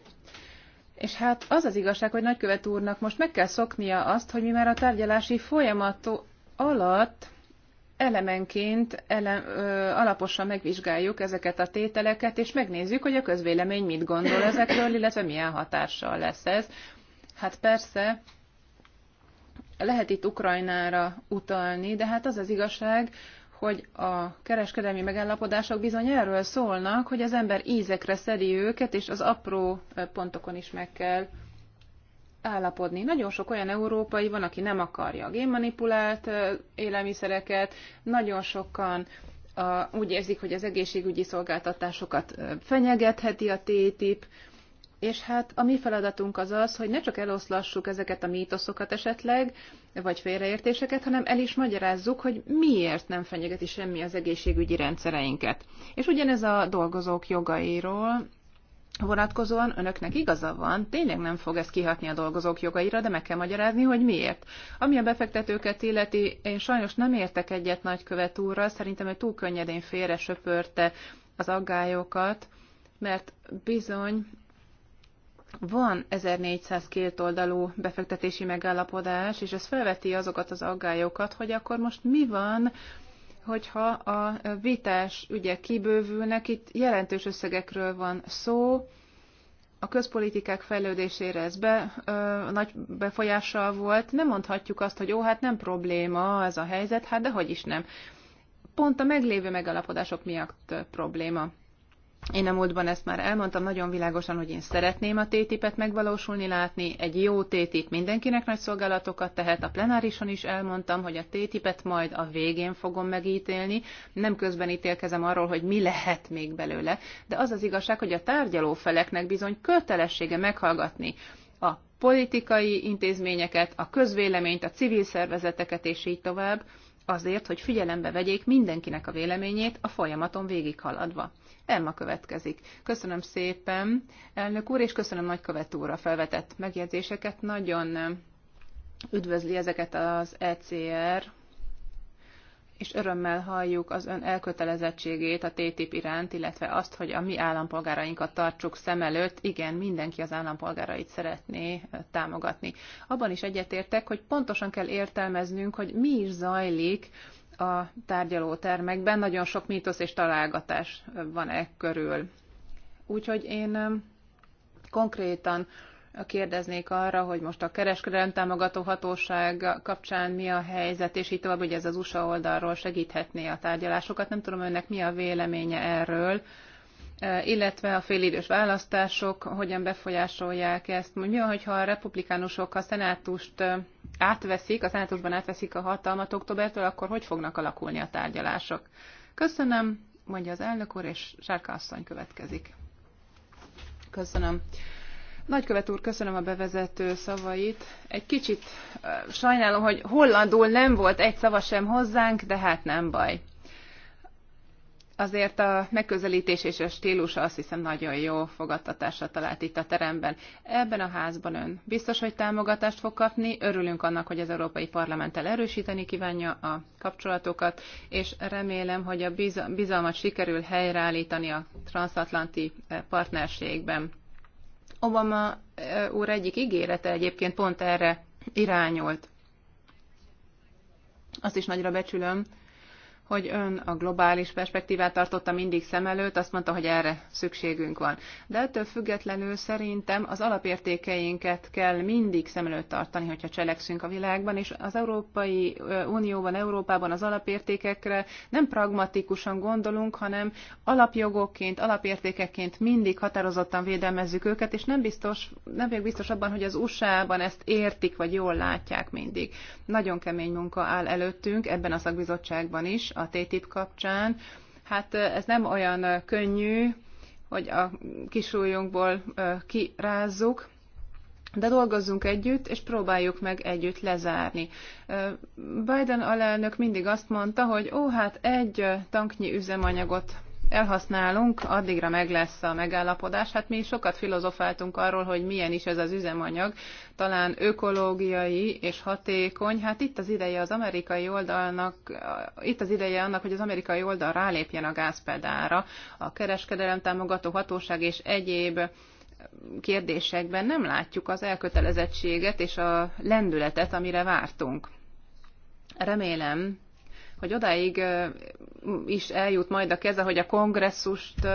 És hát az az igazság, hogy nagykövet úrnak most meg kell szoknia azt, hogy mi már a tárgyalási folyamat alatt elemenként ele, ö, alaposan megvizsgáljuk ezeket a tételeket, és megnézzük, hogy a közvélemény mit gondol ezekről, illetve milyen hatással lesz ez. Hát persze, lehet itt Ukrajnára utalni, de hát az az igazság, hogy a kereskedelmi megállapodások bizony erről szólnak, hogy az ember ízekre szedi őket, és az apró pontokon is meg kell állapodni. Nagyon sok olyan európai van, aki nem akarja a génmanipulált élelmiszereket, nagyon sokan úgy érzik, hogy az egészségügyi szolgáltatásokat fenyegetheti a TTIP, és hát a mi feladatunk az az, hogy ne csak eloszlassuk ezeket a mítoszokat esetleg, vagy félreértéseket, hanem el is magyarázzuk, hogy miért nem fenyegeti semmi az egészségügyi rendszereinket. És ugyanez a dolgozók jogairól vonatkozóan önöknek igaza van, tényleg nem fog ez kihatni a dolgozók jogaira, de meg kell magyarázni, hogy miért. Ami a befektetőket illeti, én sajnos nem értek egyet nagykövet úrral, szerintem ő túl könnyedén félre söpörte az aggályokat, mert bizony van 1400 két oldalú befektetési megállapodás, és ez felveti azokat az aggályokat, hogy akkor most mi van, hogyha a vitás ügyek kibővülnek, itt jelentős összegekről van szó, a közpolitikák fejlődésére ez be, ö, nagy befolyással volt. Nem mondhatjuk azt, hogy ó, hát nem probléma ez a helyzet, hát dehogy is nem. Pont a meglévő megalapodások miatt probléma. Én a múltban ezt már elmondtam nagyon világosan, hogy én szeretném a TTIP-et megvalósulni látni. Egy jó TTIP mindenkinek nagy szolgálatokat tehet. A plenárison is elmondtam, hogy a TTIP-et majd a végén fogom megítélni. Nem közben ítélkezem arról, hogy mi lehet még belőle. De az az igazság, hogy a tárgyalófeleknek bizony kötelessége meghallgatni a politikai intézményeket, a közvéleményt, a civil szervezeteket és így tovább, azért, hogy figyelembe vegyék mindenkinek a véleményét a folyamaton végighaladva. Emma következik. Köszönöm szépen, elnök úr, és köszönöm nagykövet úr a felvetett megjegyzéseket. Nagyon eh, üdvözli ezeket az ECR és örömmel halljuk az ön elkötelezettségét a TTIP iránt, illetve azt, hogy a mi állampolgárainkat tartsuk szem előtt. Igen, mindenki az állampolgárait szeretné támogatni. Abban is egyetértek, hogy pontosan kell értelmeznünk, hogy mi is zajlik a tárgyalótermekben. Nagyon sok mítosz és találgatás van e körül. Úgyhogy én konkrétan kérdeznék arra, hogy most a kereskedelem támogató hatóság kapcsán mi a helyzet, és így tovább, hogy ez az USA oldalról segíthetné a tárgyalásokat. Nem tudom önnek mi a véleménye erről, e, illetve a félidős választások hogyan befolyásolják ezt. Mi van, hogyha a republikánusok a szenátust e, átveszik, a szenátusban átveszik a hatalmat októbertől, akkor hogy fognak alakulni a tárgyalások? Köszönöm, mondja az elnök úr, és Sárka asszony következik. Köszönöm. Nagykövet úr, köszönöm a bevezető szavait. Egy kicsit sajnálom, hogy hollandul nem volt egy szava sem hozzánk, de hát nem baj. Azért a megközelítés és a stílusa azt hiszem nagyon jó fogadtatásra talált itt a teremben. Ebben a házban ön biztos, hogy támogatást fog kapni. Örülünk annak, hogy az Európai Parlamenttel erősíteni kívánja a kapcsolatokat, és remélem, hogy a bizalmat sikerül helyreállítani a transatlanti eh, partnerségben Obama úr egyik ígérete egyébként pont erre irányult. Azt is nagyra becsülöm, hogy ön a globális perspektívát tartotta mindig szem előtt, azt mondta, hogy erre szükségünk van. De ettől függetlenül szerintem az alapértékeinket kell mindig szem előtt tartani, hogyha cselekszünk a világban, és az Európai Unióban, Európában az alapértékekre nem pragmatikusan gondolunk, hanem alapjogokként, alapértékeként mindig határozottan védelmezzük őket, és nem biztos, nem vagyok biztos abban, hogy az USA-ban ezt értik, vagy jól látják mindig. Nagyon kemény munka áll előttünk, ebben a szakbizottságban is, a TTIP kapcsán. Hát ez nem olyan könnyű, hogy a kisújunkból kirázzuk, de dolgozzunk együtt, és próbáljuk meg együtt lezárni. Biden alelnök mindig azt mondta, hogy ó, hát egy tanknyi üzemanyagot elhasználunk, addigra meg lesz a megállapodás. Hát mi sokat filozofáltunk arról, hogy milyen is ez az üzemanyag, talán ökológiai és hatékony. Hát itt az ideje az amerikai oldalnak, itt az ideje annak, hogy az amerikai oldal rálépjen a gázpedára. A kereskedelem támogató hatóság és egyéb kérdésekben nem látjuk az elkötelezettséget és a lendületet, amire vártunk. Remélem, hogy odáig is eljut majd a keze, hogy a kongresszust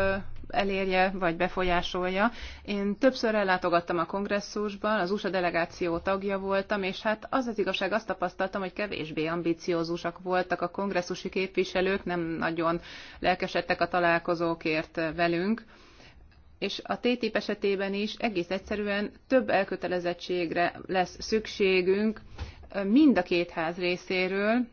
elérje vagy befolyásolja. Én többször ellátogattam a kongresszusban, az USA delegáció tagja voltam, és hát az az igazság, azt tapasztaltam, hogy kevésbé ambiciózusak voltak a kongresszusi képviselők, nem nagyon lelkesedtek a találkozókért velünk és a TTIP esetében is egész egyszerűen több elkötelezettségre lesz szükségünk mind a két ház részéről,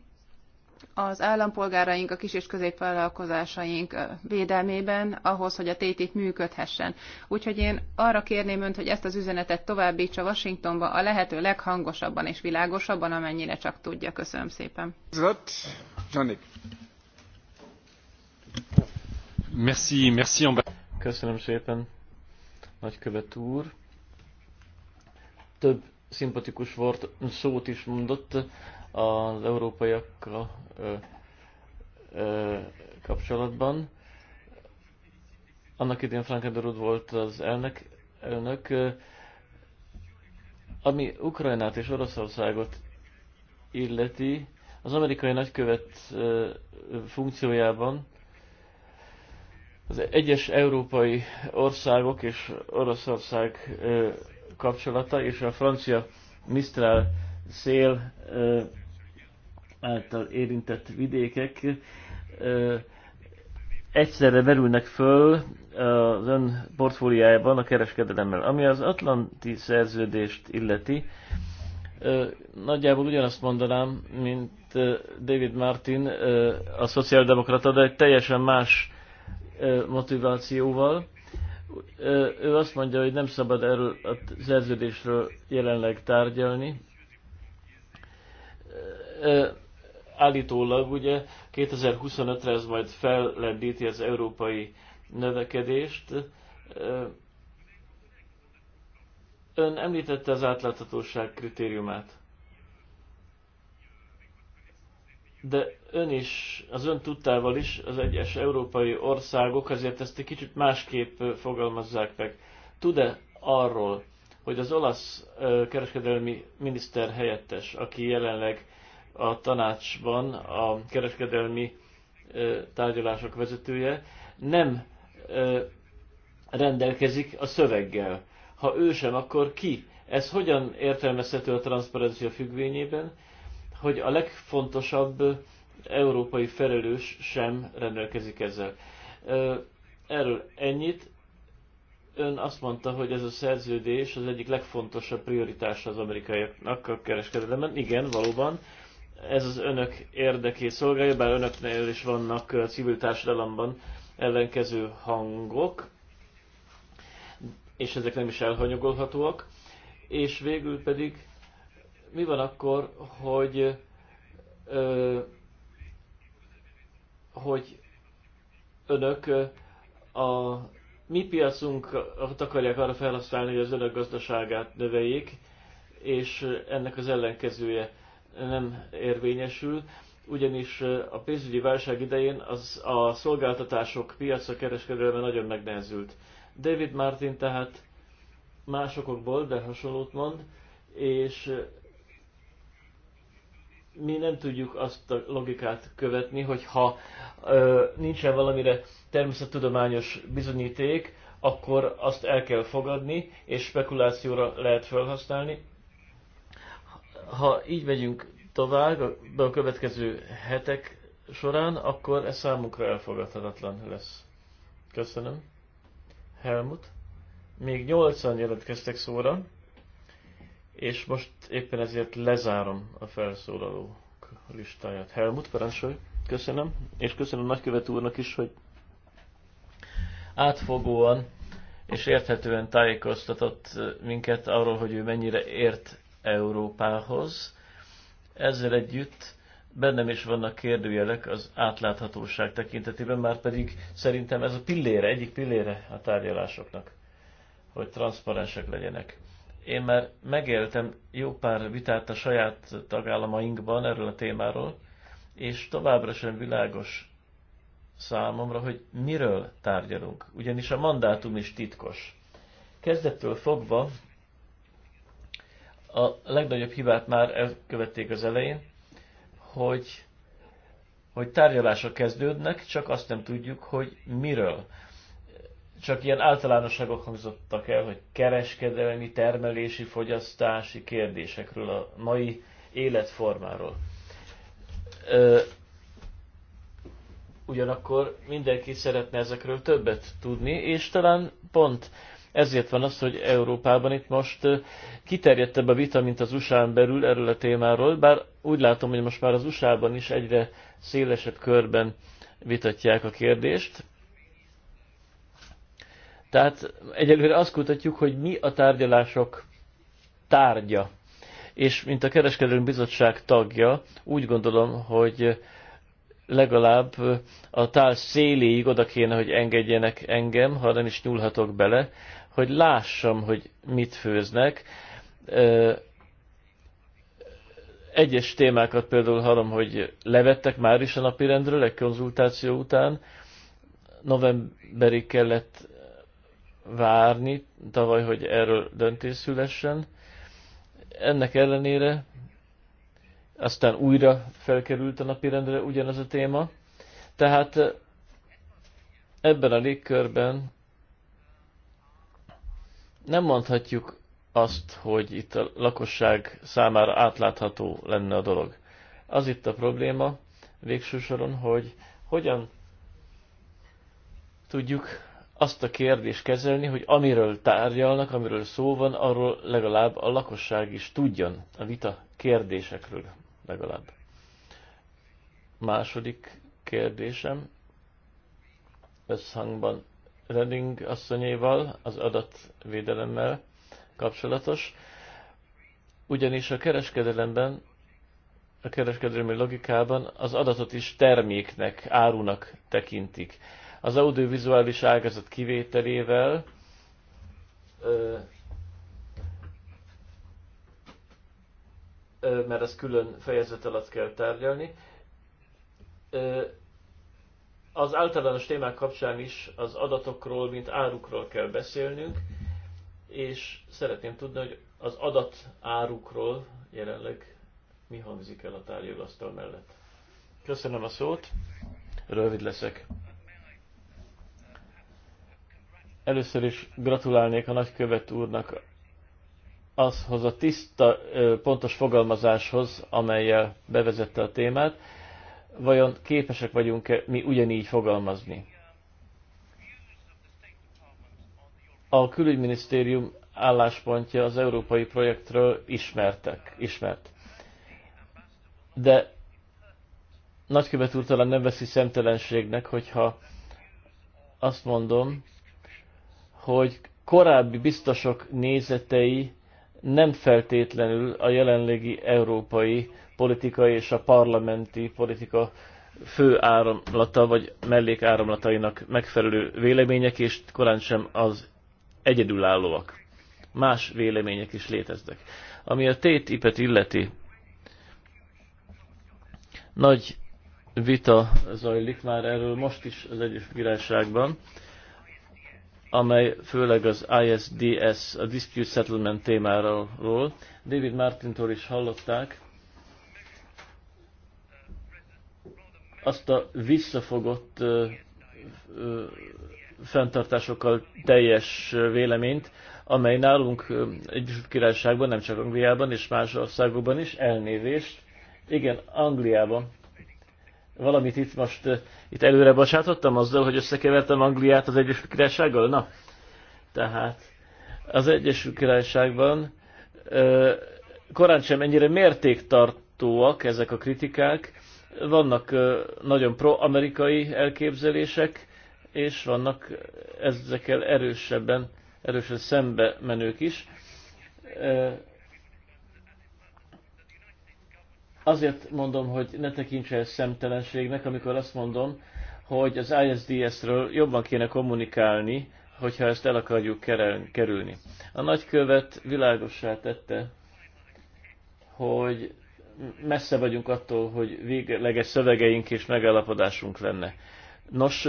az állampolgáraink, a kis- és középvállalkozásaink védelmében ahhoz, hogy a TTIP működhessen. Úgyhogy én arra kérném önt, hogy ezt az üzenetet továbbítsa Washingtonba a lehető leghangosabban és világosabban, amennyire csak tudja. Köszönöm szépen. Merci, merci. Köszönöm szépen, nagykövet úr. Több szimpatikus volt, szót is mondott az európaiakkal kapcsolatban. Annak idén Frankenderud volt az elnök, elnök ö, ami Ukrajnát és Oroszországot illeti, az amerikai nagykövet ö, funkciójában az egyes európai országok és Oroszország ö, kapcsolata és a francia Mistral szél által érintett vidékek egyszerre merülnek föl az ön portfóliájában a kereskedelemmel. Ami az Atlanti szerződést illeti, nagyjából ugyanazt mondanám, mint David Martin, a szociáldemokrata, de egy teljesen más motivációval. Ő azt mondja, hogy nem szabad erről a szerződésről jelenleg tárgyalni, állítólag ugye 2025-re ez majd fellendíti az európai növekedést. Ön említette az átláthatóság kritériumát. De ön is, az ön tudtával is, az egyes európai országok azért ezt egy kicsit másképp fogalmazzák meg. Tud-e arról, hogy az olasz kereskedelmi miniszter helyettes, aki jelenleg a tanácsban a kereskedelmi tárgyalások vezetője, nem rendelkezik a szöveggel. Ha ő sem, akkor ki? Ez hogyan értelmezhető a transzparencia függvényében, hogy a legfontosabb európai felelős sem rendelkezik ezzel? Erről ennyit ön azt mondta, hogy ez a szerződés az egyik legfontosabb prioritása az amerikaiaknak a kereskedelemben. Igen, valóban. Ez az önök érdekét szolgálja, bár önöknél is vannak civil társadalomban ellenkező hangok, és ezek nem is elhanyagolhatóak. És végül pedig mi van akkor, hogy ö, hogy önök a mi piacunkat akarják arra felhasználni, hogy az önök gazdaságát növeljék, és ennek az ellenkezője nem érvényesül, ugyanis a pénzügyi válság idején az a szolgáltatások piaca kereskedelme nagyon megnehezült. David Martin tehát másokból, de hasonlót mond, és mi nem tudjuk azt a logikát követni, hogy ha ö, nincsen valamire természettudományos bizonyíték, akkor azt el kell fogadni, és spekulációra lehet felhasználni. Ha így megyünk tovább de a következő hetek során, akkor ez számunkra elfogadhatatlan lesz. Köszönöm. Helmut. Még nyolcan jelentkeztek szóra és most éppen ezért lezárom a felszólalók listáját. Helmut, Perensoly, Köszönöm, és köszönöm a nagykövet úrnak is, hogy átfogóan és érthetően tájékoztatott minket arról, hogy ő mennyire ért Európához. Ezzel együtt bennem is vannak kérdőjelek az átláthatóság tekintetében, már pedig szerintem ez a pillére, egyik pillére a tárgyalásoknak, hogy transzparensek legyenek. Én már megéltem jó pár vitát a saját tagállamainkban erről a témáról, és továbbra sem világos számomra, hogy miről tárgyalunk. Ugyanis a mandátum is titkos. Kezdettől fogva a legnagyobb hibát már elkövették az elején, hogy, hogy tárgyalások kezdődnek, csak azt nem tudjuk, hogy miről csak ilyen általánosságok hangzottak el, hogy kereskedelmi, termelési, fogyasztási kérdésekről, a mai életformáról. Ö, ugyanakkor mindenki szeretne ezekről többet tudni, és talán pont ezért van az, hogy Európában itt most kiterjedtebb a vita, mint az usa belül erről a témáról, bár úgy látom, hogy most már az USA-ban is egyre szélesebb körben vitatják a kérdést. Tehát egyelőre azt kutatjuk, hogy mi a tárgyalások tárgya. És mint a Kereskedelmi Bizottság tagja, úgy gondolom, hogy legalább a tál széléig oda kéne, hogy engedjenek engem, ha nem is nyúlhatok bele, hogy lássam, hogy mit főznek. Egyes témákat például hallom, hogy levettek már is a napirendről egy konzultáció után. Novemberig kellett várni tavaly, hogy erről döntés szülessen. Ennek ellenére aztán újra felkerült a napirendre ugyanaz a téma. Tehát eh, ebben a légkörben nem mondhatjuk azt, hogy itt a lakosság számára átlátható lenne a dolog. Az itt a probléma végső soron, hogy hogyan tudjuk azt a kérdést kezelni, hogy amiről tárgyalnak, amiről szó van, arról legalább a lakosság is tudjon a vita kérdésekről legalább. Második kérdésem összhangban Redding asszonyéval, az adatvédelemmel kapcsolatos, ugyanis a kereskedelemben, a kereskedelmi logikában az adatot is terméknek, árunak tekintik az audiovizuális ágazat kivételével mert ez külön fejezet alatt kell tárgyalni. Az általános témák kapcsán is az adatokról, mint árukról kell beszélnünk, és szeretném tudni, hogy az adat árukról jelenleg mi hangzik el a tárgyalasztal mellett. Köszönöm a szót, rövid leszek. Először is gratulálnék a nagykövet úrnak azhoz a tiszta, pontos fogalmazáshoz, amelyel bevezette a témát. Vajon képesek vagyunk-e mi ugyanígy fogalmazni? A külügyminisztérium álláspontja az európai projektről ismertek, ismert. De nagykövet úr talán nem veszi szemtelenségnek, hogyha azt mondom, hogy korábbi biztosok nézetei nem feltétlenül a jelenlegi európai politika és a parlamenti politika fő áramlata vagy mellékáramlatainak megfelelő vélemények, és korán sem az egyedülállóak. Más vélemények is léteznek. Ami a tét ipet illeti, nagy vita zajlik már erről most is az Egyes Királyságban, amely főleg az ISDS, a Dispute Settlement témáról. David Martintól is hallották azt a visszafogott ö, ö, fenntartásokkal teljes véleményt, amely nálunk Egyesült Királyságban, nem csak Angliában és más országokban is elnézést, igen, Angliában valamit itt most itt előre bocsátottam azzal, hogy összekevertem Angliát az Egyesült Királysággal? Na, tehát az Egyesült Királyságban korán sem ennyire mértéktartóak ezek a kritikák, vannak nagyon pro-amerikai elképzelések, és vannak ezekkel erősebben, erősen szembe menők is. azért mondom, hogy ne tekintse ezt szemtelenségnek, amikor azt mondom, hogy az ISDS-ről jobban kéne kommunikálni, hogyha ezt el akarjuk kerülni. A nagykövet világossá tette, hogy messze vagyunk attól, hogy végleges szövegeink és megállapodásunk lenne. Nos,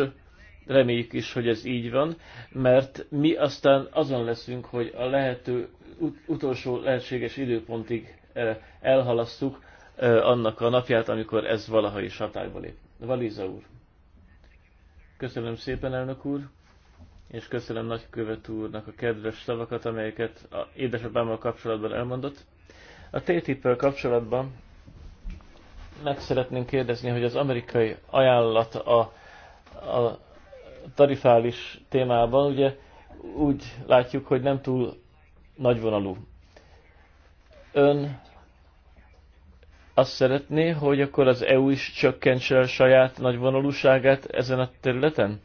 reméljük is, hogy ez így van, mert mi aztán azon leszünk, hogy a lehető ut- utolsó lehetséges időpontig eh, elhalasszuk annak a napját, amikor ez valaha is hatályba lép. Valiza úr. Köszönöm szépen, elnök úr, és köszönöm nagykövet úrnak a kedves szavakat, amelyeket a édesapámmal kapcsolatban elmondott. A ttip kapcsolatban meg szeretnénk kérdezni, hogy az amerikai ajánlat a, a tarifális témában, ugye úgy látjuk, hogy nem túl nagyvonalú. Ön azt szeretné, hogy akkor az EU is csökkentse a saját nagyvonalúságát ezen a területen?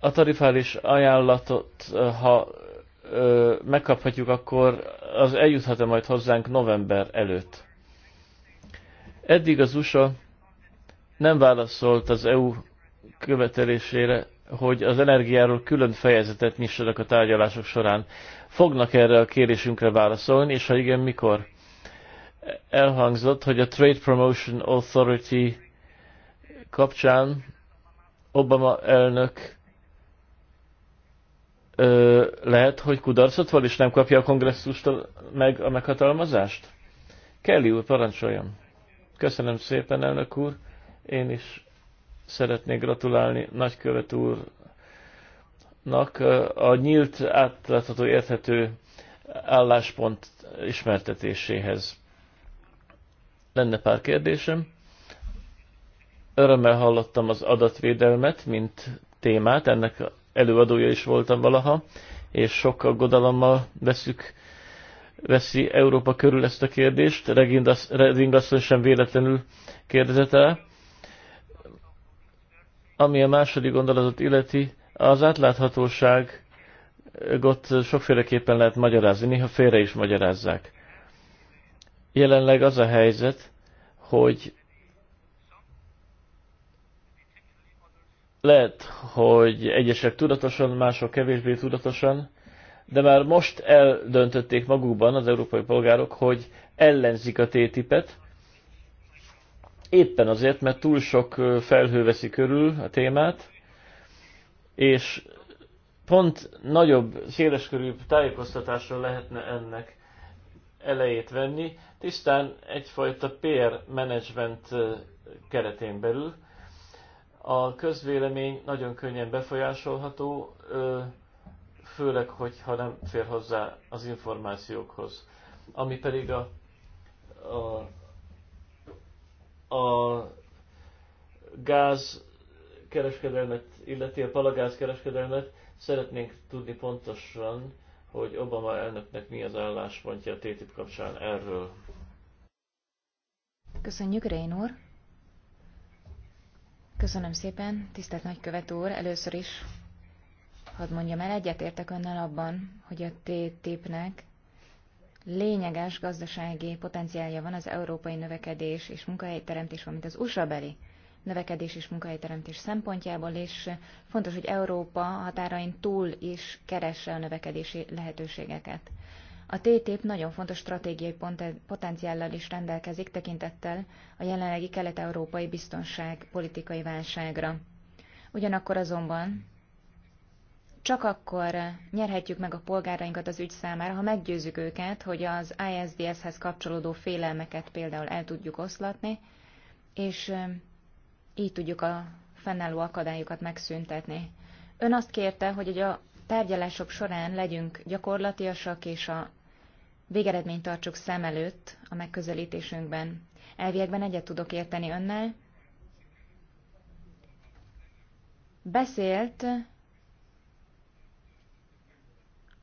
A tarifális ajánlatot, ha ö, megkaphatjuk, akkor az eljuthat-e majd hozzánk november előtt? Eddig az USA nem válaszolt az EU követelésére, hogy az energiáról külön fejezetet nyissanak a tárgyalások során. Fognak erre a kérésünkre válaszolni, és ha igen, mikor? elhangzott, hogy a Trade Promotion Authority kapcsán Obama elnök ö, lehet, hogy kudarcot van, és nem kapja a kongresszustól meg a meghatalmazást? Kelly úr, parancsoljon. Köszönöm szépen, elnök úr. Én is szeretnék gratulálni nagykövet úrnak. A nyílt, átlátható, érthető álláspont ismertetéséhez. Lenne pár kérdésem. Örömmel hallottam az adatvédelmet, mint témát, ennek előadója is voltam valaha, és sok aggodalommal veszük, veszi Európa körül ezt a kérdést. Reding asszony sem véletlenül kérdezett el. Ami a második gondolatot illeti, az átláthatóságot sokféleképpen lehet magyarázni, néha félre is magyarázzák. Jelenleg az a helyzet, hogy lehet, hogy egyesek tudatosan, mások kevésbé tudatosan, de már most eldöntötték magukban az európai polgárok, hogy ellenzik a TTIP-et, éppen azért, mert túl sok felhő veszi körül a témát, és pont nagyobb, széleskörű tájékoztatásra lehetne ennek elejét venni, tisztán egyfajta PR management keretén belül. A közvélemény nagyon könnyen befolyásolható, főleg, hogyha nem fér hozzá az információkhoz. Ami pedig a, a, a gáz kereskedelmet, illeti a palagáz kereskedelmet, szeretnénk tudni pontosan, hogy Obama elnöknek mi az álláspontja a TTIP kapcsán erről. Köszönjük, Rén úr. Köszönöm szépen, tisztelt nagykövet úr. Először is hadd mondjam el, egyetértek önnel abban, hogy a TTIP-nek lényeges gazdasági potenciálja van az európai növekedés és munkahelyteremtés, valamint az USA-beli növekedés és munkahelyteremtés szempontjából, és fontos, hogy Európa határain túl is keresse a növekedési lehetőségeket. A TTIP nagyon fontos stratégiai potenciállal is rendelkezik tekintettel a jelenlegi kelet-európai biztonság politikai válságra. Ugyanakkor azonban csak akkor nyerhetjük meg a polgárainkat az ügy számára, ha meggyőzzük őket, hogy az ISDS-hez kapcsolódó félelmeket például el tudjuk oszlatni, és így tudjuk a fennálló akadályokat megszüntetni. Ön azt kérte, hogy a tárgyalások során legyünk gyakorlatiasak és a végeredményt tartsuk szem előtt a megközelítésünkben. Elviekben egyet tudok érteni önnel. Beszélt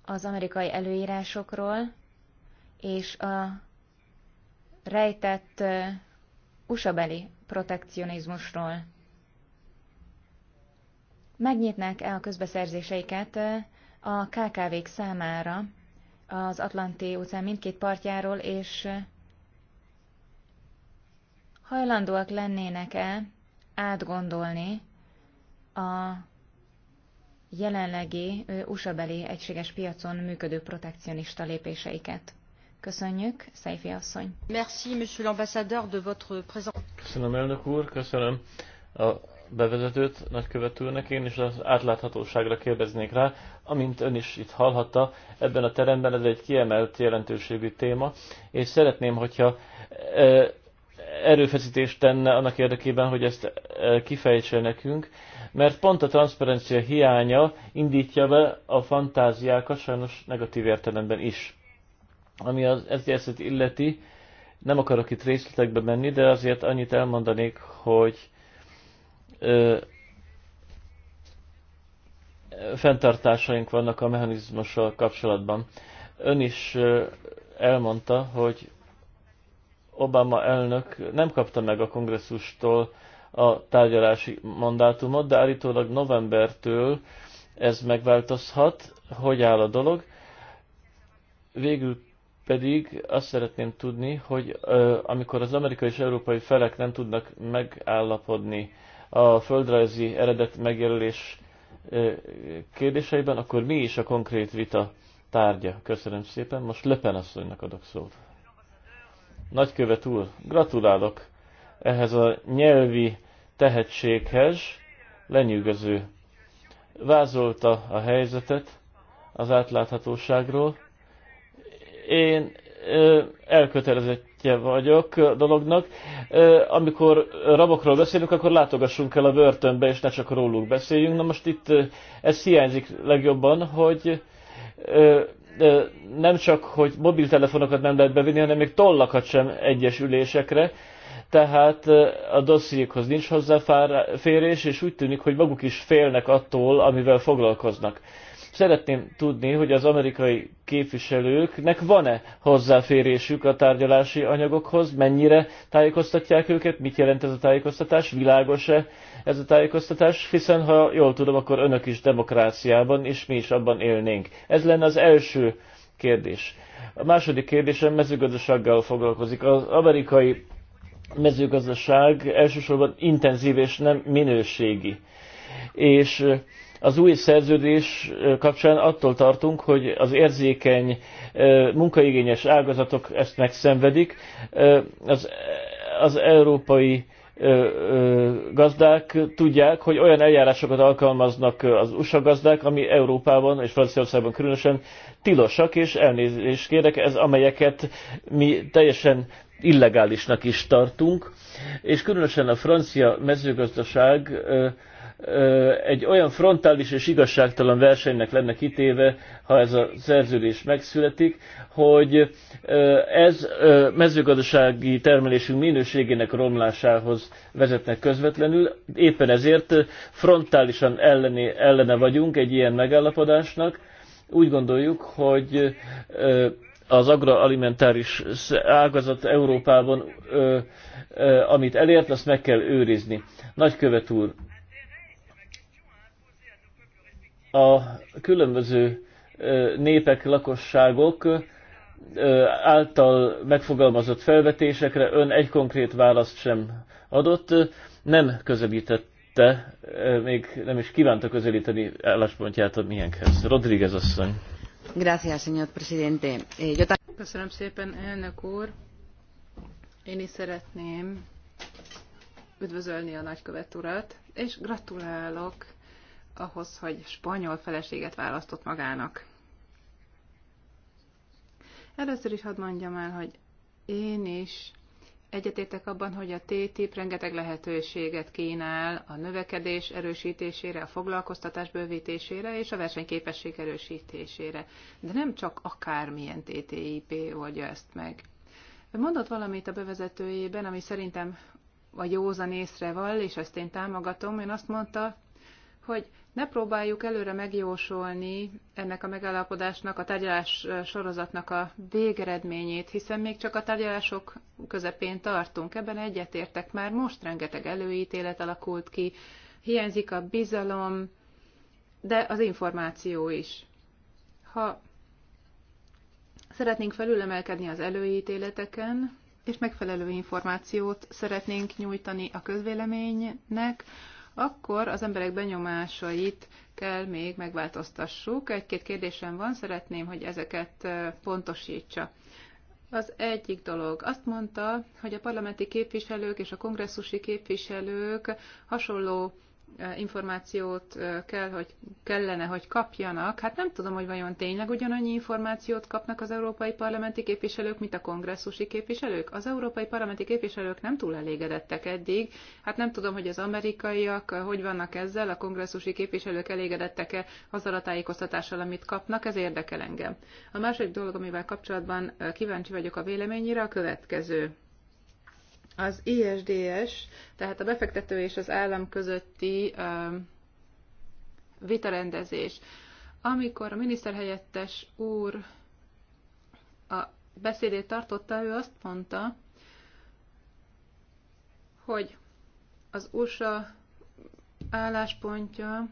az amerikai előírásokról, és a rejtett USA-beli protekcionizmusról. Megnyitnák-e a közbeszerzéseiket a KKV-k számára, az Atlanti óceán mindkét partjáról, és hajlandóak lennének-e átgondolni a jelenlegi USA-beli egységes piacon működő protekcionista lépéseiket. Köszönjük, Szeifi asszony. Merci, monsieur l'ambassadeur, de votre présence. Köszönöm, elnök úr, köszönöm a bevezetőt nagykövetőnek. Én is az átláthatóságra kérdeznék rá amint ön is itt hallhatta, ebben a teremben ez egy kiemelt jelentőségű téma, és szeretném, hogyha e, erőfeszítést tenne annak érdekében, hogy ezt e, kifejtse nekünk, mert pont a transzparencia hiánya indítja be a fantáziákat, sajnos negatív értelemben is. Ami az ezt illeti, nem akarok itt részletekbe menni, de azért annyit elmondanék, hogy e, fenntartásaink vannak a mechanizmussal kapcsolatban. Ön is elmondta, hogy Obama elnök nem kapta meg a kongresszustól a tárgyalási mandátumot, de állítólag novembertől ez megváltozhat, hogy áll a dolog. Végül pedig azt szeretném tudni, hogy amikor az amerikai és európai felek nem tudnak megállapodni a földrajzi eredet megjelölés kérdéseiben, akkor mi is a konkrét vita tárgya? Köszönöm szépen, most Löpen asszonynak adok szót. Nagykövet úr, gratulálok ehhez a nyelvi tehetséghez, lenyűgöző. Vázolta a helyzetet az átláthatóságról. Én elkötelezett pártja vagyok a dolognak. Amikor rabokról beszélünk, akkor látogassunk el a börtönbe, és ne csak róluk beszéljünk. Na most itt ez hiányzik legjobban, hogy nem csak, hogy mobiltelefonokat nem lehet bevinni, hanem még tollakat sem egyes ülésekre, tehát a dossziékhoz nincs hozzáférés, és úgy tűnik, hogy maguk is félnek attól, amivel foglalkoznak. Szeretném tudni, hogy az amerikai képviselőknek van-e hozzáférésük a tárgyalási anyagokhoz, mennyire tájékoztatják őket, mit jelent ez a tájékoztatás, világos-e ez a tájékoztatás, hiszen ha jól tudom, akkor önök is demokráciában, és mi is abban élnénk. Ez lenne az első kérdés. A második kérdésem mezőgazdasággal foglalkozik. Az amerikai mezőgazdaság elsősorban intenzív és nem minőségi. És az új szerződés kapcsán attól tartunk, hogy az érzékeny, munkaigényes ágazatok ezt megszenvedik. Az, az európai gazdák tudják, hogy olyan eljárásokat alkalmaznak az USA gazdák, ami Európában és Franciaországban különösen tilosak, és elnézést kérek, ez amelyeket mi teljesen illegálisnak is tartunk, és különösen a francia mezőgazdaság egy olyan frontális és igazságtalan versenynek lenne kitéve, ha ez a szerződés megszületik, hogy ez mezőgazdasági termelésünk minőségének romlásához vezetnek közvetlenül. Éppen ezért frontálisan elleni, ellene vagyunk egy ilyen megállapodásnak. Úgy gondoljuk, hogy az agroalimentáris ágazat Európában, ö, ö, amit elért, azt meg kell őrizni. Nagykövet úr, a különböző népek, lakosságok által megfogalmazott felvetésekre ön egy konkrét választ sem adott, nem közelítette, még nem is kívánta közelíteni álláspontját a miénkhez. Rodríguez asszony. Eh, elnök úr. Én is szeretném üdvözölni a nagykövet urat, és gratulálok ahhoz, hogy spanyol feleséget választott magának. Először is hadd mondjam el, hogy én is Egyetétek abban, hogy a TTIP rengeteg lehetőséget kínál a növekedés erősítésére, a foglalkoztatás bővítésére és a versenyképesség erősítésére. De nem csak akármilyen TTIP oldja ezt meg. Mondott valamit a bevezetőjében, ami szerintem a józan észre val, és ezt én támogatom. Én azt mondta, hogy ne próbáljuk előre megjósolni ennek a megállapodásnak, a tárgyalás sorozatnak a végeredményét, hiszen még csak a tárgyalások közepén tartunk. Ebben egyetértek már most rengeteg előítélet alakult ki, hiányzik a bizalom, de az információ is. Ha szeretnénk felülemelkedni az előítéleteken, és megfelelő információt szeretnénk nyújtani a közvéleménynek, akkor az emberek benyomásait kell még megváltoztassuk. Egy-két kérdésem van, szeretném, hogy ezeket pontosítsa. Az egyik dolog. Azt mondta, hogy a parlamenti képviselők és a kongresszusi képviselők hasonló információt kell, hogy kellene, hogy kapjanak. Hát nem tudom, hogy vajon tényleg ugyanannyi információt kapnak az európai parlamenti képviselők, mint a kongresszusi képviselők. Az európai parlamenti képviselők nem túl elégedettek eddig. Hát nem tudom, hogy az amerikaiak hogy vannak ezzel, a kongresszusi képviselők elégedettek-e azzal a tájékoztatással, amit kapnak, ez érdekel engem. A második dolog, amivel kapcsolatban kíváncsi vagyok a véleményére, a következő az ISDS, tehát a befektető és az állam közötti vitarendezés. Amikor a miniszterhelyettes úr a beszédét tartotta, ő azt mondta, hogy az USA álláspontja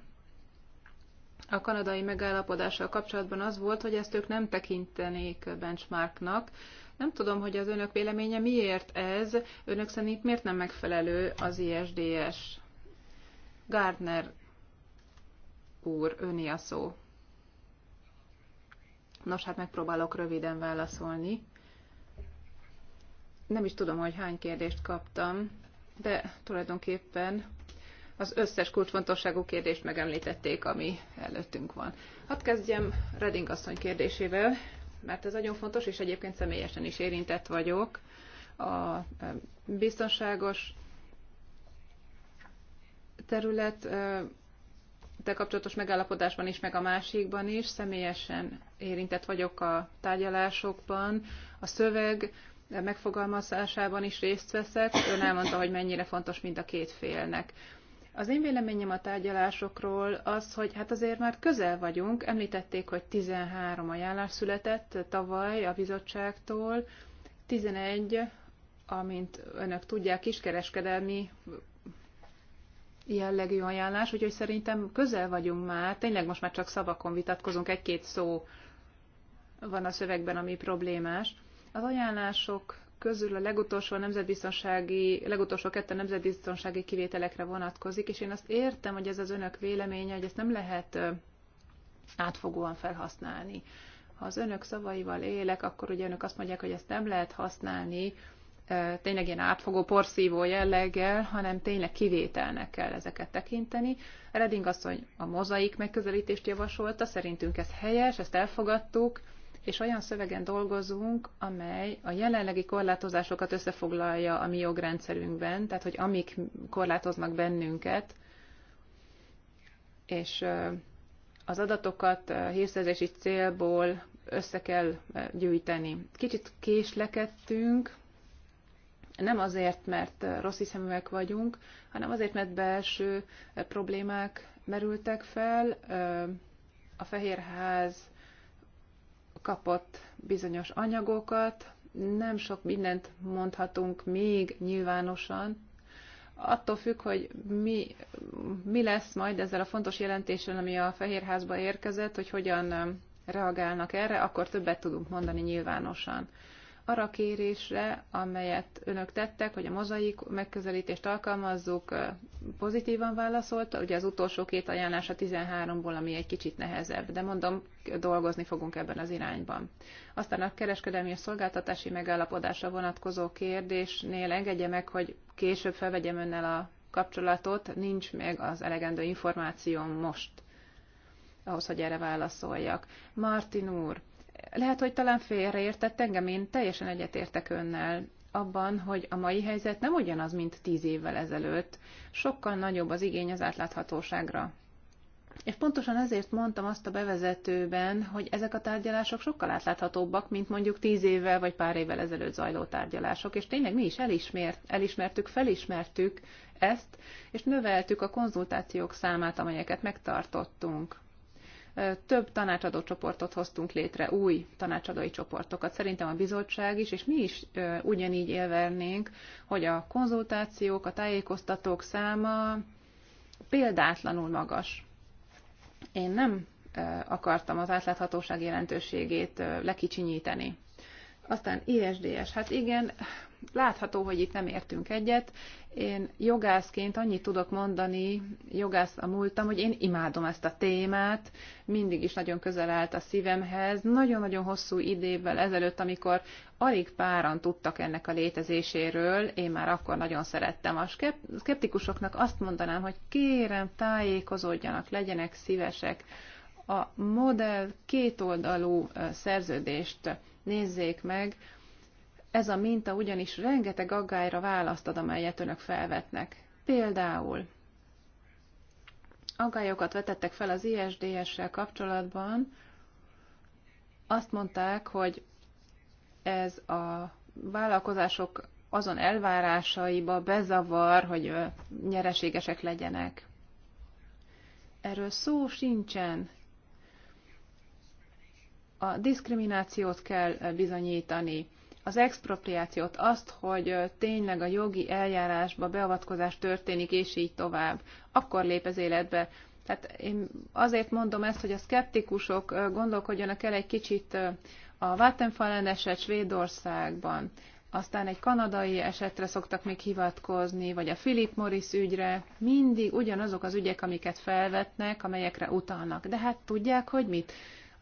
a kanadai megállapodással kapcsolatban az volt, hogy ezt ők nem tekintenék benchmarknak, nem tudom, hogy az önök véleménye miért ez, önök szerint miért nem megfelelő az ISDS. Gardner úr, öni a szó. Nos, hát megpróbálok röviden válaszolni. Nem is tudom, hogy hány kérdést kaptam, de tulajdonképpen az összes kulcsfontosságú kérdést megemlítették, ami előttünk van. Hát kezdjem Reding asszony kérdésével mert ez nagyon fontos, és egyébként személyesen is érintett vagyok. A biztonságos terület te kapcsolatos megállapodásban is, meg a másikban is. Személyesen érintett vagyok a tárgyalásokban, a szöveg megfogalmazásában is részt veszek. Ön elmondta, hogy mennyire fontos mind a két félnek. Az én véleményem a tárgyalásokról az, hogy hát azért már közel vagyunk, említették, hogy 13 ajánlás született tavaly a bizottságtól, 11, amint önök tudják, kiskereskedelmi jellegű ajánlás, úgyhogy szerintem közel vagyunk már, tényleg most már csak szavakon vitatkozunk, egy-két szó van a szövegben, ami problémás. Az ajánlások közül a legutolsó nemzetbiztonsági, legutolsó kettő nemzetbiztonsági kivételekre vonatkozik, és én azt értem, hogy ez az önök véleménye, hogy ezt nem lehet átfogóan felhasználni. Ha az önök szavaival élek, akkor ugye önök azt mondják, hogy ezt nem lehet használni tényleg ilyen átfogó, porszívó jelleggel, hanem tényleg kivételnek kell ezeket tekinteni. Reding asszony a mozaik megközelítést javasolta, szerintünk ez helyes, ezt elfogadtuk, és olyan szövegen dolgozunk, amely a jelenlegi korlátozásokat összefoglalja a mi jogrendszerünkben, tehát hogy amik korlátoznak bennünket, és az adatokat hírszerzési célból össze kell gyűjteni. Kicsit késlekedtünk, nem azért, mert rossz hiszeműek vagyunk, hanem azért, mert belső problémák merültek fel. A Fehérház kapott bizonyos anyagokat, nem sok mindent mondhatunk még nyilvánosan, attól függ, hogy mi, mi lesz majd ezzel a fontos jelentéssel, ami a Fehérházba érkezett, hogy hogyan um, reagálnak erre, akkor többet tudunk mondani nyilvánosan arra a kérésre, amelyet önök tettek, hogy a mozaik megközelítést alkalmazzuk, pozitívan válaszolta. Ugye az utolsó két ajánlás a 13-ból, ami egy kicsit nehezebb, de mondom, dolgozni fogunk ebben az irányban. Aztán a kereskedelmi és szolgáltatási megállapodásra vonatkozó kérdésnél engedje meg, hogy később felvegyem önnel a kapcsolatot, nincs meg az elegendő információm most ahhoz, hogy erre válaszoljak. Martin úr, lehet, hogy talán félreértett engem, én teljesen egyetértek önnel abban, hogy a mai helyzet nem ugyanaz, mint tíz évvel ezelőtt. Sokkal nagyobb az igény az átláthatóságra. És pontosan ezért mondtam azt a bevezetőben, hogy ezek a tárgyalások sokkal átláthatóbbak, mint mondjuk tíz évvel vagy pár évvel ezelőtt zajló tárgyalások, és tényleg mi is elismert, elismertük, felismertük ezt, és növeltük a konzultációk számát, amelyeket megtartottunk több tanácsadó csoportot hoztunk létre, új tanácsadói csoportokat. Szerintem a bizottság is, és mi is ugyanígy élvernénk, hogy a konzultációk, a tájékoztatók száma példátlanul magas. Én nem akartam az átláthatóság jelentőségét lekicsinyíteni. Aztán ISDS, hát igen, Látható, hogy itt nem értünk egyet. Én jogászként annyit tudok mondani, jogász a múltam, hogy én imádom ezt a témát, mindig is nagyon közel állt a szívemhez. Nagyon-nagyon hosszú idővel ezelőtt, amikor alig páran tudtak ennek a létezéséről, én már akkor nagyon szerettem. A skeptikusoknak azt mondanám, hogy kérem, tájékozódjanak, legyenek szívesek, a modell kétoldalú szerződést nézzék meg, ez a minta ugyanis rengeteg aggályra választ ad, amelyet önök felvetnek. Például aggályokat vetettek fel az ISDS-sel kapcsolatban, azt mondták, hogy ez a vállalkozások azon elvárásaiba bezavar, hogy nyereségesek legyenek. Erről szó sincsen. A diszkriminációt kell bizonyítani az expropriációt, azt, hogy tényleg a jogi eljárásba beavatkozás történik, és így tovább, akkor lép ez életbe. Tehát én azért mondom ezt, hogy a szkeptikusok gondolkodjanak el egy kicsit a Vattenfallen eset Svédországban, aztán egy kanadai esetre szoktak még hivatkozni, vagy a Philip Morris ügyre, mindig ugyanazok az ügyek, amiket felvetnek, amelyekre utalnak. De hát tudják, hogy mit?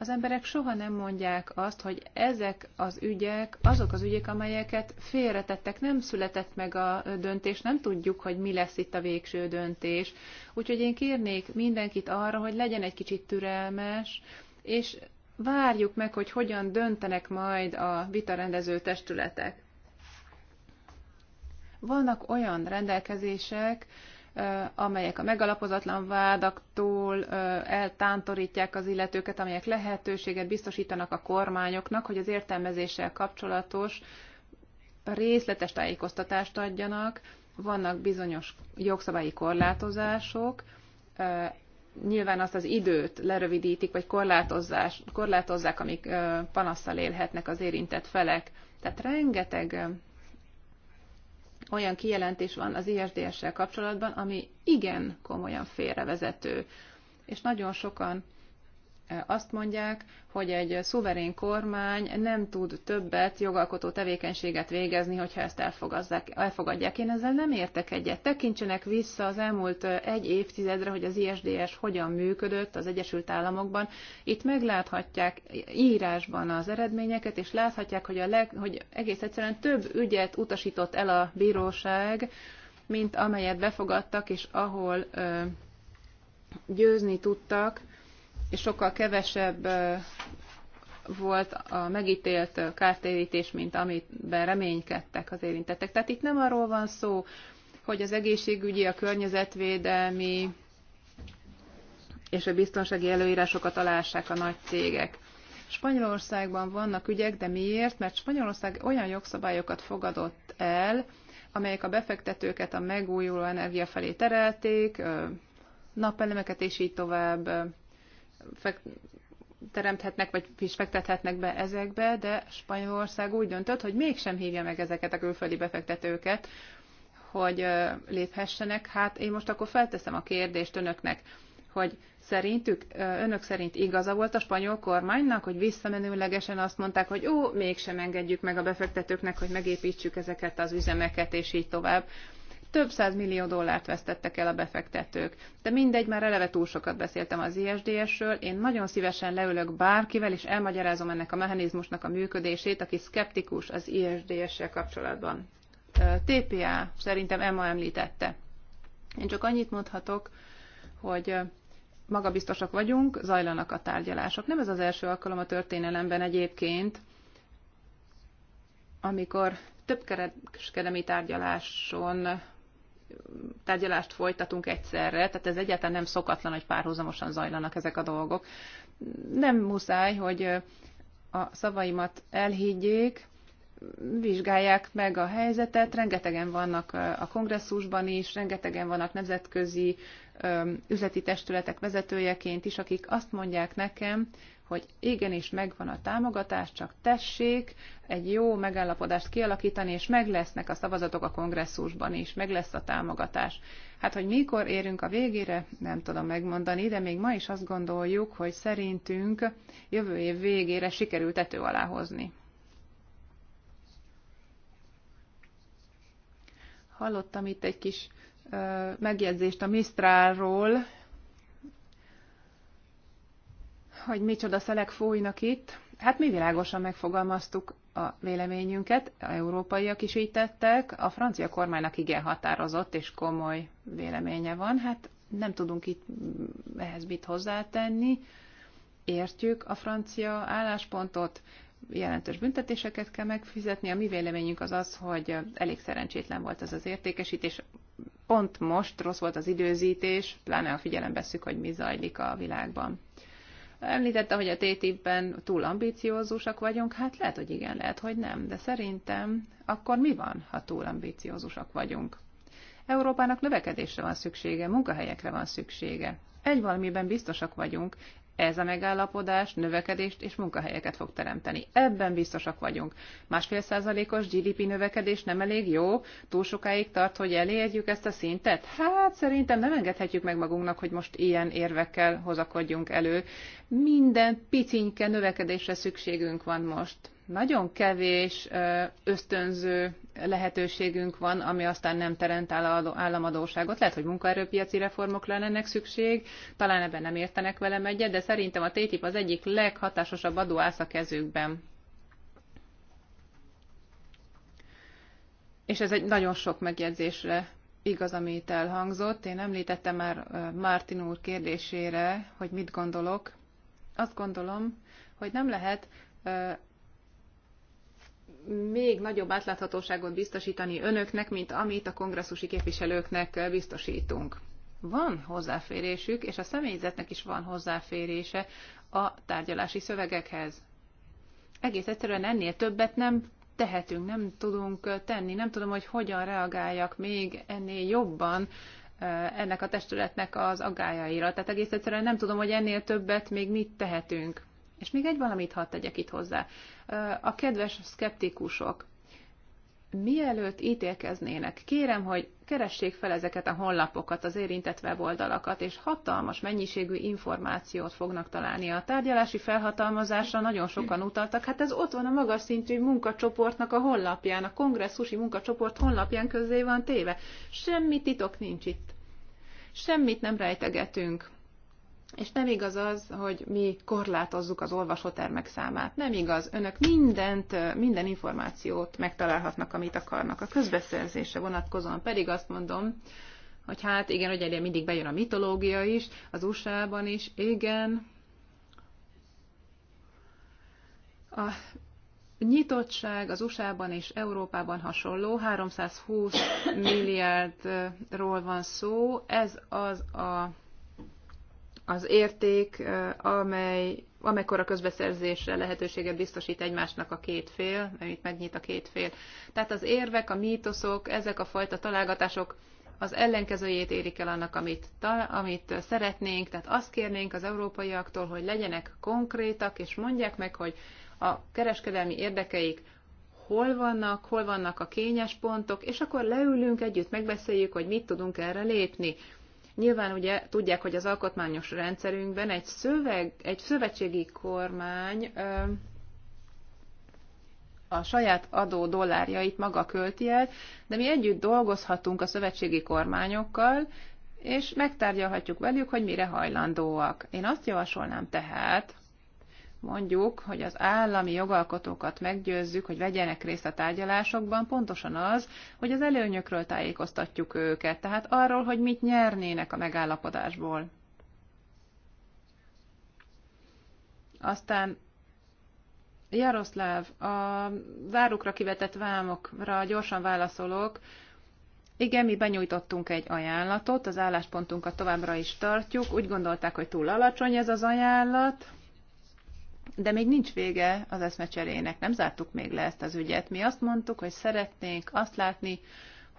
Az emberek soha nem mondják azt, hogy ezek az ügyek, azok az ügyek, amelyeket félretettek, nem született meg a döntés, nem tudjuk, hogy mi lesz itt a végső döntés. Úgyhogy én kérnék mindenkit arra, hogy legyen egy kicsit türelmes, és várjuk meg, hogy hogyan döntenek majd a vitarendező testületek. Vannak olyan rendelkezések, amelyek a megalapozatlan vádaktól eltántorítják az illetőket, amelyek lehetőséget biztosítanak a kormányoknak, hogy az értelmezéssel kapcsolatos részletes tájékoztatást adjanak, vannak bizonyos jogszabályi korlátozások, nyilván azt az időt lerövidítik, vagy korlátozzák, amik panasszal élhetnek az érintett felek. Tehát rengeteg olyan kijelentés van az ISDS-sel kapcsolatban, ami igen komolyan félrevezető. És nagyon sokan azt mondják, hogy egy szuverén kormány nem tud többet jogalkotó tevékenységet végezni, hogyha ezt elfogadják. Én ezzel nem értek egyet. Tekintsenek vissza az elmúlt egy évtizedre, hogy az ISDS hogyan működött az Egyesült Államokban. Itt megláthatják írásban az eredményeket, és láthatják, hogy, a leg, hogy egész egyszerűen több ügyet utasított el a bíróság, mint amelyet befogadtak, és ahol ö, győzni tudtak, és sokkal kevesebb volt a megítélt kártérítés, mint amiben reménykedtek az érintettek. Tehát itt nem arról van szó, hogy az egészségügyi, a környezetvédelmi és a biztonsági előírásokat alássák a nagy cégek. Spanyolországban vannak ügyek, de miért? Mert Spanyolország olyan jogszabályokat fogadott el, amelyek a befektetőket a megújuló energia felé terelték, napelemeket és így tovább teremthetnek, vagy is fektethetnek be ezekbe, de Spanyolország úgy döntött, hogy mégsem hívja meg ezeket a külföldi befektetőket, hogy léphessenek. Hát én most akkor felteszem a kérdést önöknek, hogy szerintük, önök szerint igaza volt a spanyol kormánynak, hogy visszamenőlegesen azt mondták, hogy ó, mégsem engedjük meg a befektetőknek, hogy megépítsük ezeket az üzemeket, és így tovább több száz millió dollárt vesztettek el a befektetők. De mindegy, már eleve túl sokat beszéltem az ISDS-ről, én nagyon szívesen leülök bárkivel, és elmagyarázom ennek a mechanizmusnak a működését, aki szkeptikus az ISDS-sel kapcsolatban. TPA szerintem Emma említette. Én csak annyit mondhatok, hogy magabiztosak vagyunk, zajlanak a tárgyalások. Nem ez az első alkalom a történelemben egyébként, amikor több kereskedemi tárgyaláson tárgyalást folytatunk egyszerre, tehát ez egyáltalán nem szokatlan, hogy párhuzamosan zajlanak ezek a dolgok. Nem muszáj, hogy a szavaimat elhiggyék, vizsgálják meg a helyzetet. Rengetegen vannak a kongresszusban is, rengetegen vannak nemzetközi üzleti testületek vezetőjeként is, akik azt mondják nekem, hogy igenis megvan a támogatás, csak tessék egy jó megállapodást kialakítani, és meg lesznek a szavazatok a kongresszusban is, meg lesz a támogatás. Hát, hogy mikor érünk a végére, nem tudom megmondani, de még ma is azt gondoljuk, hogy szerintünk jövő év végére sikerült tető alá hozni Hallottam itt egy kis megjegyzést a Mistrálról, hogy micsoda szelek fújnak itt. Hát mi világosan megfogalmaztuk a véleményünket, a európaiak is így tettek, a francia kormánynak igen határozott és komoly véleménye van, hát nem tudunk itt ehhez mit hozzátenni, értjük a francia álláspontot, jelentős büntetéseket kell megfizetni. A mi véleményünk az az, hogy elég szerencsétlen volt ez az értékesítés. Pont most rossz volt az időzítés, pláne a figyelembe szük, hogy mi zajlik a világban. Említette, hogy a TTIP-ben túl ambiciózusak vagyunk, hát lehet, hogy igen, lehet, hogy nem, de szerintem akkor mi van, ha túl ambiciózusak vagyunk? Európának növekedésre van szüksége, munkahelyekre van szüksége. Egy valamiben biztosak vagyunk, ez a megállapodás növekedést és munkahelyeket fog teremteni. Ebben biztosak vagyunk. Másfél százalékos GDP növekedés nem elég jó? Túl sokáig tart, hogy elérjük ezt a szintet? Hát szerintem nem engedhetjük meg magunknak, hogy most ilyen érvekkel hozakodjunk elő. Minden picinke növekedésre szükségünk van most. Nagyon kevés ösztönző lehetőségünk van, ami aztán nem teremt államadóságot. Lehet, hogy munkaerőpiaci reformok lennének szükség, talán ebben nem értenek velem egyet, de szerintem a TTIP az egyik leghatásosabb adóász a kezükben. És ez egy nagyon sok megjegyzésre igaz, ami itt elhangzott. Én említettem már Martin úr kérdésére, hogy mit gondolok. Azt gondolom, hogy nem lehet még nagyobb átláthatóságot biztosítani önöknek, mint amit a kongresszusi képviselőknek biztosítunk. Van hozzáférésük, és a személyzetnek is van hozzáférése a tárgyalási szövegekhez. Egész egyszerűen ennél többet nem tehetünk, nem tudunk tenni. Nem tudom, hogy hogyan reagáljak még ennél jobban eh, ennek a testületnek az agájaira. Tehát egész egyszerűen nem tudom, hogy ennél többet még mit tehetünk. És még egy valamit hadd tegyek itt hozzá a kedves szkeptikusok, mielőtt ítélkeznének, kérem, hogy keressék fel ezeket a honlapokat, az érintett weboldalakat, és hatalmas mennyiségű információt fognak találni. A tárgyalási felhatalmazásra nagyon sokan utaltak, hát ez ott van a magas szintű munkacsoportnak a honlapján, a kongresszusi munkacsoport honlapján közé van téve. Semmi titok nincs itt. Semmit nem rejtegetünk. És nem igaz az, hogy mi korlátozzuk az olvasótermek számát. Nem igaz. Önök mindent, minden információt megtalálhatnak, amit akarnak. A közbeszerzése vonatkozóan pedig azt mondom, hogy hát igen, hogy elé mindig bejön a mitológia is, az USA-ban is, igen. A nyitottság az USA-ban és Európában hasonló, 320 milliárdról van szó, ez az a az érték, amely, amekkor a közbeszerzésre lehetőséget biztosít egymásnak a két fél, mert itt megnyit a két fél. Tehát az érvek, a mítoszok, ezek a fajta találgatások az ellenkezőjét érik el annak, amit, amit szeretnénk, tehát azt kérnénk az európaiaktól, hogy legyenek konkrétak, és mondják meg, hogy a kereskedelmi érdekeik hol vannak, hol vannak a kényes pontok, és akkor leülünk együtt, megbeszéljük, hogy mit tudunk erre lépni Nyilván ugye tudják, hogy az alkotmányos rendszerünkben egy, szöveg, egy szövetségi kormány a saját adó dollárjait maga költi el, de mi együtt dolgozhatunk a szövetségi kormányokkal, és megtárgyalhatjuk velük, hogy mire hajlandóak. Én azt javasolnám tehát, mondjuk, hogy az állami jogalkotókat meggyőzzük, hogy vegyenek részt a tárgyalásokban, pontosan az, hogy az előnyökről tájékoztatjuk őket, tehát arról, hogy mit nyernének a megállapodásból. Aztán Jaroszláv, a zárukra kivetett vámokra gyorsan válaszolok. Igen, mi benyújtottunk egy ajánlatot, az álláspontunkat továbbra is tartjuk. Úgy gondolták, hogy túl alacsony ez az ajánlat, de még nincs vége az eszmecserének, nem zártuk még le ezt az ügyet. Mi azt mondtuk, hogy szeretnénk azt látni,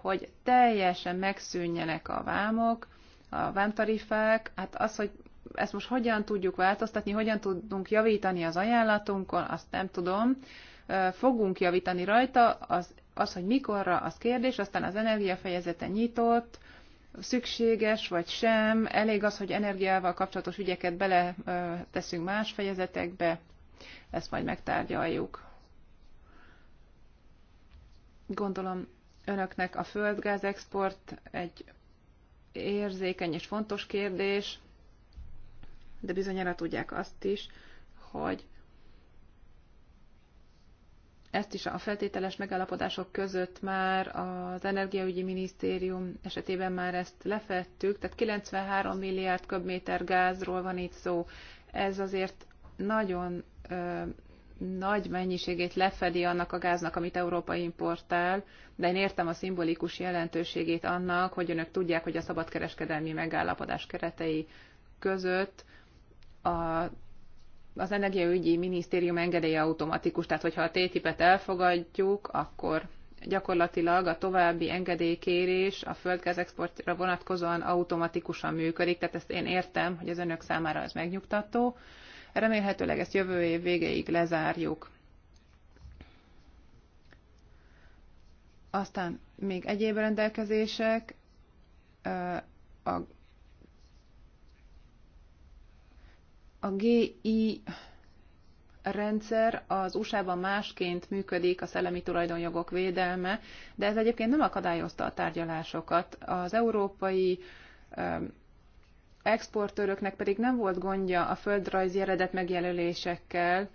hogy teljesen megszűnjenek a vámok, a vámtarifák, hát az, hogy ezt most hogyan tudjuk változtatni, hogyan tudunk javítani az ajánlatunkon, azt nem tudom. Fogunk javítani rajta, az, az hogy mikorra, az kérdés, aztán az energiafejezete nyitott, szükséges vagy sem, elég az, hogy energiával kapcsolatos ügyeket bele teszünk más fejezetekbe, ezt majd megtárgyaljuk. Gondolom önöknek a földgáz export egy érzékeny és fontos kérdés, de bizonyára tudják azt is, hogy ezt is a feltételes megállapodások között már az Energiaügyi Minisztérium esetében már ezt lefettük, tehát 93 milliárd köbméter gázról van itt szó. Ez azért nagyon ö, nagy mennyiségét lefedi annak a gáznak, amit Európa importál, de én értem a szimbolikus jelentőségét annak, hogy önök tudják, hogy a szabadkereskedelmi megállapodás keretei között a az energiaügyi minisztérium engedélye automatikus, tehát hogyha a TTIP-et elfogadjuk, akkor gyakorlatilag a további engedélykérés a földgázexportra vonatkozóan automatikusan működik, tehát ezt én értem, hogy az önök számára ez megnyugtató. Remélhetőleg ezt jövő év végéig lezárjuk. Aztán még egyéb rendelkezések, a A GI rendszer az USA-ban másként működik a szellemi tulajdonjogok védelme, de ez egyébként nem akadályozta a tárgyalásokat. Az európai exportőröknek pedig nem volt gondja a földrajzi eredet megjelölésekkel,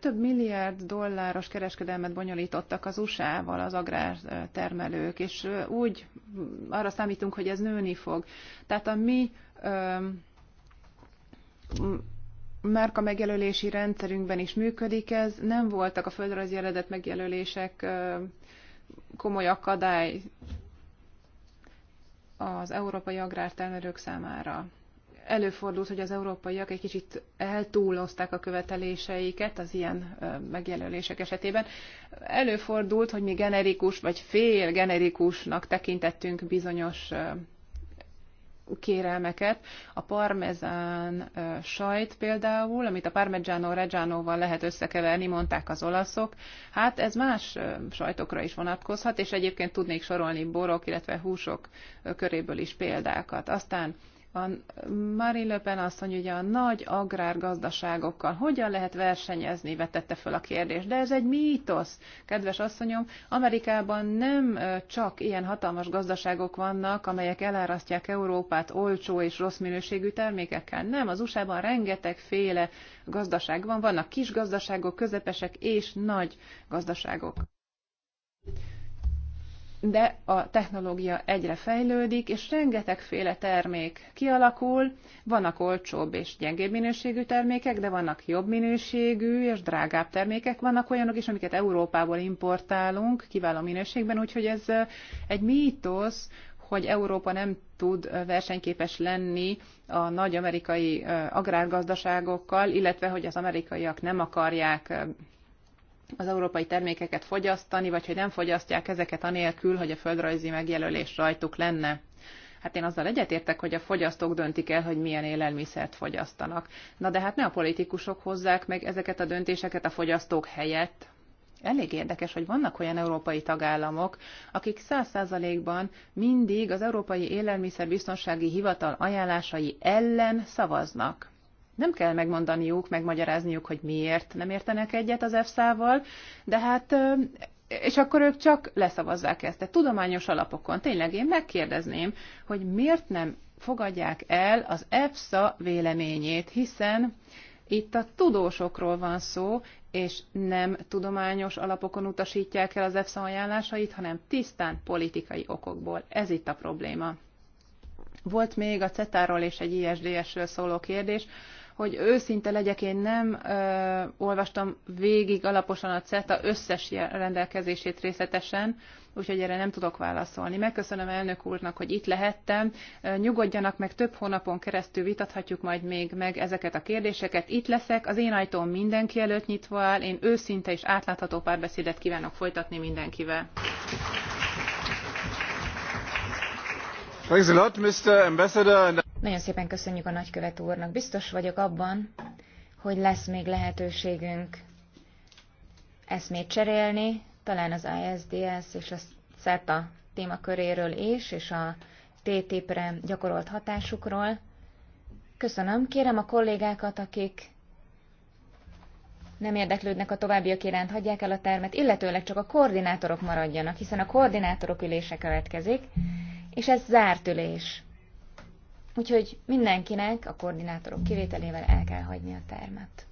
több milliárd dolláros kereskedelmet bonyolítottak az USA-val az agrártermelők, és úgy arra számítunk, hogy ez nőni fog. Tehát a mi márka megjelölési rendszerünkben is működik ez. Nem voltak a földrajzi eredet megjelölések komoly akadály az európai agrártermelők számára. Előfordult, hogy az európaiak egy kicsit eltúlozták a követeléseiket az ilyen megjelölések esetében. Előfordult, hogy mi generikus vagy fél generikusnak tekintettünk bizonyos kérelmeket. A parmezán sajt például, amit a parmigiano reggianoval lehet összekeverni, mondták az olaszok, hát ez más sajtokra is vonatkozhat, és egyébként tudnék sorolni borok, illetve húsok köréből is példákat. Aztán a Marine Le Pen asszony ugye a nagy agrárgazdaságokkal hogyan lehet versenyezni, vetette föl a kérdést. De ez egy mítosz, kedves asszonyom. Amerikában nem csak ilyen hatalmas gazdaságok vannak, amelyek elárasztják Európát olcsó és rossz minőségű termékekkel. Nem, az USA-ban rengetegféle gazdaság van. Vannak kis gazdaságok, közepesek és nagy gazdaságok de a technológia egyre fejlődik, és rengetegféle termék kialakul, vannak olcsóbb és gyengébb minőségű termékek, de vannak jobb minőségű és drágább termékek, vannak olyanok is, amiket Európából importálunk kiváló minőségben, úgyhogy ez egy mítosz, hogy Európa nem tud versenyképes lenni a nagy amerikai agrárgazdaságokkal, illetve hogy az amerikaiak nem akarják az európai termékeket fogyasztani, vagy hogy nem fogyasztják ezeket anélkül, hogy a földrajzi megjelölés rajtuk lenne. Hát én azzal egyetértek, hogy a fogyasztók döntik el, hogy milyen élelmiszert fogyasztanak. Na de hát ne a politikusok hozzák meg ezeket a döntéseket a fogyasztók helyett. Elég érdekes, hogy vannak olyan európai tagállamok, akik száz százalékban mindig az Európai Élelmiszerbiztonsági Hivatal ajánlásai ellen szavaznak nem kell megmondaniuk, megmagyarázniuk, hogy miért nem értenek egyet az EFSA-val, de hát és akkor ők csak leszavazzák ezt. Tehát tudományos alapokon tényleg én megkérdezném, hogy miért nem fogadják el az EFSA véleményét, hiszen itt a tudósokról van szó, és nem tudományos alapokon utasítják el az EFSA ajánlásait, hanem tisztán politikai okokból. Ez itt a probléma. Volt még a CETA-ról és egy ISDS-ről szóló kérdés hogy őszinte legyek, én nem ö, olvastam végig alaposan a CETA összes rendelkezését részletesen, úgyhogy erre nem tudok válaszolni. Megköszönöm elnök úrnak, hogy itt lehettem. Nyugodjanak meg, több hónapon keresztül vitathatjuk majd még meg ezeket a kérdéseket. Itt leszek, az én ajtóm mindenki előtt nyitva áll, én őszinte és átlátható párbeszédet kívánok folytatni mindenkivel. Nagyon szépen köszönjük a nagykövet úrnak. Biztos vagyok abban, hogy lesz még lehetőségünk eszmét cserélni, talán az ISDS és a CETA témaköréről is, és a TTIP-re gyakorolt hatásukról. Köszönöm. Kérem a kollégákat, akik nem érdeklődnek a továbbiak iránt, hagyják el a termet, illetőleg csak a koordinátorok maradjanak, hiszen a koordinátorok ülése következik és ez zárt ülés. Úgyhogy mindenkinek, a koordinátorok kivételével el kell hagyni a termet.